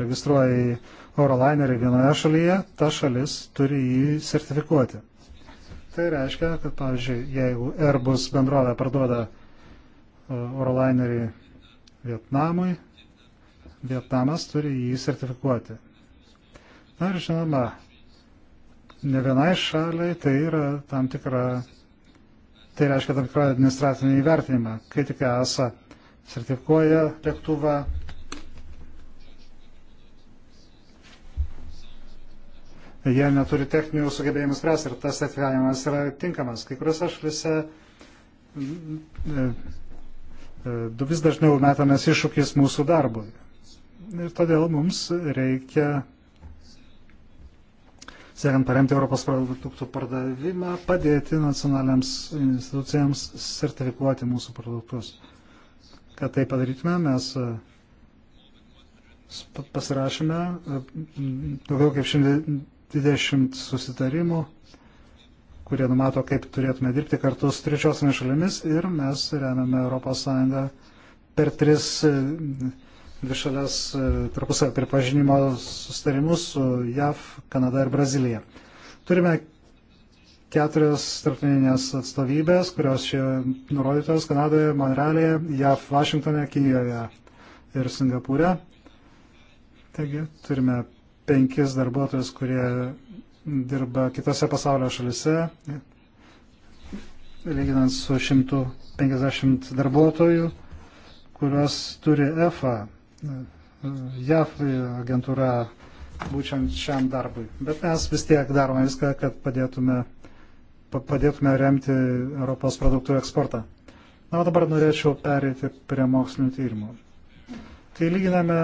registruoji orolainerį vienoje šalyje, ta šalis turi jį sertifikuoti. Tai reiškia, kad pavyzdžiui, jeigu Airbus bendrovė parduoda orolainerį e, Vietnamui, Vietnamas turi jį sertifikuoti. Na ir žinoma, ne vienai šaliai tai yra tam tikra, tai reiškia tam tikrą administracinį įvertinimą. Kai tik ESA sertifikuoja lėktuvą, jie neturi techninių sugebėjimų spręsti ir tas sertifikavimas yra tinkamas. Kai kuriuose šalise mm, e, e, vis dažniau metamas iššūkis mūsų darbui. Ir todėl mums reikia, siekiant paremti Europos produktų pardavimą, padėti nacionaliams institucijams sertifikuoti mūsų produktus. Kad tai padarytume, mes e, pasirašėme daugiau kaip šiandien 20 susitarimų, kurie numato, kaip turėtume dirbti kartu su trečiosiomis šalimis ir mes remiame ES per tris e, dvišalės e, tarpusavio pripažinimo susitarimus su JAV, Kanada ir Brazilija. Turime keturias tarptautinės atstovybės, kurios čia nurodytos Kanadoje, Monrealėje, JAV, Vašingtone, Kinijoje ir Singapūre. Taigi turime penkis darbuotojus, kurie dirba kitose pasaulio šalise, lyginant su 150 darbuotojų, kurios turi EFA, JAF agentūra būtent šiam darbui. Bet mes vis tiek darome viską, kad padėtume, padėtume remti Europos produktų eksportą. Na, o dabar norėčiau perėti prie mokslinių tyrimų. Kai lyginame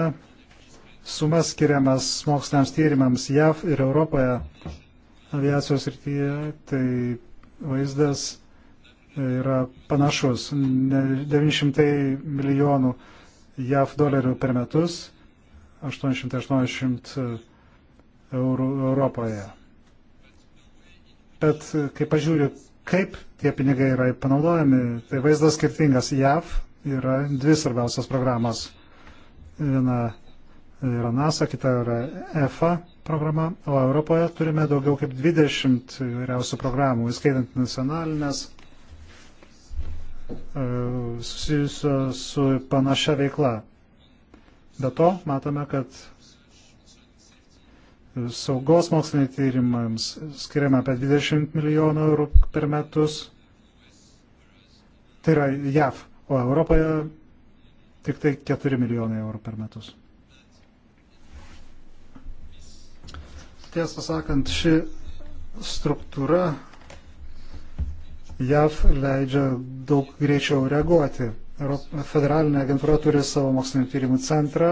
sumas skiriamas moksliniams tyrimams JAV ir Europoje aviacijos rytyje, tai vaizdas yra panašus. 900 milijonų JAV dolerių per metus, 880 eurų Europoje. Bet kai pažiūriu, kaip tie pinigai yra panaudojami, tai vaizdas skirtingas. JAV yra dvi svarbiausias programos. Viena yra NASA, kita yra EFA programa, o Europoje turime daugiau kaip 20 įvairiausių programų, įskaitant nacionalinės, e, susijusios su panašia veikla. Be to, matome, kad saugos moksliniai tyrimams skiriame apie 20 milijonų eurų per metus. Tai yra JAV, o Europoje tik tai 4 milijonai eurų per metus. Tiesą sakant, ši struktūra JAV leidžia daug greičiau reaguoti. Federalinė agentūra turi savo mokslinio tyrimų centrą,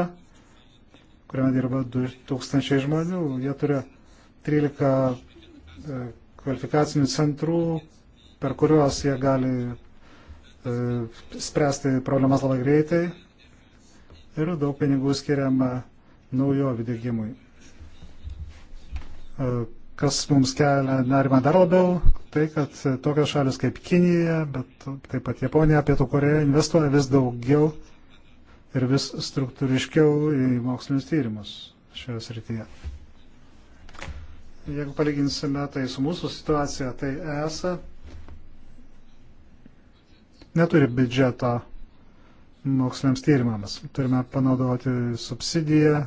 kuriame dirba 2000 žmonių. Jie turi 13 e, kvalifikacinių centrų, per kuriuos jie gali e, spręsti problemas labai greitai ir daug pinigų skiriama naujovių dėgymui. E, kas mums kelia nerimą dar labiau, tai kad tokios šalis kaip Kinija, bet taip pat Japonija, Pietų Koreja investuoja vis daugiau ir vis struktūriškiau į mokslinius tyrimus šioje srityje. Jeigu palyginsime tai su mūsų situacija, tai ESA neturi biudžeto moksliniams tyrimams. Turime panaudoti subsidiją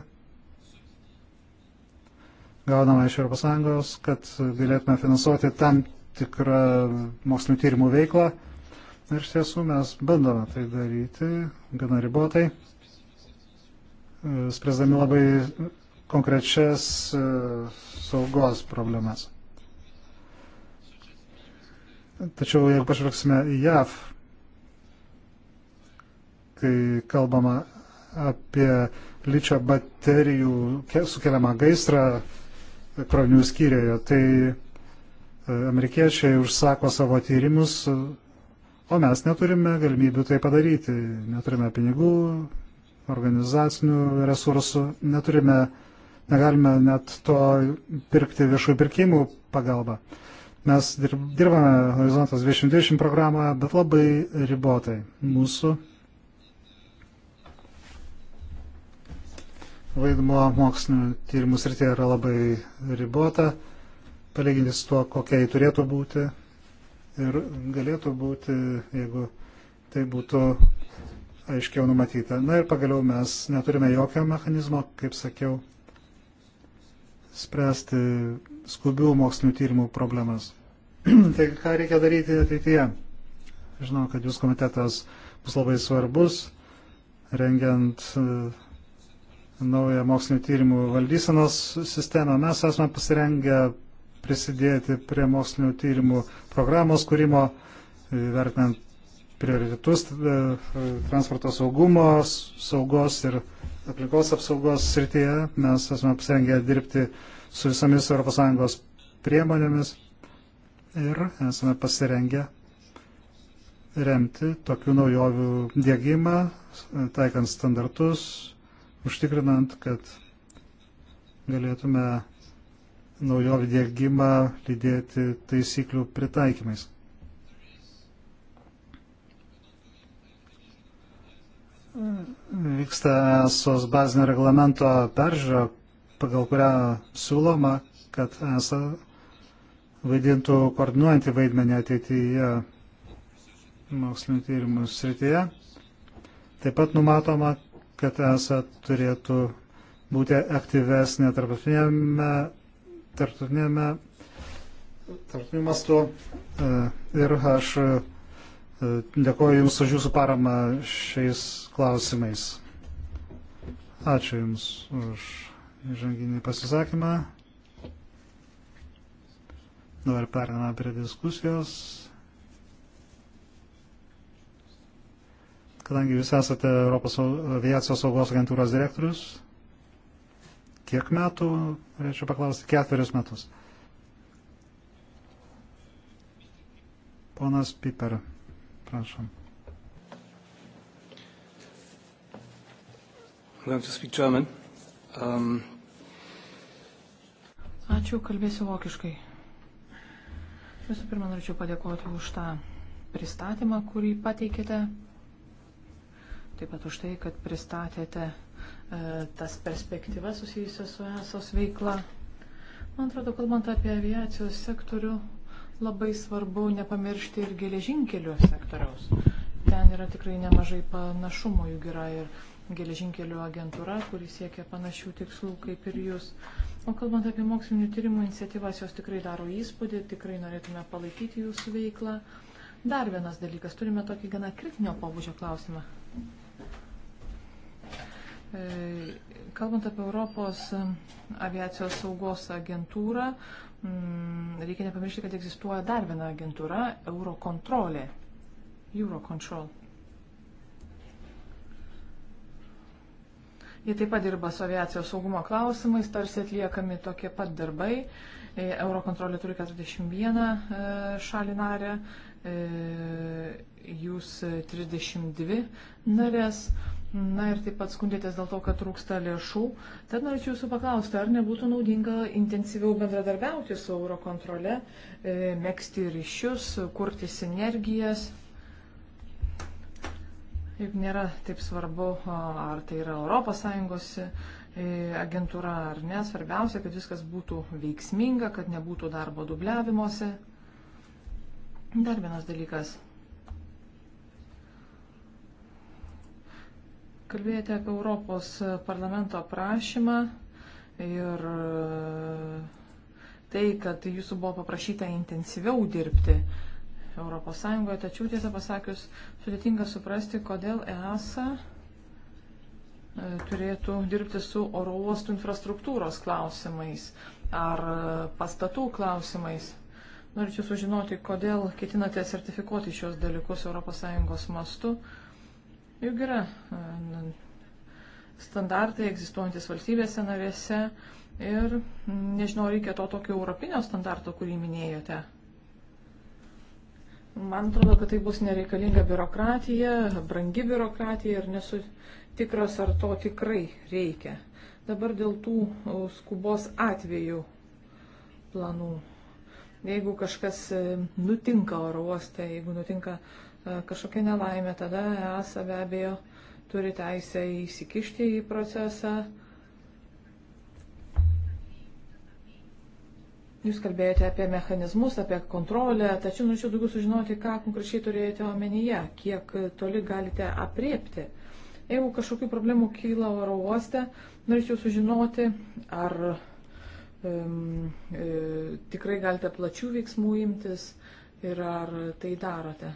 gauname iš ES, kad galėtume finansuoti tam tikrą mokslinių tyrimų veiklą. Ir iš tiesų mes bandome tai daryti gana ribotai, e, spręsdami labai konkrečias e, saugos problemas. Tačiau jeigu pažvelgsime į JAV, kai kalbama apie ličio baterijų sukeliamą gaisrą, krovinių skyriuje. Tai e, amerikiečiai užsako savo tyrimus, o mes neturime galimybių tai padaryti. Neturime pinigų, organizacinių resursų, neturime, negalime net to pirkti viešųjų pirkimų pagalba. Mes dirbame Horizontas 2020 programą, bet labai ribotai. Mūsų vaidmuo mokslinių tyrimų srityje yra labai ribota, palyginti su tuo, kokia jį turėtų būti ir galėtų būti, jeigu tai būtų aiškiau numatyta. Na ir pagaliau mes neturime jokio mechanizmo, kaip sakiau, spręsti skubių mokslinių tyrimų problemas. [CLEARS THROAT] tai ką reikia daryti ateityje? Žinau, kad jūs komitetas bus labai svarbus, rengiant uh, naują mokslinio tyrimų valdysenos sistemą. Mes esame pasirengę prisidėti prie mokslinio tyrimų programos kūrimo, vertinant prioritetus e, transporto saugumo, saugos ir aplinkos apsaugos srityje. Mes esame pasirengę dirbti su visomis ES priemonėmis ir esame pasirengę remti tokių naujovių dėgymą, taikant standartus, užtikrinant, kad galėtume naujovių dėgymą lydėti taisyklių pritaikymais. Vyksta ESOS bazinio reglamento peržiūra, pagal kurią siūloma, kad ESA vaidintų koordinuojantį vaidmenį ateityje mokslinio tyrimų srityje. Taip pat numatoma, kad ESA turėtų būti aktyvesnė tarptautinėme, tarptautinėme, tarptautiniu mastu. E, ir aš e, dėkoju Jums už Jūsų paramą šiais klausimais. Ačiū Jums už įžanginį pasisakymą. Dabar periname prie diskusijos. kadangi jūs esate Europos aviacijos saugos agentūros direktorius, kiek metų, reičiau paklausti, ketverius metus. Ponas Piper, prašom. Um... Ačiū, kalbėsiu vokiškai. Visų pirma, norėčiau padėkoti už tą pristatymą, kurį pateikėte taip pat už tai, kad pristatėte e, tas perspektyvas susijusias su ESOS veikla. Man atrodo, kalbant apie aviacijos sektorių, labai svarbu nepamiršti ir geležinkelių sektoriaus. Ten yra tikrai nemažai panašumų, juk yra ir geležinkelių agentūra, kuris siekia panašių tikslų kaip ir jūs. O kalbant apie mokslinių tyrimų iniciatyvas, jos tikrai daro įspūdį, tikrai norėtume palaikyti jūsų veiklą. Dar vienas dalykas, turime tokį gana kritinio pobūdžio klausimą. E, kalbant apie Europos aviacijos saugos agentūrą, mm, reikia nepamiršti, kad egzistuoja dar viena agentūra - Eurokontrolė. Eurocontrol. Jie taip pat dirba su aviacijos saugumo klausimais, tarsi atliekami tokie pat darbai. E, Eurokontrolė turi 41 e, šalį narę, jūs 32 narės. Na ir taip pat skundėtės dėl to, kad trūksta lėšų. Tad norėčiau jūsų paklausti, ar nebūtų naudinga intensyviau bendradarbiauti su Eurokontrole, e, mėgsti ryšius, kurti sinergijas. Juk nėra taip svarbu, ar tai yra ES e, agentūra ar ne. Svarbiausia, kad viskas būtų veiksminga, kad nebūtų darbo dubliavimuose. Dar vienas dalykas. Kalbėjote apie Europos parlamento prašymą ir e, tai, kad jūsų buvo paprašyta intensyviau dirbti ES, tačiau tiesą pasakius, sudėtinga suprasti, kodėl EASA e, turėtų dirbti su oro uostų infrastruktūros klausimais ar e, pastatų klausimais. Norėčiau sužinoti, kodėl ketinate sertifikuoti šios dalykus ES mastu Juk yra nu, standartai egzistuojantis valstybėse narėse ir nežinau, reikia to tokio europinio standarto, kurį minėjote. Man atrodo, kad tai bus nereikalinga biurokratija, brangi biurokratija ir nesu tikras, ar to tikrai reikia. Dabar dėl tų skubos atvejų planų. Jeigu kažkas e, nutinka oro uoste, jeigu nutinka uh, E, kažkokia nelaimė, tada ESA be abejo turi teisę įsikišti į procesą. Jūs kalbėjote apie mechanizmus, apie kontrolę, tačiau norėčiau daugiau sužinoti, ką konkrečiai turėjote omenyje, kiek toli galite apriepti. Jeigu kažkokių problemų kyla oro uoste, norėčiau sužinoti, ar um, e, tikrai galite plačių veiksmų imtis ir ar tai darote.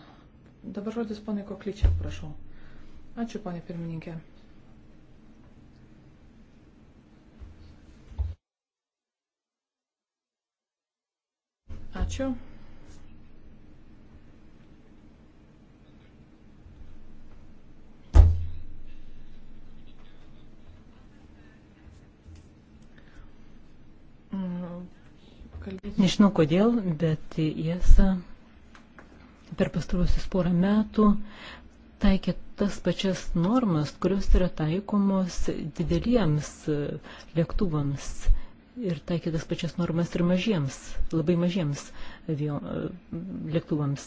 Dabar žodis ponai Koklyčiak, prašau. Ačiū, ponė pirmininkė. Ačiū. Mm, Nežinau kodėl, bet jis. Yes, per pastaruosius porą metų taikė tas pačias normas, kurios yra taikomos dideliems lėktuvams ir taikė tas pačias normas ir mažiems, labai mažiems avio, lėktuvams.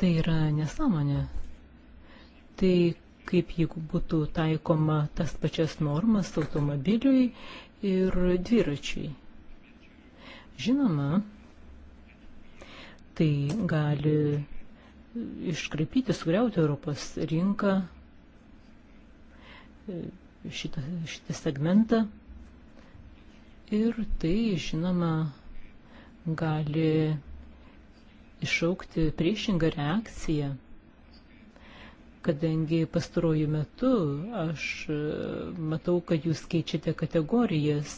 Tai yra nesąmonė. Tai kaip jeigu būtų taikoma tas pačias normas automobiliui ir dviračiui. Žinoma, Tai gali iškraipyti, sugriauti Europos rinką, šitą, šitą segmentą. Ir tai, žinoma, gali išaukti priešingą reakciją, kadangi pastaruoju metu aš e, matau, kad jūs keičiate kategorijas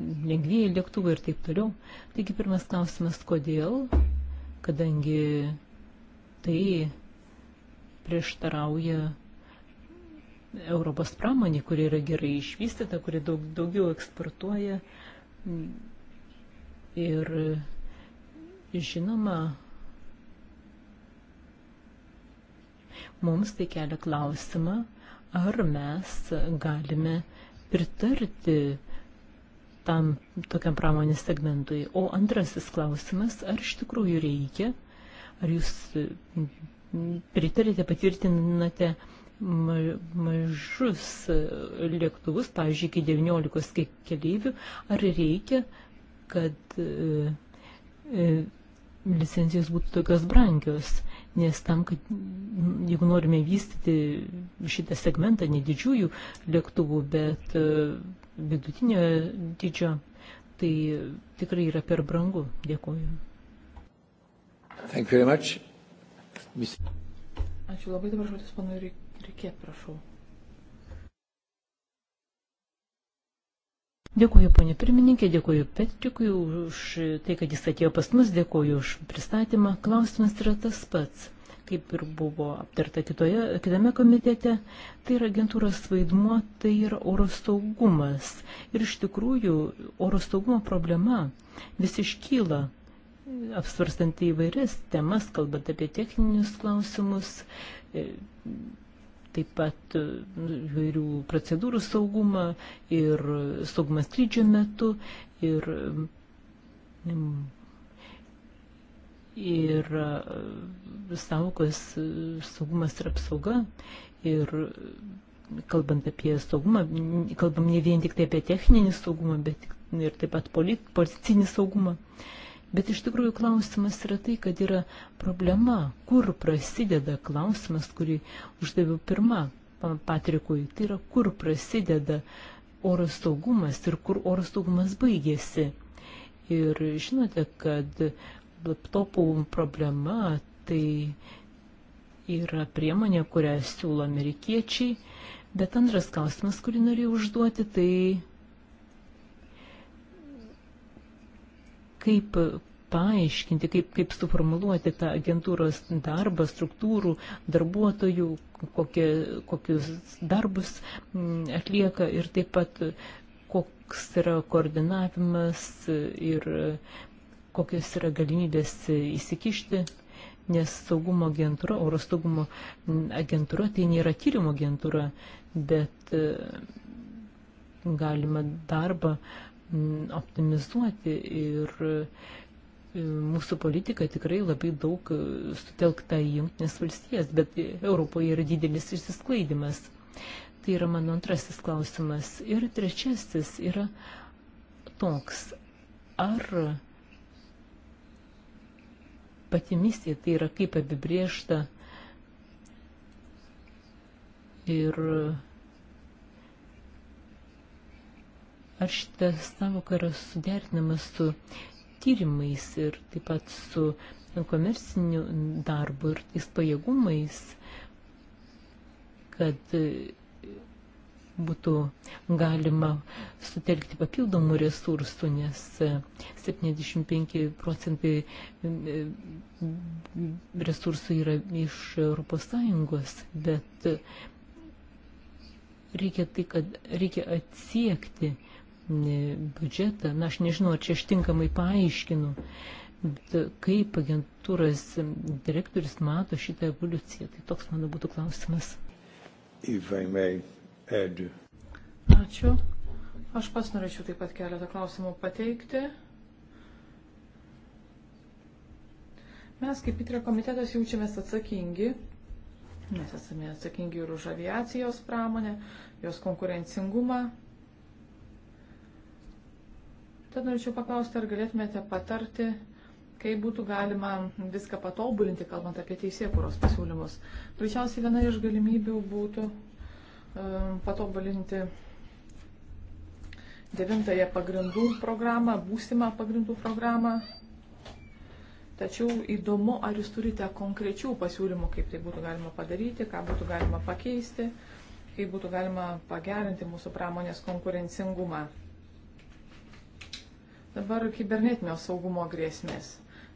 lengvieji lėktuvai ir taip toliau. Taigi pirmas klausimas, kodėl, kadangi tai prieštarauja Europos pramonė, kuri yra gerai išvystyta, kuri daug, daugiau eksportuoja. Ir žinoma, mums tai kelia klausimą, ar mes galime pritarti uh, tam tokiam pramonės segmentui. O antrasis klausimas, ar iš tikrųjų reikia, ar jūs pritarite, patvirtinate mažus e, lėktuvus, pavyzdžiui, iki 19 keleivių, ar reikia, kad e, e, licencijos būtų tokios brangios, nes tam, kad jeigu norime vystyti šitą segmentą, ne didžiųjų lėktuvų, bet e, vidutinio dydžio, tai tikrai yra per brangu. Dėkuoju. Ačiū labai dabar žodis panui Rikė, prašau. Dėkuoju, ponė pirmininkė, dėkuoju Petrikui už tai, kad jis atėjo pas mus, dėkuoju už pristatymą. Klausimas yra tas pats kaip ir buvo aptarta kitoje, kitame komitete, tai yra agentūros vaidmuo, tai yra oro saugumas. Ir iš tikrųjų oro saugumo problema vis iškyla, apsvarstant įvairias temas, kalbant apie techninius klausimus, e, taip pat e, įvairių procedūrų saugumą ir saugumą skrydžio metu ir e, ir e, saugos e, saugumas ir apsauga. Ir e, kalbant apie saugumą, kalbam ne vien tik tai apie techninį saugumą, bet nu, ir taip pat policinį saugumą. Bet iš tikrųjų klausimas yra tai, kad yra problema, kur prasideda klausimas, kurį uždaviau pirmą Patrikui, tai yra kur prasideda oro saugumas ir kur oro saugumas baigėsi. Ir žinote, kad laptopų problema tai yra priemonė, kurią siūlo amerikiečiai, bet antras klausimas, kurį norėjau užduoti, tai kaip paaiškinti, kaip, kaip suformuluoti tą agentūros darbą, struktūrų, darbuotojų, kokie, kokius darbus mm, atlieka ir taip pat koks yra koordinavimas ir kokios yra galimybės įsikišti, nes saugumo agentūra, oro saugumo agentūra, tai nėra tyrimo agentūra, bet e, galima darbą optimizuoti ir e, mūsų politika tikrai labai daug e, sutelkta į jungtinės valstijas, bet Europoje yra didelis išsisklaidimas. Tai yra mano antrasis klausimas. Ir trečiasis yra toks, ar pati misija, tai yra kaip apibriešta ir ar šitą savoką yra suderinama su tyrimais ir taip pat su komerciniu darbu ir tais pajėgumais, kad būtų galima sutelkti papildomų resursų, nes 75 procentai resursų yra iš ES, bet reikia tai, kad reikia atsiekti biudžetą. Na, aš nežinau, ar čia aš tinkamai paaiškinu, bet kaip agentūros direktorius mato šitą evoliuciją. Tai toks mano būtų klausimas. If I may Ačiū. Aš pas norėčiau taip pat keletą klausimų pateikti. Mes kaip Pitrio komitetas jaučiamės atsakingi. Mes esame atsakingi ir už aviacijos pramonę, jos konkurencingumą. Tad norėčiau paklausti, ar galėtumėte patarti kaip būtų galima viską patobulinti, kalbant apie teisėkuros pasiūlymus. Greičiausiai viena iš galimybių būtų Um, patobulinti devintąją pagrindų programą, būsimą pagrindų programą. Tačiau įdomu, ar jūs turite konkrečių pasiūlymų, kaip tai būtų galima padaryti, ką būtų galima pakeisti, kaip būtų galima pagerinti mūsų pramonės konkurencingumą. Dabar kibernetinio saugumo grėsmės.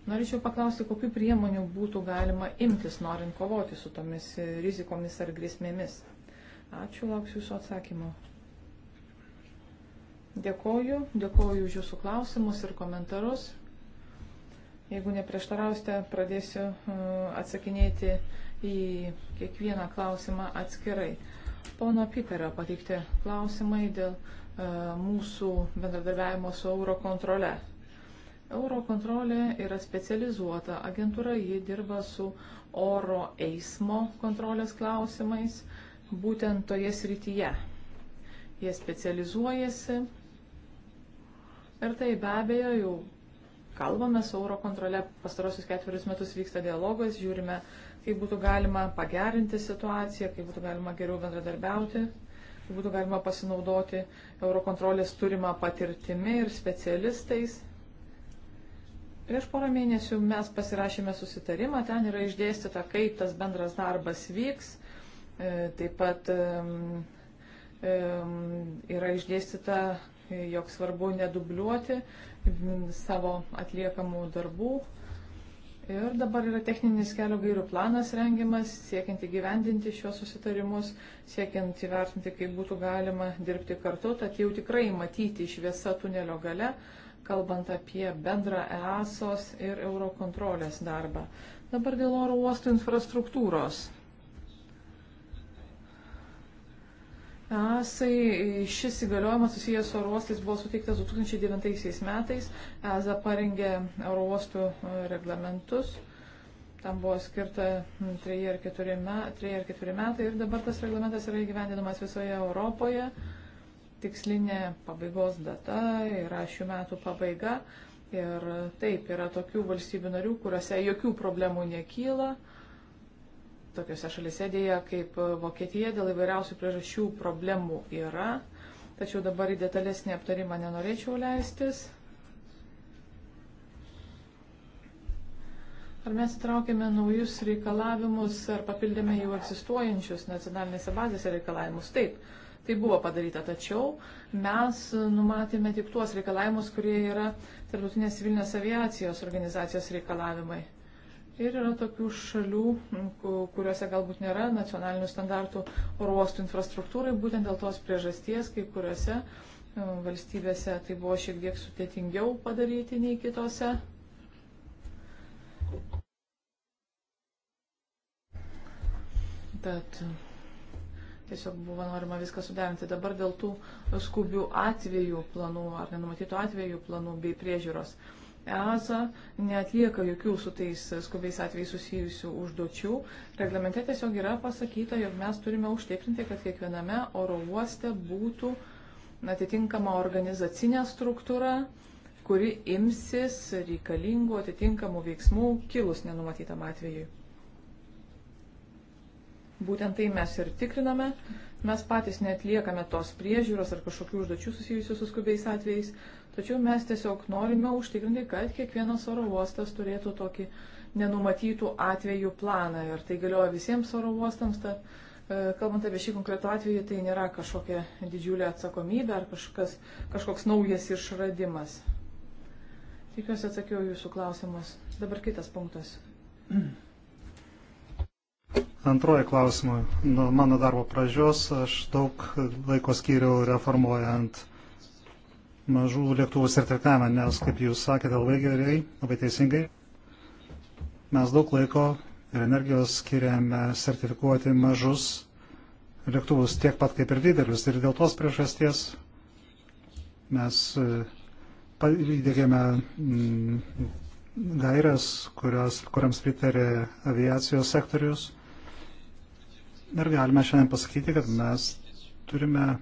Norėčiau paklausti, kokiu priemonių būtų galima imtis, norint kovoti su tomis rizikomis ar grėsmėmis. Ačiū, lauksiu jūsų atsakymo. Dėkoju, dėkoju už jūsų klausimus ir komentarus. Jeigu neprieštarausite, pradėsiu e, atsakinėti į kiekvieną klausimą atskirai. Pono Piperio pateikti klausimai dėl e, mūsų bendradarbiavimo su Eurokontrole. Eurokontrolė yra specializuota agentūra, ji dirba su oro eismo kontrolės klausimais būtent toje srityje. Jie specializuojasi ir tai be abejo jau kalbame su Eurokontrole, pastarosius ketverius metus vyksta dialogas, žiūrime, kaip būtų galima pagerinti situaciją, kaip būtų galima geriau bendradarbiauti, kaip būtų galima pasinaudoti Eurokontrolės turimą patirtimi ir specialistais. Prieš porą mėnesių mes pasirašėme susitarimą, ten yra išdėstyta, kaip tas bendras darbas vyks, E, taip pat yra išdėstyta, e, jog svarbu nedubliuoti savo atliekamų darbų. Ir dabar yra techninis kelio gairių planas rengiamas, siekiant įgyvendinti šios susitarimus, siekiant įvertinti, kaip būtų galima dirbti kartu, tad jau tikrai matyti šviesa tunelio gale, kalbant apie bendrą EASOS ir Eurokontrolės darbą. Dabar dėl oro uosto infrastruktūros. ESAI šis įgaliojimas susijęs su oruostais buvo suteiktas 2009 metais. ESA parengė oruostų e, reglamentus. Tam buvo skirta 3 ar 4, me, 3 ar 4 metai ir dabar tas reglamentas yra įgyvendinamas visoje Europoje. Tikslinė pabaigos data yra šių metų pabaiga. Ir taip, yra tokių valstybių narių, kuriuose jokių problemų nekyla. Uh, tokiuose šalise dėja kaip e, Vokietija dėl įvairiausių priežasčių problemų yra, tačiau dabar į detalesnį aptarimą nenorėčiau leistis. Ar mes traukėme naujus reikalavimus ar papildėme jau egzistuojančius nacionalinėse bazėse reikalavimus? Taip, tai buvo padaryta, tačiau mes numatėme tik tuos reikalavimus, kurie yra Tarptautinės civilinės aviacijos organizacijos reikalavimai. Ir yra tokių šalių, kuriuose galbūt nėra nacionalinių standartų oro uostų infrastruktūrai, būtent dėl tos priežasties, kai kuriuose e, valstybėse tai buvo šiek tiek sudėtingiau padaryti nei kitose. Tad e, tiesiog buvo norima viską suderinti. Dabar dėl tų skubių atvejų planų ar nenumatytų atvejų planų bei priežiūros. Uh, EASA neatlieka jokių su tais skubiais atvejais susijusių užduočių. Reglamente tiesiog yra pasakyta, jog mes turime užtikrinti, kad kiekviename oro uoste būtų atitinkama organizacinė struktūra, kuri imsis reikalingų atitinkamų veiksmų kilus nenumatytam atvejui. Būtent tai mes ir tikriname. Mes patys netliekame tos priežiūros ar kažkokių užduočių susijusių su skubiais atvejais. Tačiau mes tiesiog norime užtikrinti, kad kiekvienas oro uostas turėtų tokį nenumatytų atvejų planą. Ir tai galioja visiems oro uostams. Ta, e, kalbant apie šį konkretų atvejį, tai nėra kažkokia didžiulė atsakomybė ar kažkas, kažkoks naujas išradimas. Tikiuosi atsakiau jūsų klausimus. Dabar kitas punktas. Antroji klausimai. Nuo mano darbo pradžios aš daug laiko skyriau reformuojant mažų lėktuvų sertifikavimą, nes, kaip jūs sakėte, labai gerai, labai teisingai, mes daug laiko ir energijos skiriame sertifikuoti mažus lėktuvus tiek pat kaip ir didelius. Ir dėl tos priežasties mes e, įdėkėme mm, gairias, kurios, kuriams pritarė aviacijos sektorius. Ir galime šiandien pasakyti, kad mes turime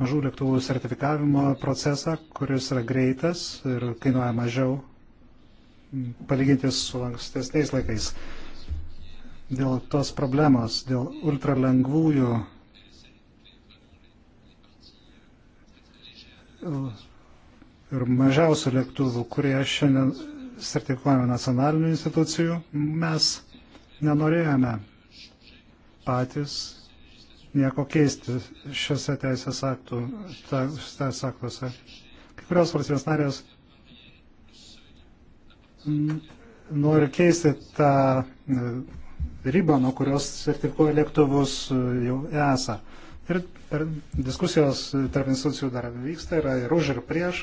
mažų lėktuvų sertifikavimo procesą, kuris yra greitas ir kainuoja mažiau palyginti su ankstesniais laikais. Dėl tos problemos, dėl ultralengvųjų ir mažiausių lėktuvų, kurie šiandien sertifikuojami nacionalinių institucijų, mes nenorėjome patys nieko keisti šiuose teisės aktų, teisės aktuose. Kai kurios valstybės narės nori keisti tą ribą, nuo kurios sertifikuoja lėktuvus e, jau esą. Ir per diskusijos tarp institucijų dar vyksta, yra ir už ir prieš.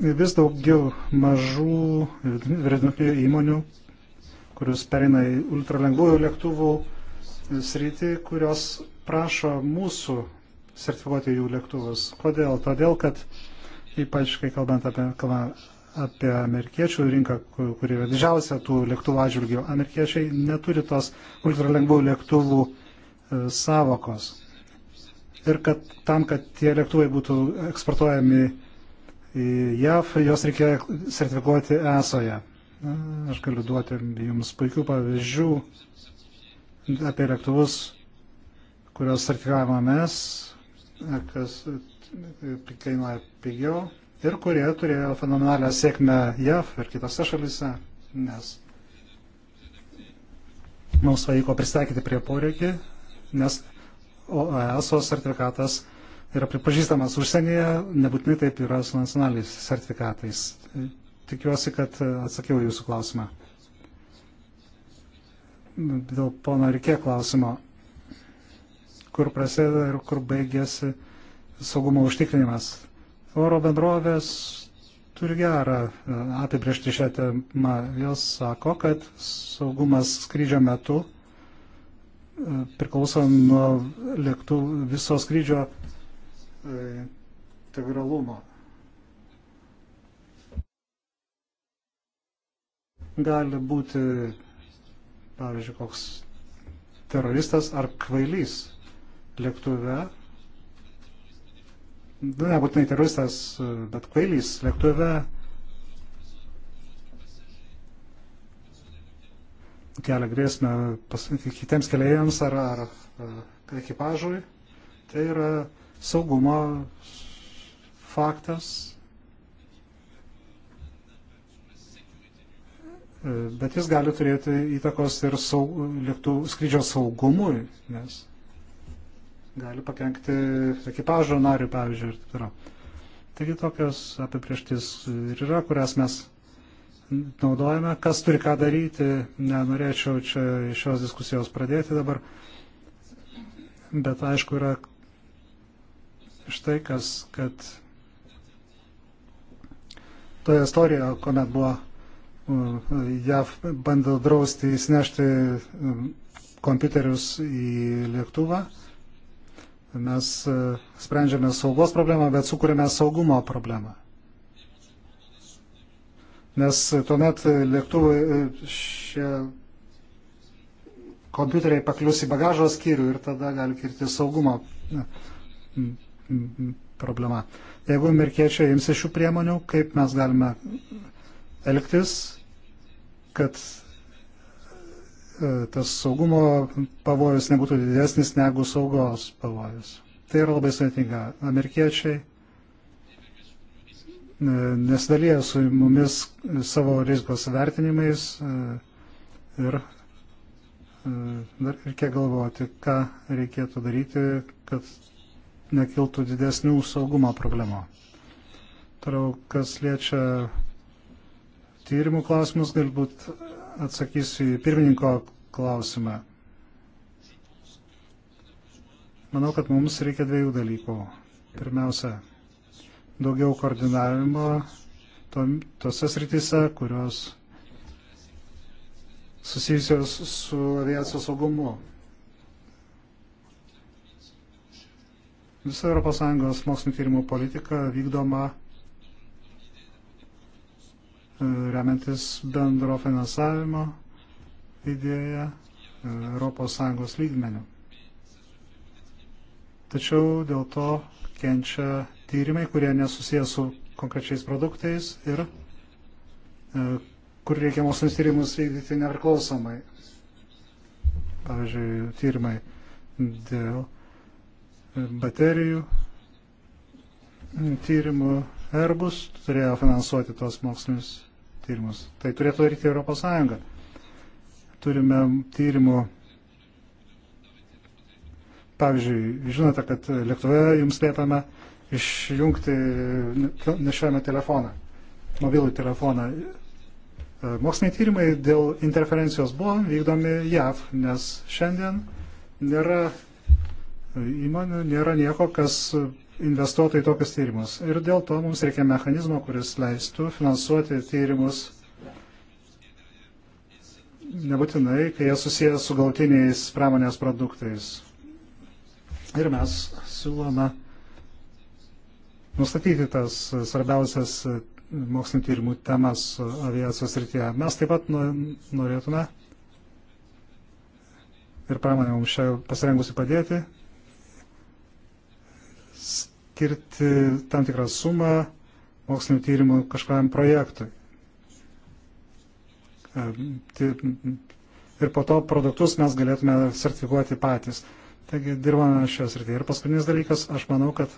Vis daugiau mažų vidutinių įmonių, kurius perina į ultralengvųjų lėktuvų sritį, kurios prašo mūsų sertifikuoti jų lėktuvus. Kodėl? Todėl, kad ypač kai kalbant apie, kalbant apie amerikiečių rinką, kuri yra didžiausia tų lėktuvų atžvilgių, amerikiečiai neturi tos ultralengvų lėktuvų e, savokos. Ir kad tam, kad tie lėktuvai būtų eksportuojami į JAV, jos reikėjo sertifikuoti ESOje. Aš galiu duoti jums puikių pavyzdžių apie lėktuvus, kurios sertifikavome mes, e, kas e, tai kainuoja pigiau ir kurie turėjo fenomenalią sėkmę JAV ir kitose šalise, nes mums pavyko pristaikyti prie poreikį, nes OESO e sertifikatas yra pripažįstamas užsienyje, nebūtinai taip yra su nacionaliais sertifikatais. Tikiuosi, kad atsakiau jūsų klausimą dėl pono Rikė klausimo, kur prasideda ir kur baigėsi saugumo užtikrinimas. Oro bendrovės turi gerą e, apibriežti šią temą. Jos sako, kad saugumas skrydžio metu e, priklauso nuo lėktuvų viso skrydžio e, integralumo. Gali būti pavyzdžiui, koks teroristas ar kvailys lėktuve, nebūtinai teroristas, bet kvailys lėktuve kelia grėsmę kitiems keliaiviams ar, ar ekipažui. Tai yra saugumo faktas, E, bet jis gali turėti įtakos ir saug, lėktuvų skrydžio saugumui, nes gali pakengti ekipažo nariui, pavyzdžiui, ir taip toliau. Taigi tokios apibrieštis ir yra, kurias mes naudojame. Kas turi ką daryti, nenorėčiau čia iš šios diskusijos pradėti dabar, bet aišku yra štai kas, kad toje istorijoje, kuomet buvo Mm, JAV bando drausti įsinešti mm, kompiuterius į lėktuvą. Mes e, sprendžiame saugos problemą, bet sukūrėme saugumo problemą. Nes tuomet lėktuvai e, šie kompiuteriai paklius į bagažo skyrių ir tada gali kirti saugumo e, problema. Jeigu amerikiečiai imsis šių priemonių, kaip mes galime elgtis, kad e, tas saugumo pavojus nebūtų didesnis negu saugos pavojus. Tai yra labai sudėtinga. Amerikiečiai e, nesidalyja su mumis savo rizikos vertinimais e, ir dar reikia galvoti, ką reikėtų daryti, kad nekiltų didesnių saugumo problemų. Toliau, kas liečia tyrimų klausimus, galbūt atsakysiu į pirmininko klausimą. Manau, kad mums reikia dviejų dalykų. Pirmiausia, daugiau koordinavimo to, tose srityse, kurios susijusios su aviacijos saugumu. Visa ES mokslinio tyrimų politika vykdoma E, remiantis bendro finansavimo idėją ES lygmenių. Tačiau dėl to kenčia tyrimai, kurie nesusijęs su konkrečiais produktais ir e, kur reikia mokslinius tyrimus vykdyti nepriklausomai. Pavyzdžiui, tyrimai dėl e, baterijų tyrimų Airbus turėjo finansuoti tuos mokslinius tyrimus. Tai turėtų daryti Europos Sąjunga. Turime tyrimų. Pavyzdžiui, žinote, kad lėktuve jums liepame išjungti nešiojamą telefoną, mobilų telefoną. E, moksliniai tyrimai dėl interferencijos buvo vykdomi JAV, nes šiandien nėra e, įmonių, nėra nieko, kas investuotų į tokius tyrimus. Ir dėl to mums reikia mechanizmo, kuris leistų finansuoti tyrimus nebūtinai, kai jie susiję su gautiniais pramonės produktais. Ir mes siūlome nustatyti tas svarbiausias mokslinio tyrimų temas aviacijos rytyje. Mes taip pat norėtume ir pramonė mums čia pasirengusi padėti skirti tam tikrą sumą mokslinio tyrimų kažkam projektui. E, tai, ir po to produktus mes galėtume sertifikuoti patys. Taigi dirbame šios rytyje. Ir paskutinis dalykas, aš manau, kad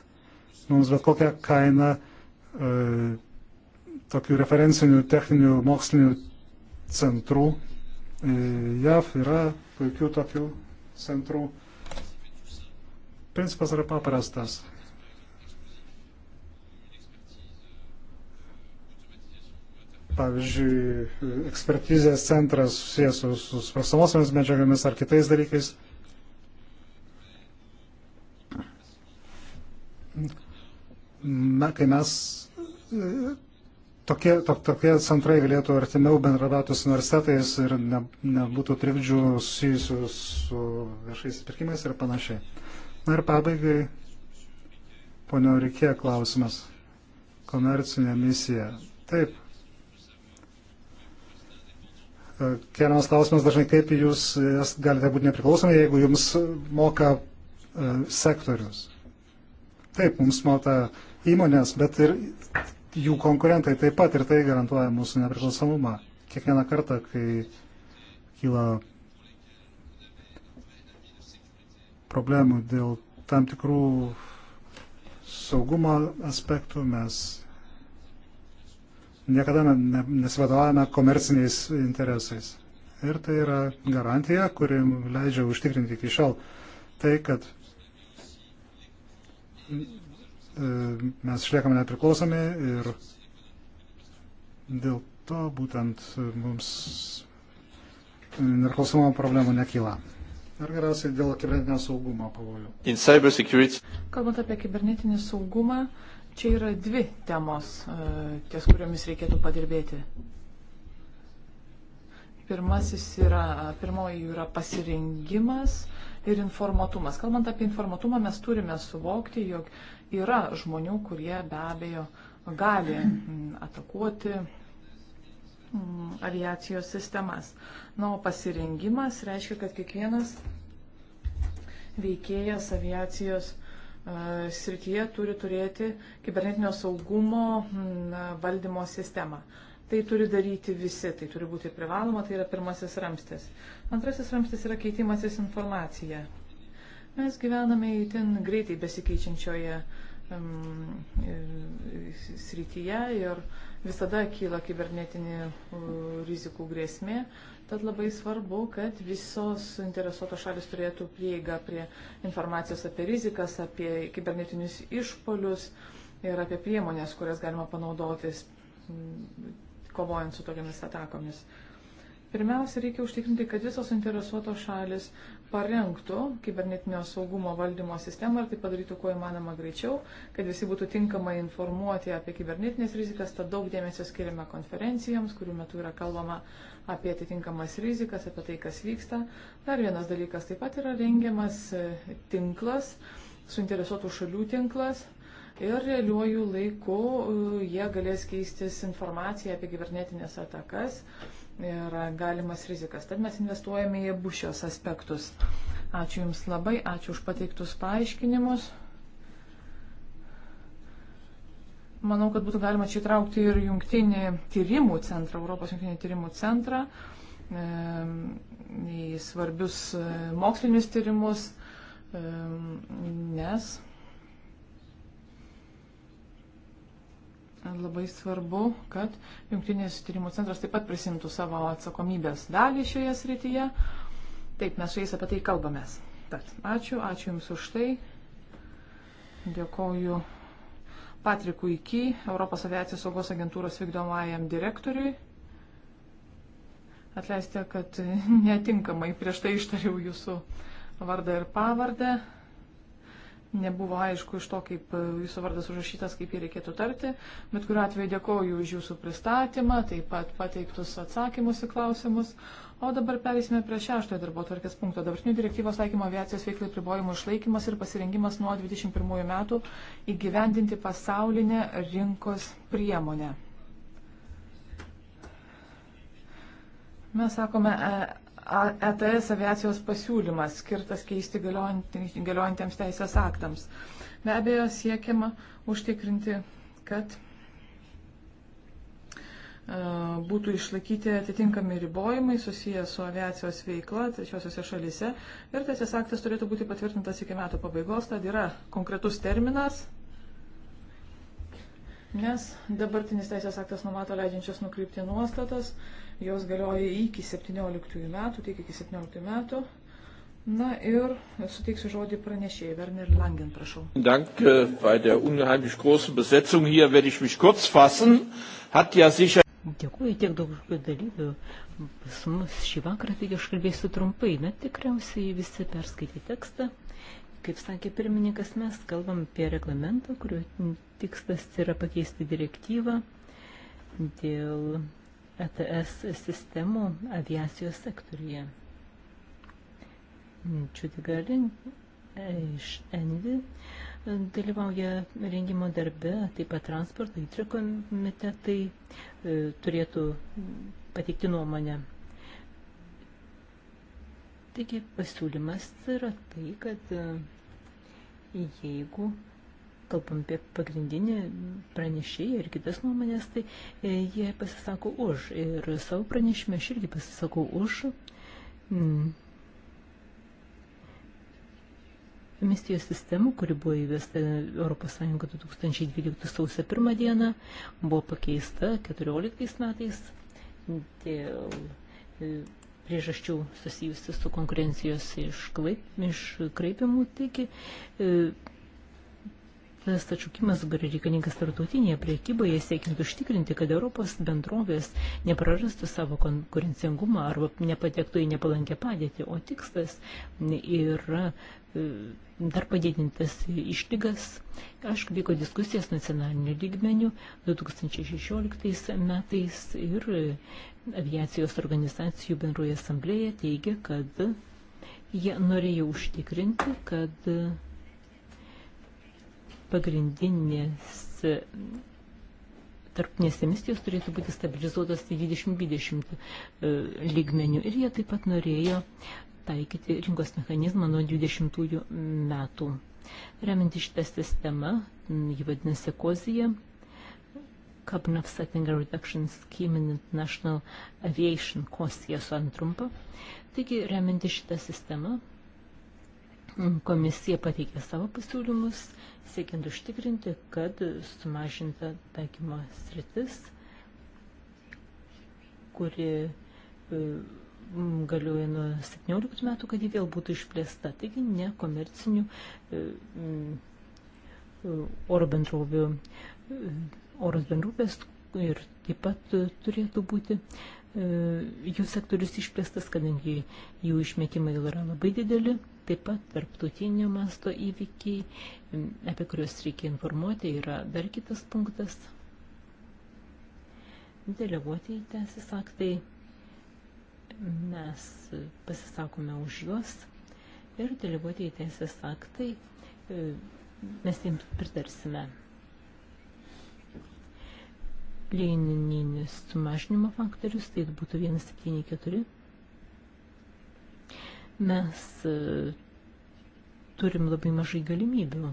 mums bet kokią kainą e, tokių referencinių techninių mokslinių centrų e, JAV yra puikių tokių centrų. Principas yra paprastas. pavyzdžiui, ekspertizės centras susijęs su, su sprostamosiomis medžiagomis ar kitais dalykais. Na, kai mes tokie, to, tokie centrai galėtų artimiau bendrabiauti su universitetais ir ne, nebūtų trikdžių susijusių su viešais pirkimais ir panašiai. Na ir pabaigai, ponio Rikė klausimas. Komercinė misija. Taip, keliamas klausimas dažnai, kaip jūs galite būti nepriklausomi, jeigu jums moka e, sektorius. Taip, mums moka įmonės, bet ir jų konkurentai taip pat ir tai garantuoja mūsų nepriklausomumą. Kiekvieną kartą, kai kyla problemų dėl tam tikrų saugumo aspektų, mes niekada nesivadovavome komerciniais interesais. Ir tai yra garantija, kuri leidžia užtikrinti iki šiol tai, kad e, mes išliekame nepriklausomi ir dėl to būtent mums nepriklausomumo problemų nekyla. Ir geriausiai dėl kibernetinio saugumo pavojų. Kalbant apie kibernetinį saugumą, uh, Čia yra dvi temos, e, ties kuriomis reikėtų padirbėti. Pirmasis yra, pirmoji yra pasirengimas ir informatumas. Kalbant apie informatumą, mes turime suvokti, jog yra žmonių, kurie be abejo gali mm, atakuoti mm, aviacijos sistemas. Na, o pasirengimas reiškia, kad kiekvienas veikėjas aviacijos E, srityje turi turėti kibernetinio saugumo valdymo sistemą. Tai turi daryti visi, tai turi būti privaloma, tai yra pirmasis ramstis. Antrasis ramstis yra keitimasis informacija. Mes gyvename įtin greitai besikeičiančioje um, srityje ir visada kyla kibernetinė uh, e, rizikų grėsmė. Uh, Tad labai svarbu, kad visos suinteresuotos šalis turėtų prieigą prie informacijos apie rizikas, apie kibernetinius išpolius ir apie priemonės, kurias galima panaudotis mm, kovojant su tokiamis atakomis. Pirmiausia, reikia užtikrinti, kad visos interesuotos šalis parengtų kibernetinio saugumo valdymo sistemą ir tai padarytų kuo įmanoma greičiau, kad visi būtų tinkamai informuoti apie kibernetinės rizikas. Tad daug dėmesio skiriame konferencijoms, kurių metu yra kalbama apie atitinkamas rizikas, apie tai, kas vyksta. Dar vienas dalykas taip pat yra rengiamas e, tinklas, suinteresuotų šalių tinklas. Ir realiuoju laiku e, jie galės keistis informaciją apie kibernetinės atakas ir galimas rizikas. Tad mes investuojame į abu šios aspektus. Ačiū Jums labai, ačiū už pateiktus paaiškinimus. Manau, kad būtų galima čia įtraukti ir jungtinį tyrimų centrą, Europos jungtinį tyrimų centrą, e, į svarbius e, mokslinius tyrimus, e, nes labai svarbu, kad Junktinės tyrimų centras taip pat prisimtų savo atsakomybės dalį šioje srityje. Taip, mes su jais apie tai kalbamės. Tad ačiū, ačiū Jums už tai. Dėkoju Patrikui Ky, Europos aviacijos saugos agentūros vykdomajam direktoriui. Atleiskite, kad [LAUGHS] netinkamai prieš tai ištariau jūsų vardą ir pavardę nebuvo aišku iš to, kaip e, jūsų vardas užrašytas, kaip jį reikėtų tarti. Bet kuriuo atveju dėkoju už jūsų pristatymą, taip pat pateiktus atsakymus į klausimus. O dabar perėsime prie šeštojo darbo tvarkės punkto. Dabartinių direktyvos taikymo aviacijos veiklai pribojimų išlaikymas ir pasirengimas nuo 21 metų įgyvendinti pasaulinę rinkos priemonę. Mes sakome e, ETS aviacijos pasiūlymas skirtas keisti galiojantiems teisės aktams. Be abejo, siekiama užtikrinti, kad e, būtų išlaikyti atitinkami ribojimai susiję su aviacijos veikla trečiosiuose šalise ir teisės aktas turėtų būti patvirtintas iki metų pabaigos, tad yra konkretus terminas, nes dabartinis teisės aktas numato leidžiančias nukrypti nuostatas Jos galioja iki 17 metų, tik iki 17 metų. Na ir suteiksiu žodį pranešėjai, Werner Langen, prašau. Danke, bei der unheimlich großen Besetzung hier werde ich mich kurz fassen. Hat ja sicher. Dėkuoju tiek daug dalyvių. Pas mus šį vakarą, taigi aš kalbėsiu trumpai, bet tikriausiai visi perskaitė tekstą. Kaip sakė pirmininkas, mes kalbam apie reglamentą, kurio tikslas yra pakeisti direktyvą dėl ETS sistemų aviacijos sektoriuje. Čiutigalin e, iš Envi e, dalyvauja rengimo darbe, taip pat transporto įtrikomitetai e, turėtų pateikti nuomonę. Taigi pasiūlymas yra tai, kad jeigu kalbam apie pagrindinį pranešėją ir kitas nuomonės, tai e, jie pasisako už. Ir savo pranešime aš irgi pasisakau už. Mm, misijos sistema, kuri buvo įvesta ES 2012 sausio 1 dieną, buvo pakeista 14 metais dėl e, priežasčių susijusi su konkurencijos iškraipimų, taigi e, Tas atšaukimas yra reikalingas tarptautinėje priekyboje, siekiant užtikrinti, kad Europos bendrovės neprarastų savo konkurencingumą arba nepatektų į nepalankę padėtį, o tikslas yra e, dar padidintas išlygas. Aišku, vyko diskusijas nacionaliniu lygmeniu 2016 metais ir aviacijos organizacijų bendroje asamblėje teigia, kad jie norėjo užtikrinti, kad pagrindinės tarptinės emisijos turėtų būti stabilizuotos 2020 e, lygmenių. Ir jie taip pat norėjo taikyti rinkos mechanizmą nuo 20 metų. Remiant šitą sistemą, jį vadinasi Kozija, Carbon Offsetting Reduction Scheme in International Aviation, Kozija su antrumpa. Taigi, remiant šitą sistemą, komisija pateikė savo pasiūlymus siekiant užtikrinti, kad sumažinta taikymo sritis, kuri e, galioja nuo 17 metų, kad jį vėl būtų išplėsta, taigi nekomercinių e, oro bendrovių, e, oros bendrovės ir taip pat turėtų būti jų sektorius išplėstas, kadangi jų išmetimai yra labai dideli Taip pat tarptautinio masto įvykiai, apie kuriuos reikia informuoti, yra dar kitas punktas. Deleguoti į teisės aktai. Mes pasisakome už juos ir deleguoti į teisės aktai. E, mes jiems pritarsime. Lėninis sumažinimo faktorius, tai būtų 174 mes e, turim labai mažai galimybių.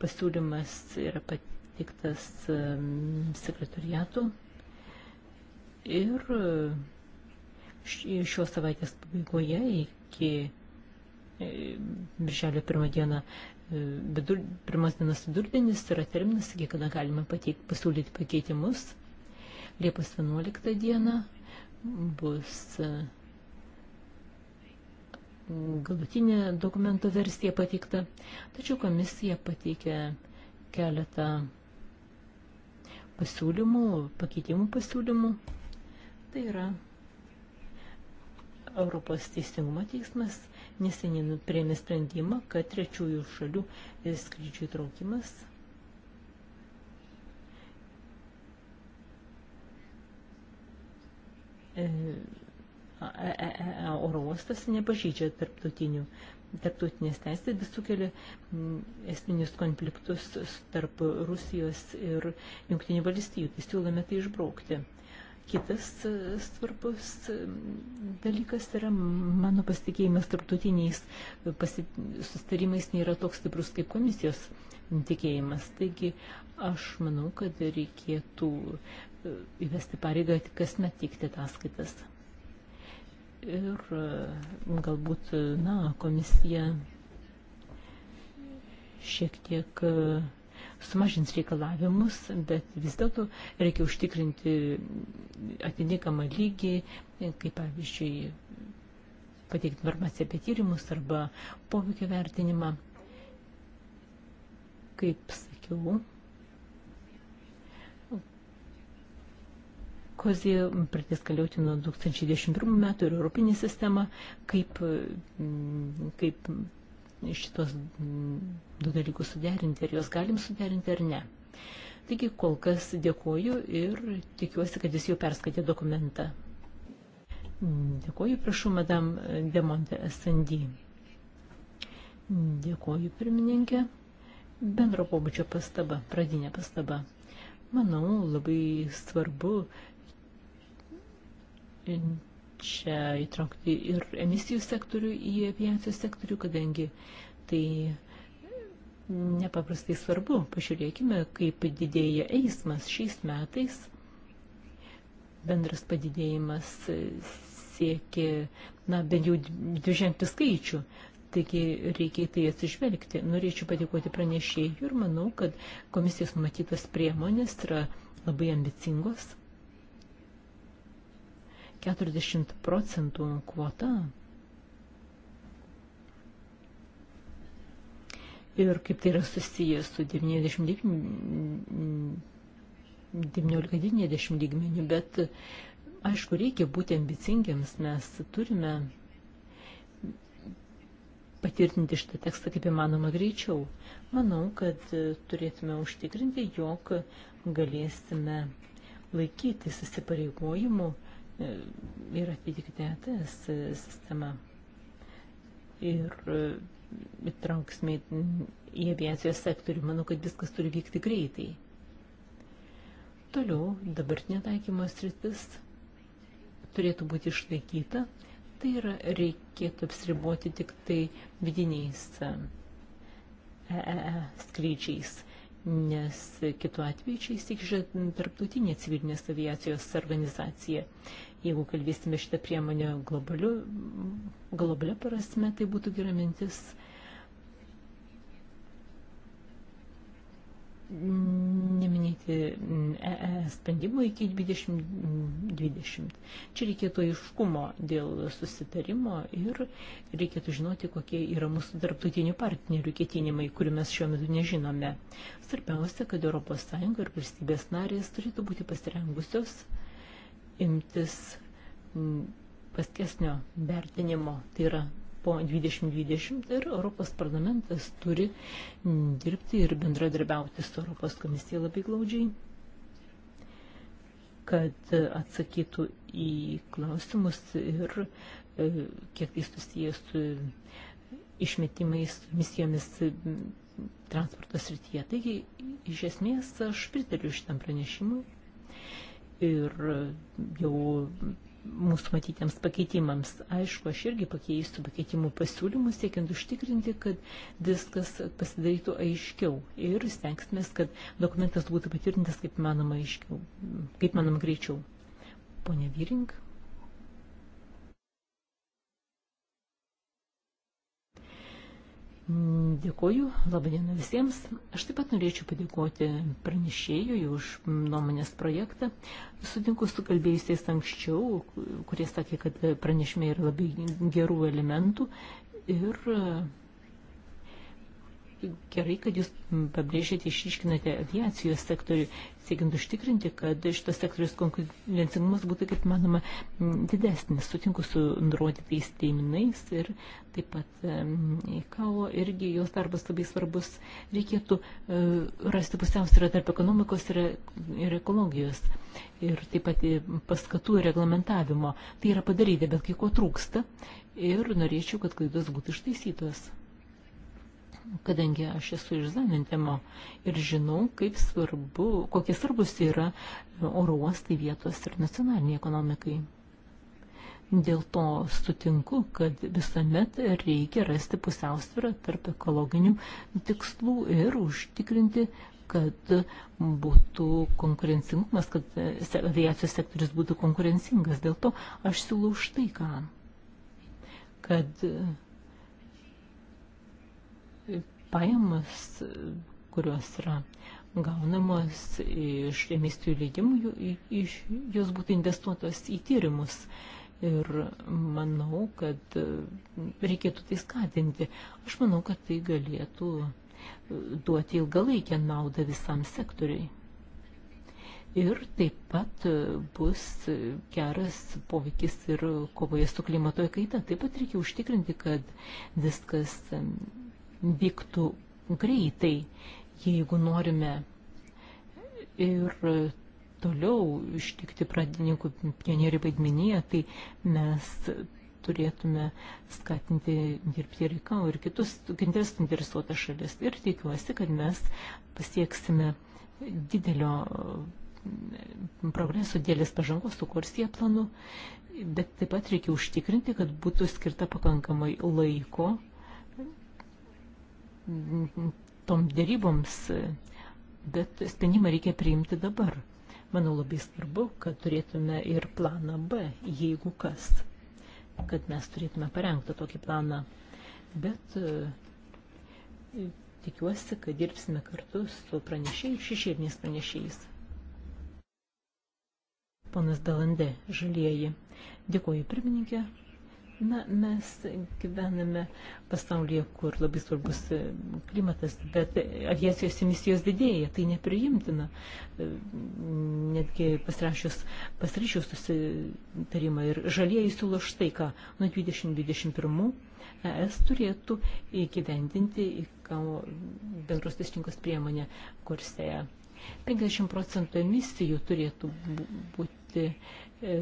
Pasiūlymas yra patiktas e, sekretariatu ir e, šios savaitės pabaigoje iki birželio pirmą dieną, vidur, pirmas dienas vidurdienis yra terminas, iki kada galima pateik, pasiūlyti pakeitimus. Liepos 11 diena bus galutinė dokumento versija pateikta, tačiau komisija pateikė keletą pasiūlymų, pakeitimų pasiūlymų. Tai yra Europos teisingumo teismas neseniai nu- priėmė sprendimą, kad trečiųjų šalių skrydžių įtraukimas e, E, e, e, oro uostas nepažydžia tarptautinių tarptautinės teisės, bet sukelia mm, esminius konfliktus tarp Rusijos ir Junktinių valstybių. Tai siūlome tai išbraukti. Kitas svarbus dalykas yra mano pasitikėjimas tarptautiniais pasi... sustarimais nėra toks stiprus kaip komisijos tikėjimas. Taigi aš manau, kad reikėtų įvesti pareigą kasmet teikti ataskaitas. Ir e, galbūt, e, na, komisija šiek tiek e, sumažins reikalavimus, bet vis dėlto reikia užtikrinti atitinkamą lygį, kaip pavyzdžiui, pateikti informaciją apie tyrimus arba poveikio vertinimą. Kaip sakiau, Kozi pradės galioti nuo 2021 metų ir Europinė sistema, kaip, mm, kaip šitos mm, du dalykus suderinti, ar juos galim suderinti ar ne. Taigi kol kas dėkoju ir tikiuosi, kad jis jau perskaitė dokumentą. Dėkoju, prašau, madam Demonte SND. Dėkoju, pirmininkė. Bendro pobūdžio pastaba, pradinė pastaba. Manau, labai svarbu čia įtraukti ir emisijų sektorių į aviacijos sektorių, kadangi tai nepaprastai svarbu. Pažiūrėkime, kaip didėja eismas šiais metais. Bendras padidėjimas siekia, na, bent jau dviženkti skaičių. Taigi reikia į tai atsižvelgti. Norėčiau padėkoti pranešėjų ir manau, kad komisijos numatytos priemonės yra labai ambicingos. 40 procentų kvota. Ir kaip tai yra susijęs su 19-90 lygmeniu, bet aišku, reikia būti ambicingiams, mes turime patvirtinti šitą tekstą kaip įmanoma greičiau. Manau, kad turėtume užtikrinti, jog galėsime laikytis įsipareigojimų ir atitikti ETS sistemą. Ir įtrauksime į aviacijos sektorių. Manau, kad viskas turi vykti greitai. Toliau dabartinė taikymo sritis turėtų būti išlaikyta. Tai yra, reikėtų apsiriboti tik tai vidiniais EEE e, e, skrydžiais nes kitu atveju čia įsikiša tarptautinė civilinės aviacijos organizacija. Jeigu kalbėsime šitą priemonę globaliu, globalia prasme, tai būtų gera mintis neminėti mm, ES e, sprendimų iki 2020. Mm, Čia reikėtų aiškumo dėl susitarimo ir reikėtų žinoti, kokie yra mūsų tarptautinių partnerių ketinimai, kurių mes šiuo metu nežinome. Svarbiausia, kad ES ir valstybės narės turėtų būti pasirengusios imtis mm, paskesnio vertinimo, tai yra po 2020 ir Europos parlamentas turi dirbti ir bendradarbiauti su Europos komisija labai glaudžiai, kad atsakytų į klausimus ir e, kiek tai susijęs su išmetimais, misijomis transporto srityje. Taigi, iš esmės, aš pritariu šitam pranešimui ir jau mūsų matytiems pakeitimams. Aišku, aš irgi pakeisiu pakeitimų pasiūlymus, siekiant užtikrinti, kad viskas pasidarytų aiškiau ir stengsime, kad dokumentas būtų patvirtintas kaip manoma aiškiau, kaip manoma greičiau. Pone Vyrink. Mm, dėkoju, labai diena visiems. Aš taip pat norėčiau padėkoti pranešėjui už nuomonės projektą. Sutinku su kalbėjusiais anksčiau, kurie sakė, kad pranešime yra labai gerų elementų ir gerai, kad jūs pabrėžėte, išiškinate aviacijos sektorių, siekiant užtikrinti, kad šitas sektorius konkurencingumas būtų, kaip manoma, didesnis. Sutinku su nurodytais teiminais ir taip pat IKAO irgi jos darbas labai svarbus. Reikėtų e, rasti pusiausvyrą tarp ekonomikos ir, ir ekologijos ir taip pat e, paskatų ir reglamentavimo. Tai yra padaryti, bet kai ko trūksta ir norėčiau, kad klaidos būtų ištaisytos kadangi aš esu iš Zanintemo ir žinau, kaip svarbu, kokie svarbus yra oro uostai vietos ir nacionaliniai ekonomikai. Dėl to sutinku, kad visuomet reikia rasti pusiausvyrą tarp ekologinių tikslų ir užtikrinti, kad būtų konkurencingumas, kad aviacijos sektorius būtų konkurencingas. Dėl to aš siūlau štai ką, kad pajamas, kurios yra gaunamos iš emisijų leidimų, iš, jos būtų investuotos į tyrimus. Ir manau, kad e, reikėtų tai skatinti. Aš manau, kad tai galėtų e, duoti ilgalaikę naudą visam sektoriai. Ir taip pat e, bus geras poveikis ir kovoje su klimatoje kaita. Taip pat reikia užtikrinti, kad viskas vyktų greitai, jeigu norime ir toliau ištikti pradininkų pionierių vaidmenyje, tai mes turėtume skatinti dirbti reikau ir kitus interesuotas šalis. Ir tikiuosi, kad mes pasieksime didelio mm, progreso dėlės pažangos su korsija planu, bet taip pat reikia užtikrinti, kad būtų skirta pakankamai laiko tom dėryboms, bet sprendimą reikia priimti dabar. Manau labai svarbu, kad turėtume ir planą B, jeigu kas, kad mes turėtume parengti tokį planą. Bet e, tikiuosi, kad dirbsime kartu su pranešėjais, šešėliniais pranešėjais. Ponas Dalandė, žalieji. Dėkuoju pirmininkė. Na, mes gyvename pasaulyje, kur labai svarbus e, klimatas, bet aviacijos emisijos didėja, tai nepriimtina. E, netgi pasirašius, pasirašius susitarimą ir žalieji siūlo štai ką, nuo 2021 ES turėtų įgyvendinti į bendros rinkos priemonę kursėje. 50 procentų emisijų turėtų būti. E,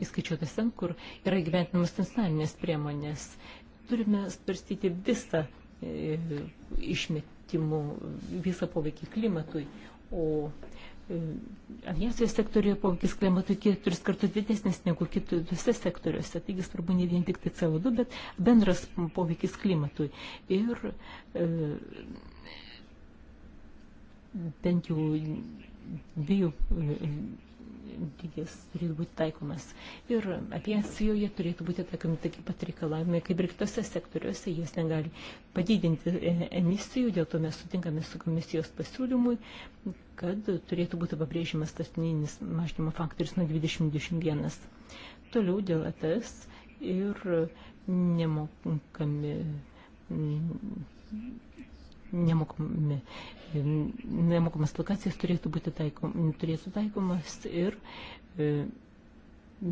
įskaičiuotas ten, kur yra gyventinamas nacionalinės priemonės. Turime svarstyti visą e, išmetimų, visą poveikį klimatui, o e, aviacijos sektorijoje poveikis klimatui keturis kartus didesnis negu kitose sektoriuose. Taigi svarbu ne vien tik tai CO2, bet bendras poveikis klimatui. Ir e, bent jau dviejų. E, jis turėtų būti taikomas. Ir aviacijoje turėtų būti taikomi tokie pat reikalavimai, kaip ir kitose sektoriuose, jos negali padidinti e, emisijų, dėl to mes sutinkame su komisijos pasiūlymui, kad turėtų būti pabrėžimas tas ninis mažinimo faktorius nuo 2021. Toliau dėl ETS ir nemokami nemokami, nemokamas lokacijas turėtų būti taikom, turėtų taikomas ir e,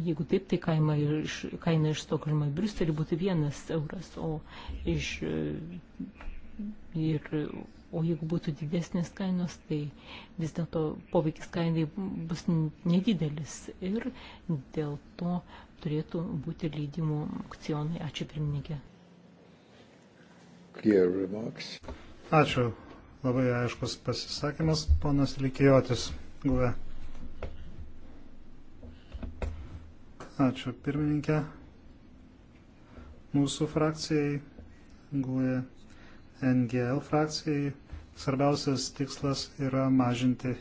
jeigu taip, tai kaina iš, kaina iš Stokholmo į Briuselį būtų vienas euras, o iš e, ir O jeigu būtų didesnės kainos, tai vis dėlto poveikis kainai bus nedidelis ir dėl to turėtų būti leidimų aukcionai. Ačiū pirmininkė. Clear remarks. Ačiū. Labai aiškus pasisakymas, ponas Likijotis. Guve. Ačiū pirmininkė. Mūsų frakcijai, Guve NGL frakcijai, svarbiausias tikslas yra mažinti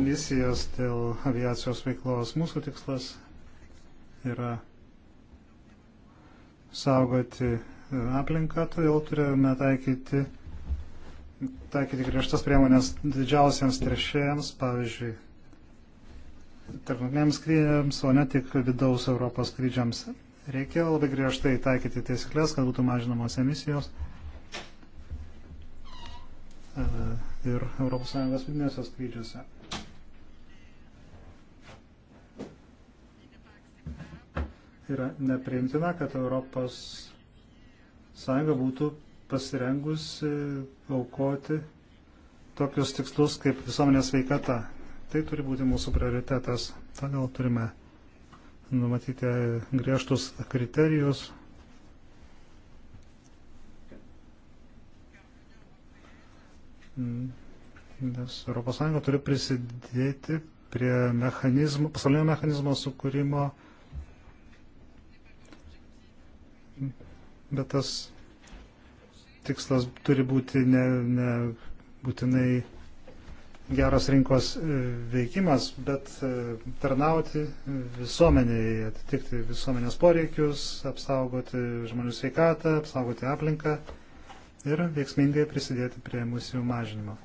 emisijas dėl aviacijos veiklos. Mūsų tikslas yra saugoti aplinką, todėl turėjome taikyti, taikyti griežtas priemonės didžiausiams teršėjams, pavyzdžiui, tarptautiniams skrydžiams, o ne tik vidaus Europos skrydžiams. Reikėjo labai griežtai taikyti taisyklės, kad būtų mažinamos emisijos e, ir ES vidinėse skrydžiuose. yra nepriimtina, kad Europos Sąjunga būtų pasirengusi aukoti tokius tikslus kaip visuomenės veikata. Tai turi būti mūsų prioritetas. Todėl turime numatyti griežtus kriterijus. Nes ES turi prisidėti prie mechanizmo, pasaulinio mechanizmo sukūrimo bet tas tikslas turi būti ne, ne būtinai geras rinkos e, veikimas, bet e, tarnauti visuomeniai, atitikti visuomenės poreikius, apsaugoti žmonių sveikatą, apsaugoti aplinką ir veiksmingai prisidėti prie emisijų mažinimo.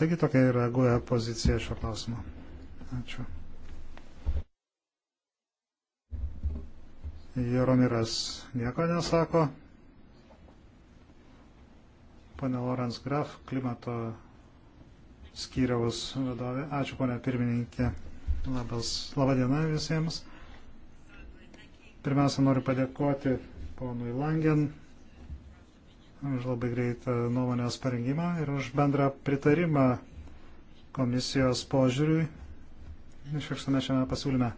Taigi tokia yra GUE pozicija šio klausimo. Ačiū. Jeromiras nieko nesako. Pane Lorenz Graf, klimato skyriaus vadovė. Ačiū, ponė pirmininkė. Labas, laba diena visiems. Pirmiausia, noriu padėkoti ponui Langen už labai greitą nuomonės parengimą ir už bendrą pritarimą komisijos požiūriui išvirkštame šiame pasiūlyme.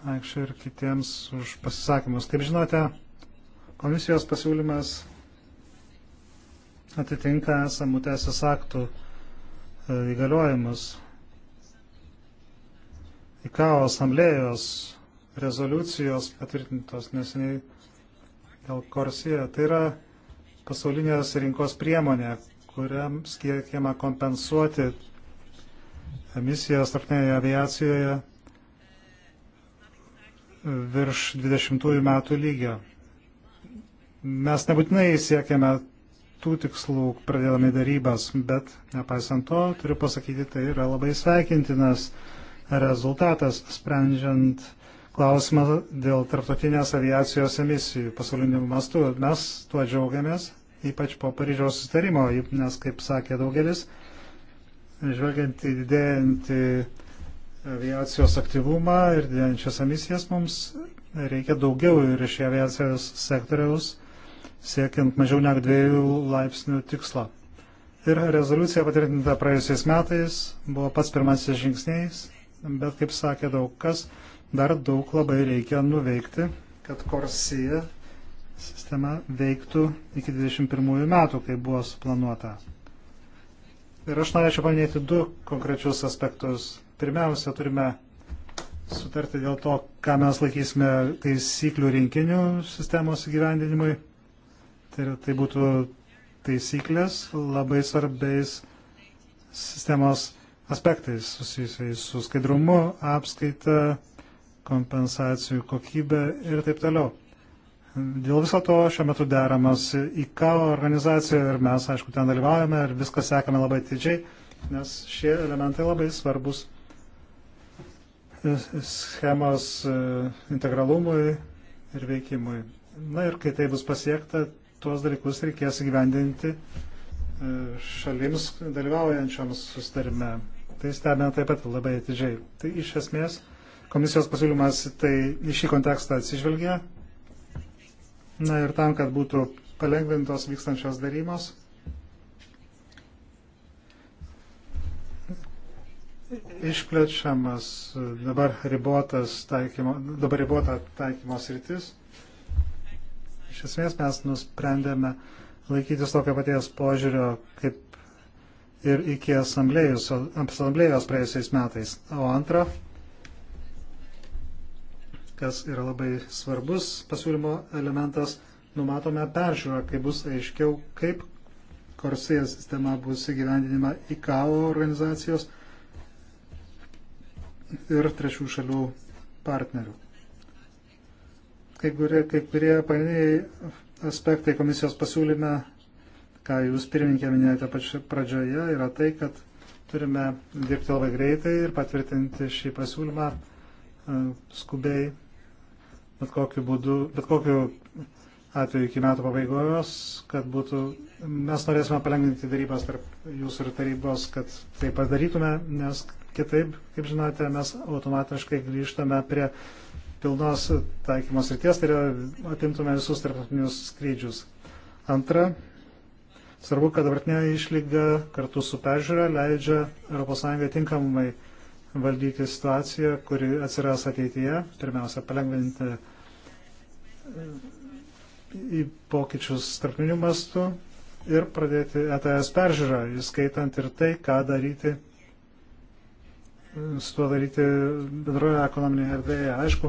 Ačiū ir kitiems už pasisakymus. Kaip žinote, komisijos pasiūlymas atitinka esamų teisės aktų e, įgaliojimus. IKAO asamblėjos rezoliucijos patvirtintos neseniai dėl Korsija. Tai yra pasaulinės rinkos priemonė, kuriam skiekiama kompensuoti emisijas tarptinėje aviacijoje virš 20 metų lygio. Mes nebūtinai siekiame tų tikslų, pradėdami darybas, bet nepaisant to, turiu pasakyti, tai yra labai sveikintinas rezultatas, sprendžiant klausimą dėl tarptautinės aviacijos emisijų pasauliniu mastu. Mes tuo džiaugiamės, ypač po Paryžiaus sustarimo, nes, kaip sakė daugelis, žvelgiant į didėjantį aviacijos aktyvumą ir didėjančias emisijas mums reikia daugiau ir iš aviacijos sektoriaus siekiant mažiau negu dviejų laipsnių tikslo. Ir rezoliucija patvirtinta praėjusiais metais buvo pats pirmasis žingsniais, bet kaip sakė daug kas, dar daug labai reikia nuveikti, kad korsija sistema veiktų iki 21 metų, kaip buvo suplanuota. Ir aš norėčiau paminėti du konkrečius aspektus Pirmiausia, turime sutarti dėl to, ką mes laikysime taisyklių rinkinių sistemos gyvendinimui. Tai, tai būtų taisyklės labai svarbiais sistemos aspektais susijusiais su skaidrumu, apskaita, kompensacijų kokybė ir taip toliau. Dėl viso to šiuo metu deramas į KAO organizaciją ir mes, aišku, ten dalyvaujame ir viską sekame labai atidžiai, nes šie elementai labai svarbus schemos e, integralumui ir veikimui. Na ir kai tai bus pasiekta, tuos dalykus reikės įgyvendinti e, šalims dalyvaujančioms sustarime. Tai stebina taip pat labai atidžiai. Tai iš esmės komisijos pasiūlymas tai į šį kontekstą atsižvelgia. Na ir tam, kad būtų palengvintos vykstančios darymos, išplečiamas e, dabar, ribotas taikymo, dabar ribota taikymos rytis. Iš esmės mes nusprendėme laikytis tokio paties požiūrio kaip ir iki asamblėjos, asamblėjos praėjusiais metais. O antra, kas yra labai svarbus pasiūlymo elementas, numatome peržiūrą, kai bus aiškiau, kaip korsėja sistema bus įgyvendinima IKAO organizacijos ir trečių šalių partnerių. Kai kurie, kai kurie pagrindiniai aspektai komisijos pasiūlyme, ką jūs pirmininkė minėjote pradžioje, yra tai, kad turime dirbti labai greitai ir patvirtinti šį pasiūlymą e, skubiai, bet kokiu būdu, bet kokiu atveju iki metų pabaigos, kad būtų, mes norėsime palengvinti darybas tarp jūsų ir tarybos, kad tai padarytume, nes Kitaip, kaip žinote, mes automatiškai grįžtame prie pilnos taikymos ryties, tai yra atimtume visus tarptautinius skrydžius. Antra, svarbu, kad dabartinė išlyga kartu su peržiūra leidžia ES tinkamai valdyti situaciją, kuri atsiras ateityje, pirmiausia, palengvinti e, į pokyčius tarptautiniu mastu ir pradėti ETS peržiūrą, įskaitant ir tai, ką daryti su tuo daryti bendroje ekonominėje erdvėje. Aišku,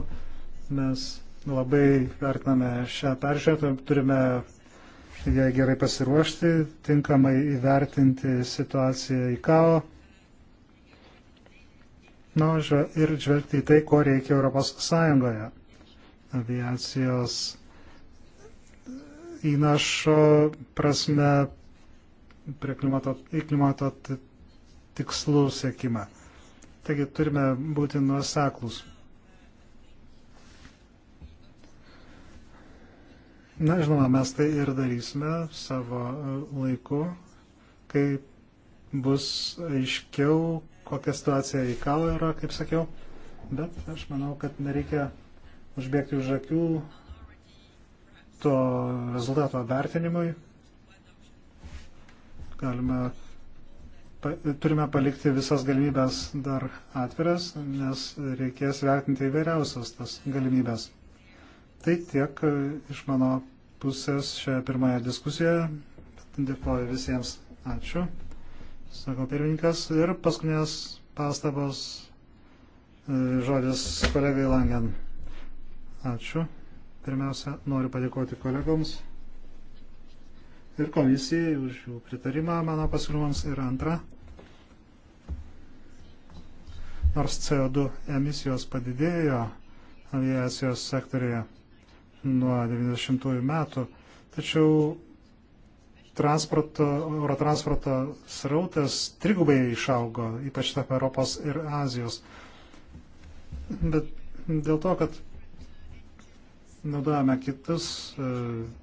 mes labai vertiname šią peržiūrą, turime ją gerai pasiruošti, tinkamai įvertinti situaciją į KAO. Nu, ir žvelgti į tai, ko reikia Europos Sąjungoje. Aviacijos įnašo prasme prie klimato, į klimato tikslų sėkimą. Taigi turime būti nuoseklus. Na, žinoma, mes tai ir darysime savo laiku, kai bus aiškiau, kokia situacija į kalą yra, kaip sakiau. Bet aš manau, kad nereikia užbėgti už akių to rezultato vertinimui. Galime pa, turime palikti visas galimybės dar atviras, nes reikės vertinti įvairiausias tas galimybės. Tai tiek e, iš mano pusės šioje pirmoje diskusijoje. Dėkuoju visiems. Ačiū. Sako pirmininkas. Ir paskutinės pastabos e, žodis kolegai Langen. Ačiū. Pirmiausia, noriu padėkoti kolegoms ir komisijai už jų pritarimą mano pasiūlymams. Ir antra, nors CO2 emisijos padidėjo aviacijos sektorėje nuo 90-ųjų metų, tačiau transporto, oro transporto srautas trigubai išaugo, ypač tarp Europos ir Azijos. Bet dėl to, kad naudojame kitus e,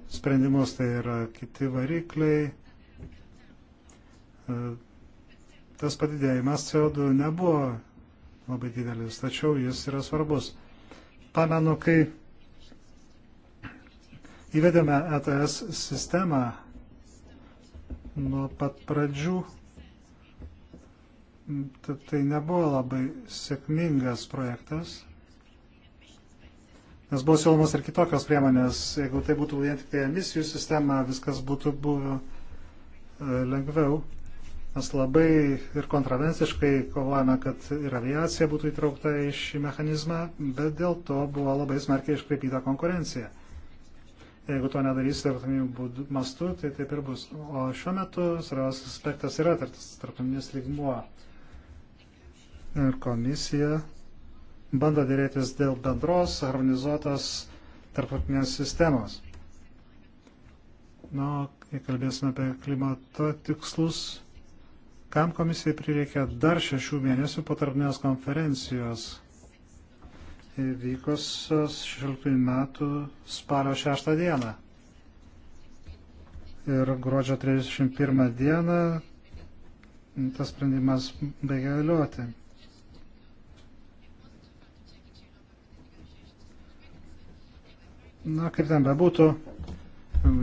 sprendimus, tai yra kiti varikliai. E, tas padidėjimas CO2 nebuvo labai didelis, tačiau jis yra svarbus. Pamenu, kai įvedėme ETS sistemą nuo pat pradžių, tai nebuvo labai sėkmingas projektas Nes buvo siūlomos ir kitokios priemonės. Jeigu tai būtų vien tik tai emisijų sistema, viskas būtų buvę e, lengviau. Mes labai ir kontravenciškai kovojame, kad ir aviacija būtų įtraukta į šį mechanizmą, bet dėl to buvo labai smarkiai iškreipyta konkurencija. Jeigu to nedarysite tarptautiniu mastu, tai taip ir bus. O šiuo metu svarbiausias aspektas yra tarptautinis lygmuo. Ir komisija bando dėrėtis dėl bendros, harmonizuotos tarptautinės sistemos. Na, nu, kai kalbėsime apie klimato tikslus, kam komisijai prireikė dar šešių mėnesių po tarptautinės konferencijos vykusios 16 metų spalio 6 dieną. Ir gruodžio 31 dieną tas sprendimas baigė galioti. Na, kaip ten bebūtų,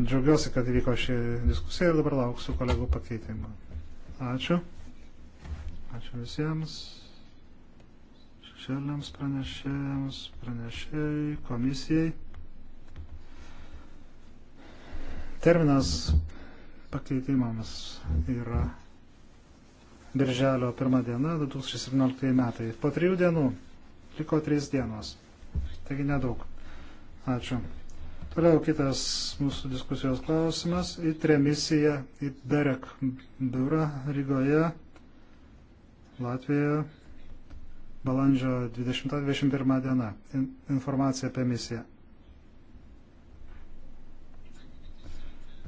džiaugiuosi, kad įvyko ši diskusija ir dabar lauksiu kolegų pakeitimą. Ačiū. Ačiū visiems. Šešėliams pranešėjams, pranešėjai, komisijai. Terminas pakeitimams yra Birželio pirmą dieną 2017 metai. Po trijų dienų liko trys dienos. Taigi nedaug. Ačiū. Toliau kitas mūsų diskusijos klausimas. Į Tremisiją, į Derek biurą Rygoje, Latvijoje, balandžio 20-21 diena. Informacija apie misiją.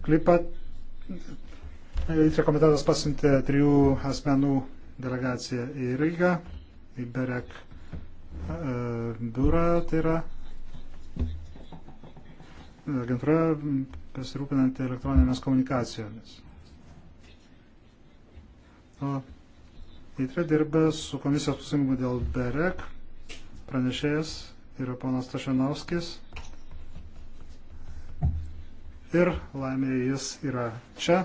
Klipą Įtrio e komitetas pasimtė trijų asmenų delegaciją į Rygą, į Berek e, biurą, tai yra agentūra, pasirūpinanti elektroninėmis komunikacijomis. O įtrė dirba su komisijos pusimu dėl BEREK, pranešėjas yra ponas Tašanovskis. Ir laimė jis yra čia.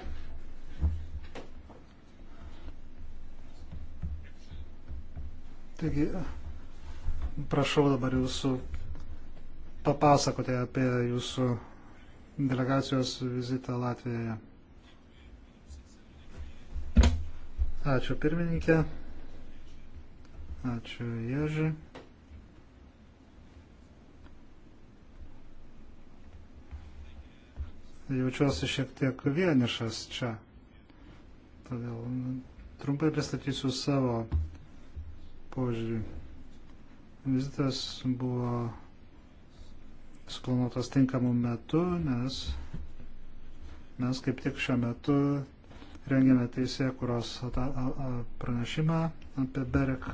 Taigi, prašau dabar jūsų papasakoti apie jūsų delegacijos vizitą Latvijoje. Ačiū pirmininkė. Ačiū Ježi. Jaučiuosi šiek tiek vienišas čia. Todėl trumpai pristatysiu savo požiūrį. Vizitas buvo suplanuotos tinkamu metu, nes mes kaip tik šiuo metu rengiame teisė, kurios pranešimą apie BEREK.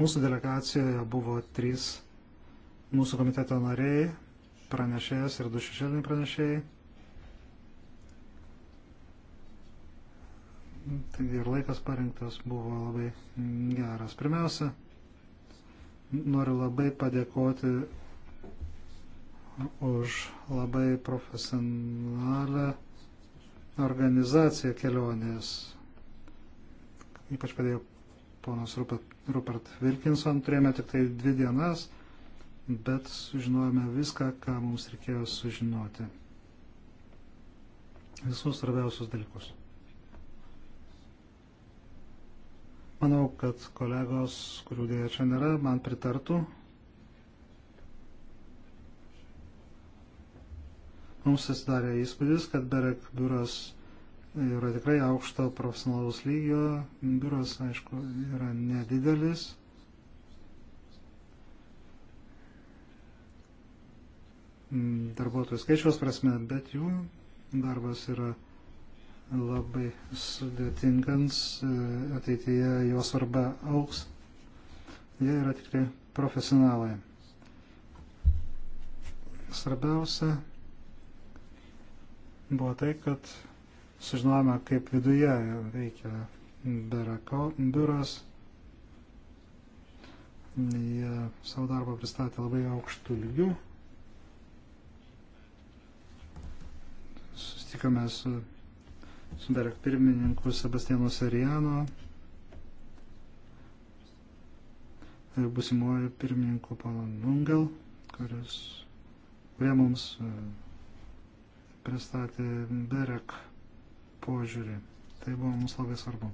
Mūsų delegacijoje buvo trys mūsų komiteto nariai, pranešėjas ir du šešėliniai pranešėjai. Taigi ir laikas parinktas buvo labai geras. Pirmiausia, Noriu labai padėkoti už labai profesionalę organizaciją kelionės. Ypač padėjo ponas Rupert, Rupert Wilkinson. Turėjome tik tai dvi dienas, bet sužinojome viską, ką mums reikėjo sužinoti. Visus svarbiausius dalykus. Manau, kad kolegos, kurių dėja čia nėra, man pritartų. Mums susidarė įspūdis, kad Berek biuras yra tikrai aukšto profesionalaus lygio. Biuras, aišku, yra nedidelis. Mm, darbuotojų skaičiaus prasme, bet jų darbas yra labai sudėtingans, e, ateityje jo svarba auks. Jie yra tikrai profesionalai. Svarbiausia buvo tai, kad sužinojome, kaip viduje veikia Berako biuras. Jie savo darbą pristatė labai aukštų lygių. Sustikome su Berg pirmininku Sebastianu Sarijano ir busimuoju pirmininku Palo Nungel, kuris, kurie mums e, pristatė Berek požiūrį. Tai buvo mums labai svarbu.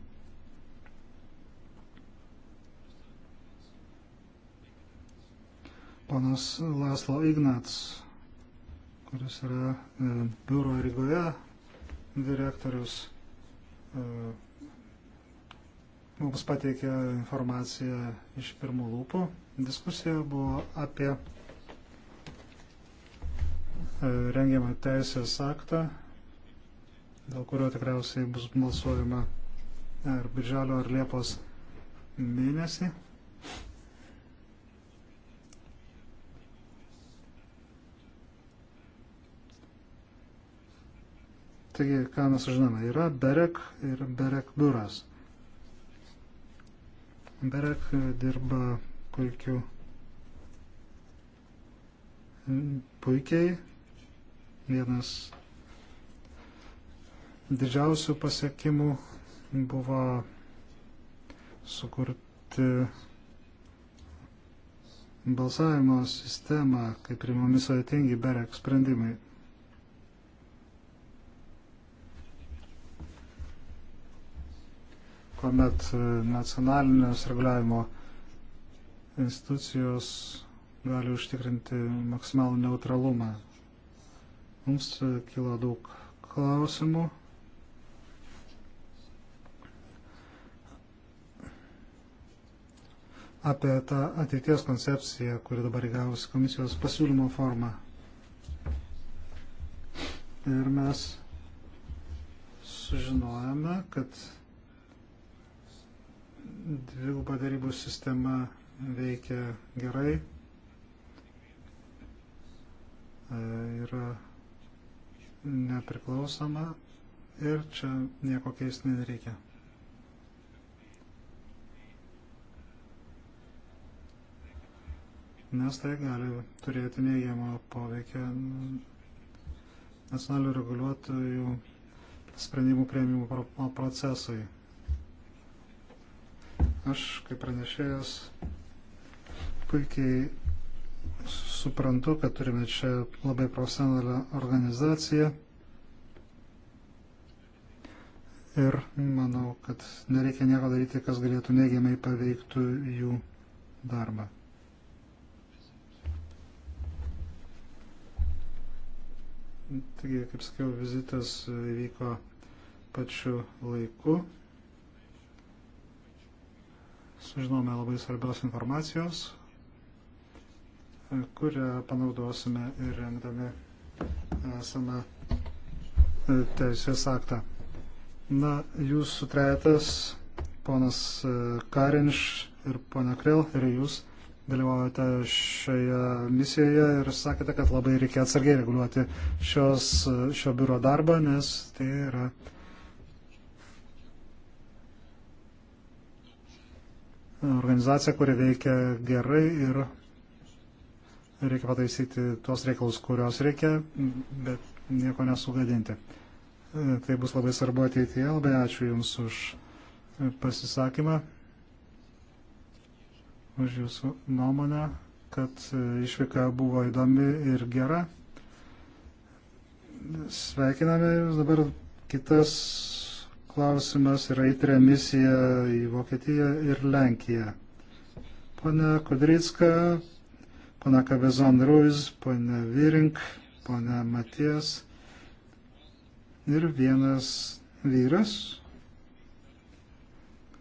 Ponas Laslo Ignats, kuris yra e, biuro Rygoje direktorius e, mums pateikė informaciją iš pirmų lūpų. Diskusija buvo apie e, rengiamą teisės aktą, dėl kurio tikriausiai bus balsuojama ar birželio, ar liepos mėnesį. Taigi, ką mes žinome, yra BEREK ir BEREK biuras. BEREK dirba puikiu, puikiai. Vienas didžiausių pasiekimų buvo sukurti balsavimo sistemą, kaip primami sudėtingi BEREK sprendimai. kuomet e, nacionalinės reguliavimo institucijos gali užtikrinti maksimalų neutralumą. Mums e, kilo daug klausimų. apie tą ateities koncepciją, kuri dabar įgavusi komisijos pasiūlymo formą. Ir mes sužinojame, kad dvigubą darybų sistema veikia gerai. E, yra nepriklausoma ir čia nieko keisti nereikia. Nes tai gali turėti neįgiamą poveikį nacionalinių reguliuotojų sprendimų prieimimo procesui. Aš, kaip pranešėjas, puikiai suprantu, kad turime čia labai profesionalią organizaciją. Ir manau, kad nereikia nieko daryti, kas galėtų neigiamai paveiktų jų darbą. Taigi, kaip sakiau, vizitas vyko pačiu laiku sužinome labai svarbios informacijos, kurią panaudosime ir rengdami esamą teisės aktą. Na, jūsų trejetas, ponas Karinš ir ponia Kril ir jūs dalyvaujate šioje misijoje ir sakėte, kad labai reikia atsargiai reguliuoti šios, šio biuro darbą, nes tai yra uh, organizacija, kuri veikia gerai ir reikia pataisyti tuos reikalus, kurios reikia, bet nieko nesugadinti. Tai bus labai svarbu ateityje. Labai ačiū Jums už pasisakymą, už Jūsų nuomonę, kad išvyka buvo įdomi ir gera. Sveikiname Jūs dabar kitas klausimas yra įtrė misija į Vokietiją ir Lenkiją. Pana Kudrycka, pana Kabezon Ruiz, pana Vyrink, pana Matijas ir vienas vyras,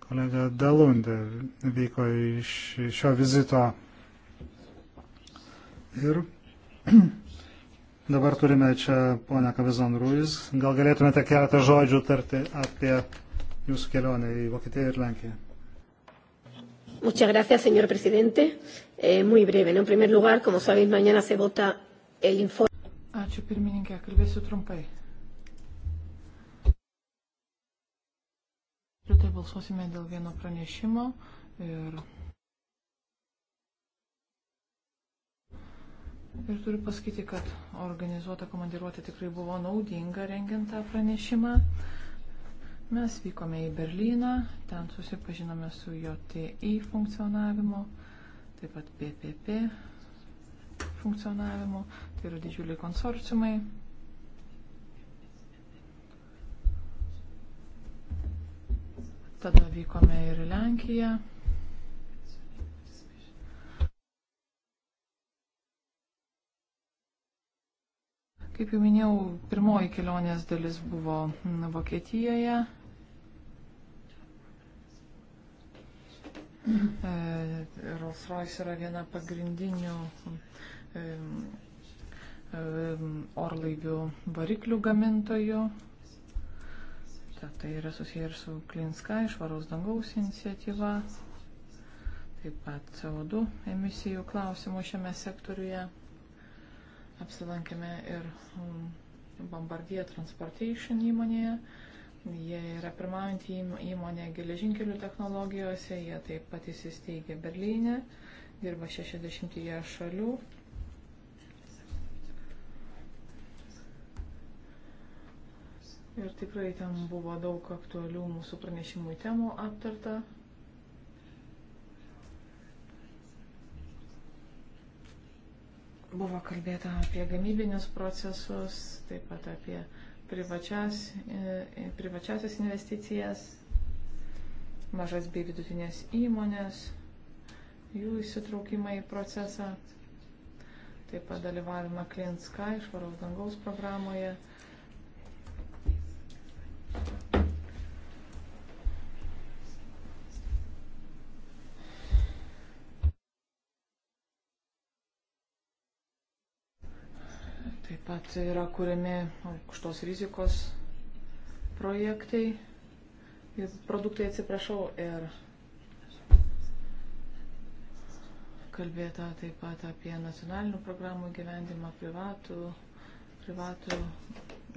kolega Dalundė, vyko iš šio vizito. Ir [CLEARS THROAT] Dabar turime čia ponę Kavizon Ruiz. Gal galėtumėte keletą žodžių tarti apie jūsų kelionę į Vokietiją ir Lenkiją? Muchas gracias, señor presidente. Eh, muy breve. ¿no? En primer lugar, como sabéis, mañana se vota el informe. Ačiū pirmininkė, kalbėsiu trumpai. Rytoj balsuosime dėl vieno pranešimo ir Ir turiu pasakyti, kad organizuota komandiruotė tikrai buvo naudinga rengiant tą pranešimą. Mes vykome į Berliną, ten susipažinome su JTI funkcionavimu, taip pat PPP funkcionavimu, tai yra didžiuliai konsorciumai. Tada vykome ir į Lenkiją. Kaip jau minėjau, pirmoji kelionės dalis buvo Vokietijoje. E, Rolls Royce yra viena pagrindinių e, e, orlaivių variklių gamintojų. Tai yra susiję ir su Klinska, išvaraus dangaus iniciatyva, taip pat CO2 emisijų klausimų šiame sektoriuje apsilankėme ir um, Bombardier Transportation įmonėje. Jie yra pirmaujantį įmonę geležinkelių technologijose, jie taip pat įsisteigė Berlyne, dirba 60 šalių. Ir tikrai ten buvo daug aktualių mūsų pranešimų temų aptarta. Buvo kalbėta apie gamybinius procesus, taip pat apie privačias, e, e, privačiasias investicijas, mažas bei vidutinės įmonės, jų įsitraukimą į procesą, taip pat dalyvavimą Clean Sky, švaraus dangaus programoje. pat yra kuriami aukštos rizikos projektai, produktai atsiprašau ir kalbėta taip pat apie nacionalinių programų gyvendimą, privatų, privatų,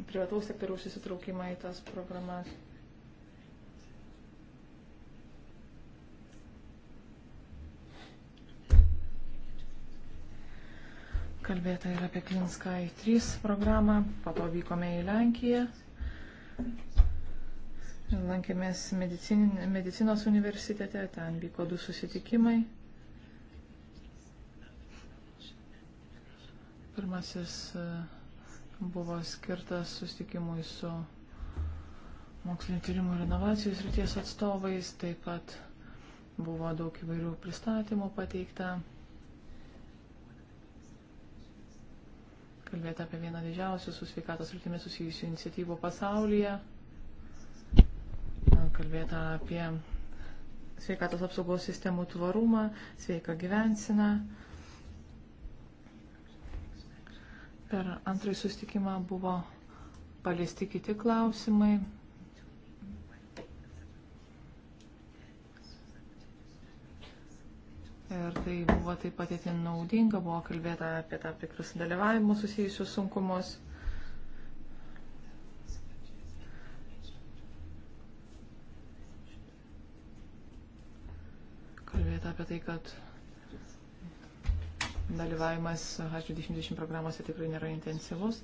privataus sektoriaus įsitraukimą į tas programas. Kalbėta ir apie Klinskai 3 programą, po to vykome į Lenkiją. Lankėmės medicin, medicinos universitete, ten vyko du susitikimai. Pirmasis e, buvo skirtas susitikimui su mokslinio tyrimų ir inovacijų srities atstovais, taip pat buvo daug įvairių pristatymų pateikta. Kalbėti apie vieną didžiausių su sveikatos rytimi susijusių iniciatyvų pasaulyje. Kalbėti apie sveikatos apsaugos sistemų tvarumą, sveiką gyvensiną. Per antrąjį sustikimą buvo paliesti kiti klausimai. Ir tai buvo taip pat itin naudinga, buvo kalbėta apie tam tikrus dalyvavimus susijusius sunkumus. Kalbėta apie tai, kad dalyvavimas H2020 programuose tikrai nėra intensyvus.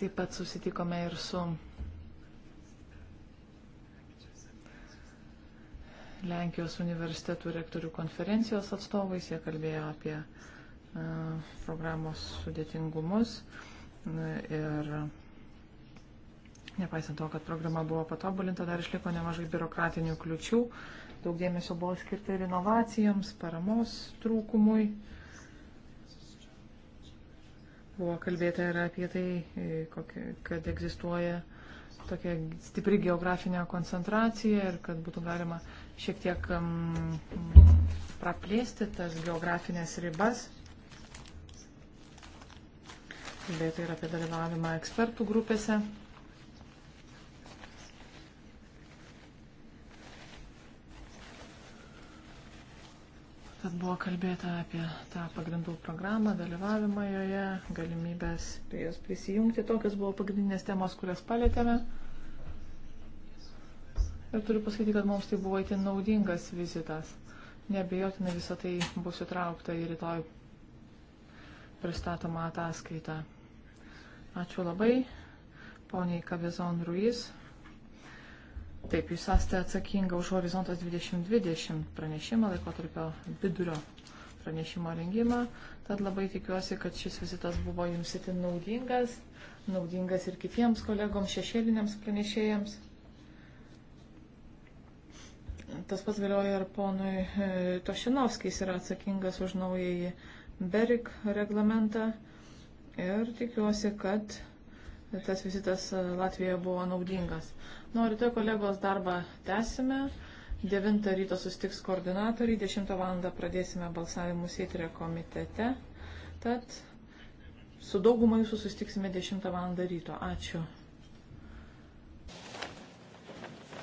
Taip pat susitikome ir su Lenkijos universitetų rektorių konferencijos atstovais. Jie kalbėjo apie e, programos sudėtingumus ir nepaisant to, kad programa buvo patobulinta, dar išliko nemažai biurokratinių kliučių. Daug dėmesio buvo skirta ir inovacijoms, paramos trūkumui. Buvo kalbėta ir apie tai, e, kad egzistuoja tokia stipri geografinė koncentracija ir kad būtų galima uh, šiek tiek praplėsti tas geografinės ribas. Kalbėtų ir apie dalyvavimą ekspertų grupėse. Tad buvo kalbėta apie tą pagrindų programą, dalyvavimą joje, galimybės prie jos prisijungti. Tokios buvo pagrindinės temos, kurias palėtėme. Ir turiu pasakyti, kad mums tai buvo itin naudingas vizitas. Nebejotinai visą tai bus įtraukta į rytoj pristatomą ataskaitą. Ačiū labai, poniai Kabezon Ruiz. Taip, jūs esate atsakinga už Horizontas 2020 pranešimą, laikotarpio vidurio pranešimo rengimą. Tad labai tikiuosi, kad šis vizitas buvo jums itin naudingas, naudingas ir kitiems kolegoms šešėliniams pranešėjams. Tas pats galioja ir ponui e, Tošinovskis yra atsakingas už naująjį BERIK reglamentą ir tikiuosi, kad tas vizitas e, Latvijoje buvo naudingas. Noriu nu, tai kolegos darbą tęsime. 9 ryto sustiks koordinatoriai, 10 val. pradėsime balsavimus įtrė komitete. Tad su dauguma jūsų sustiksime 10 val. ryto. Ačiū.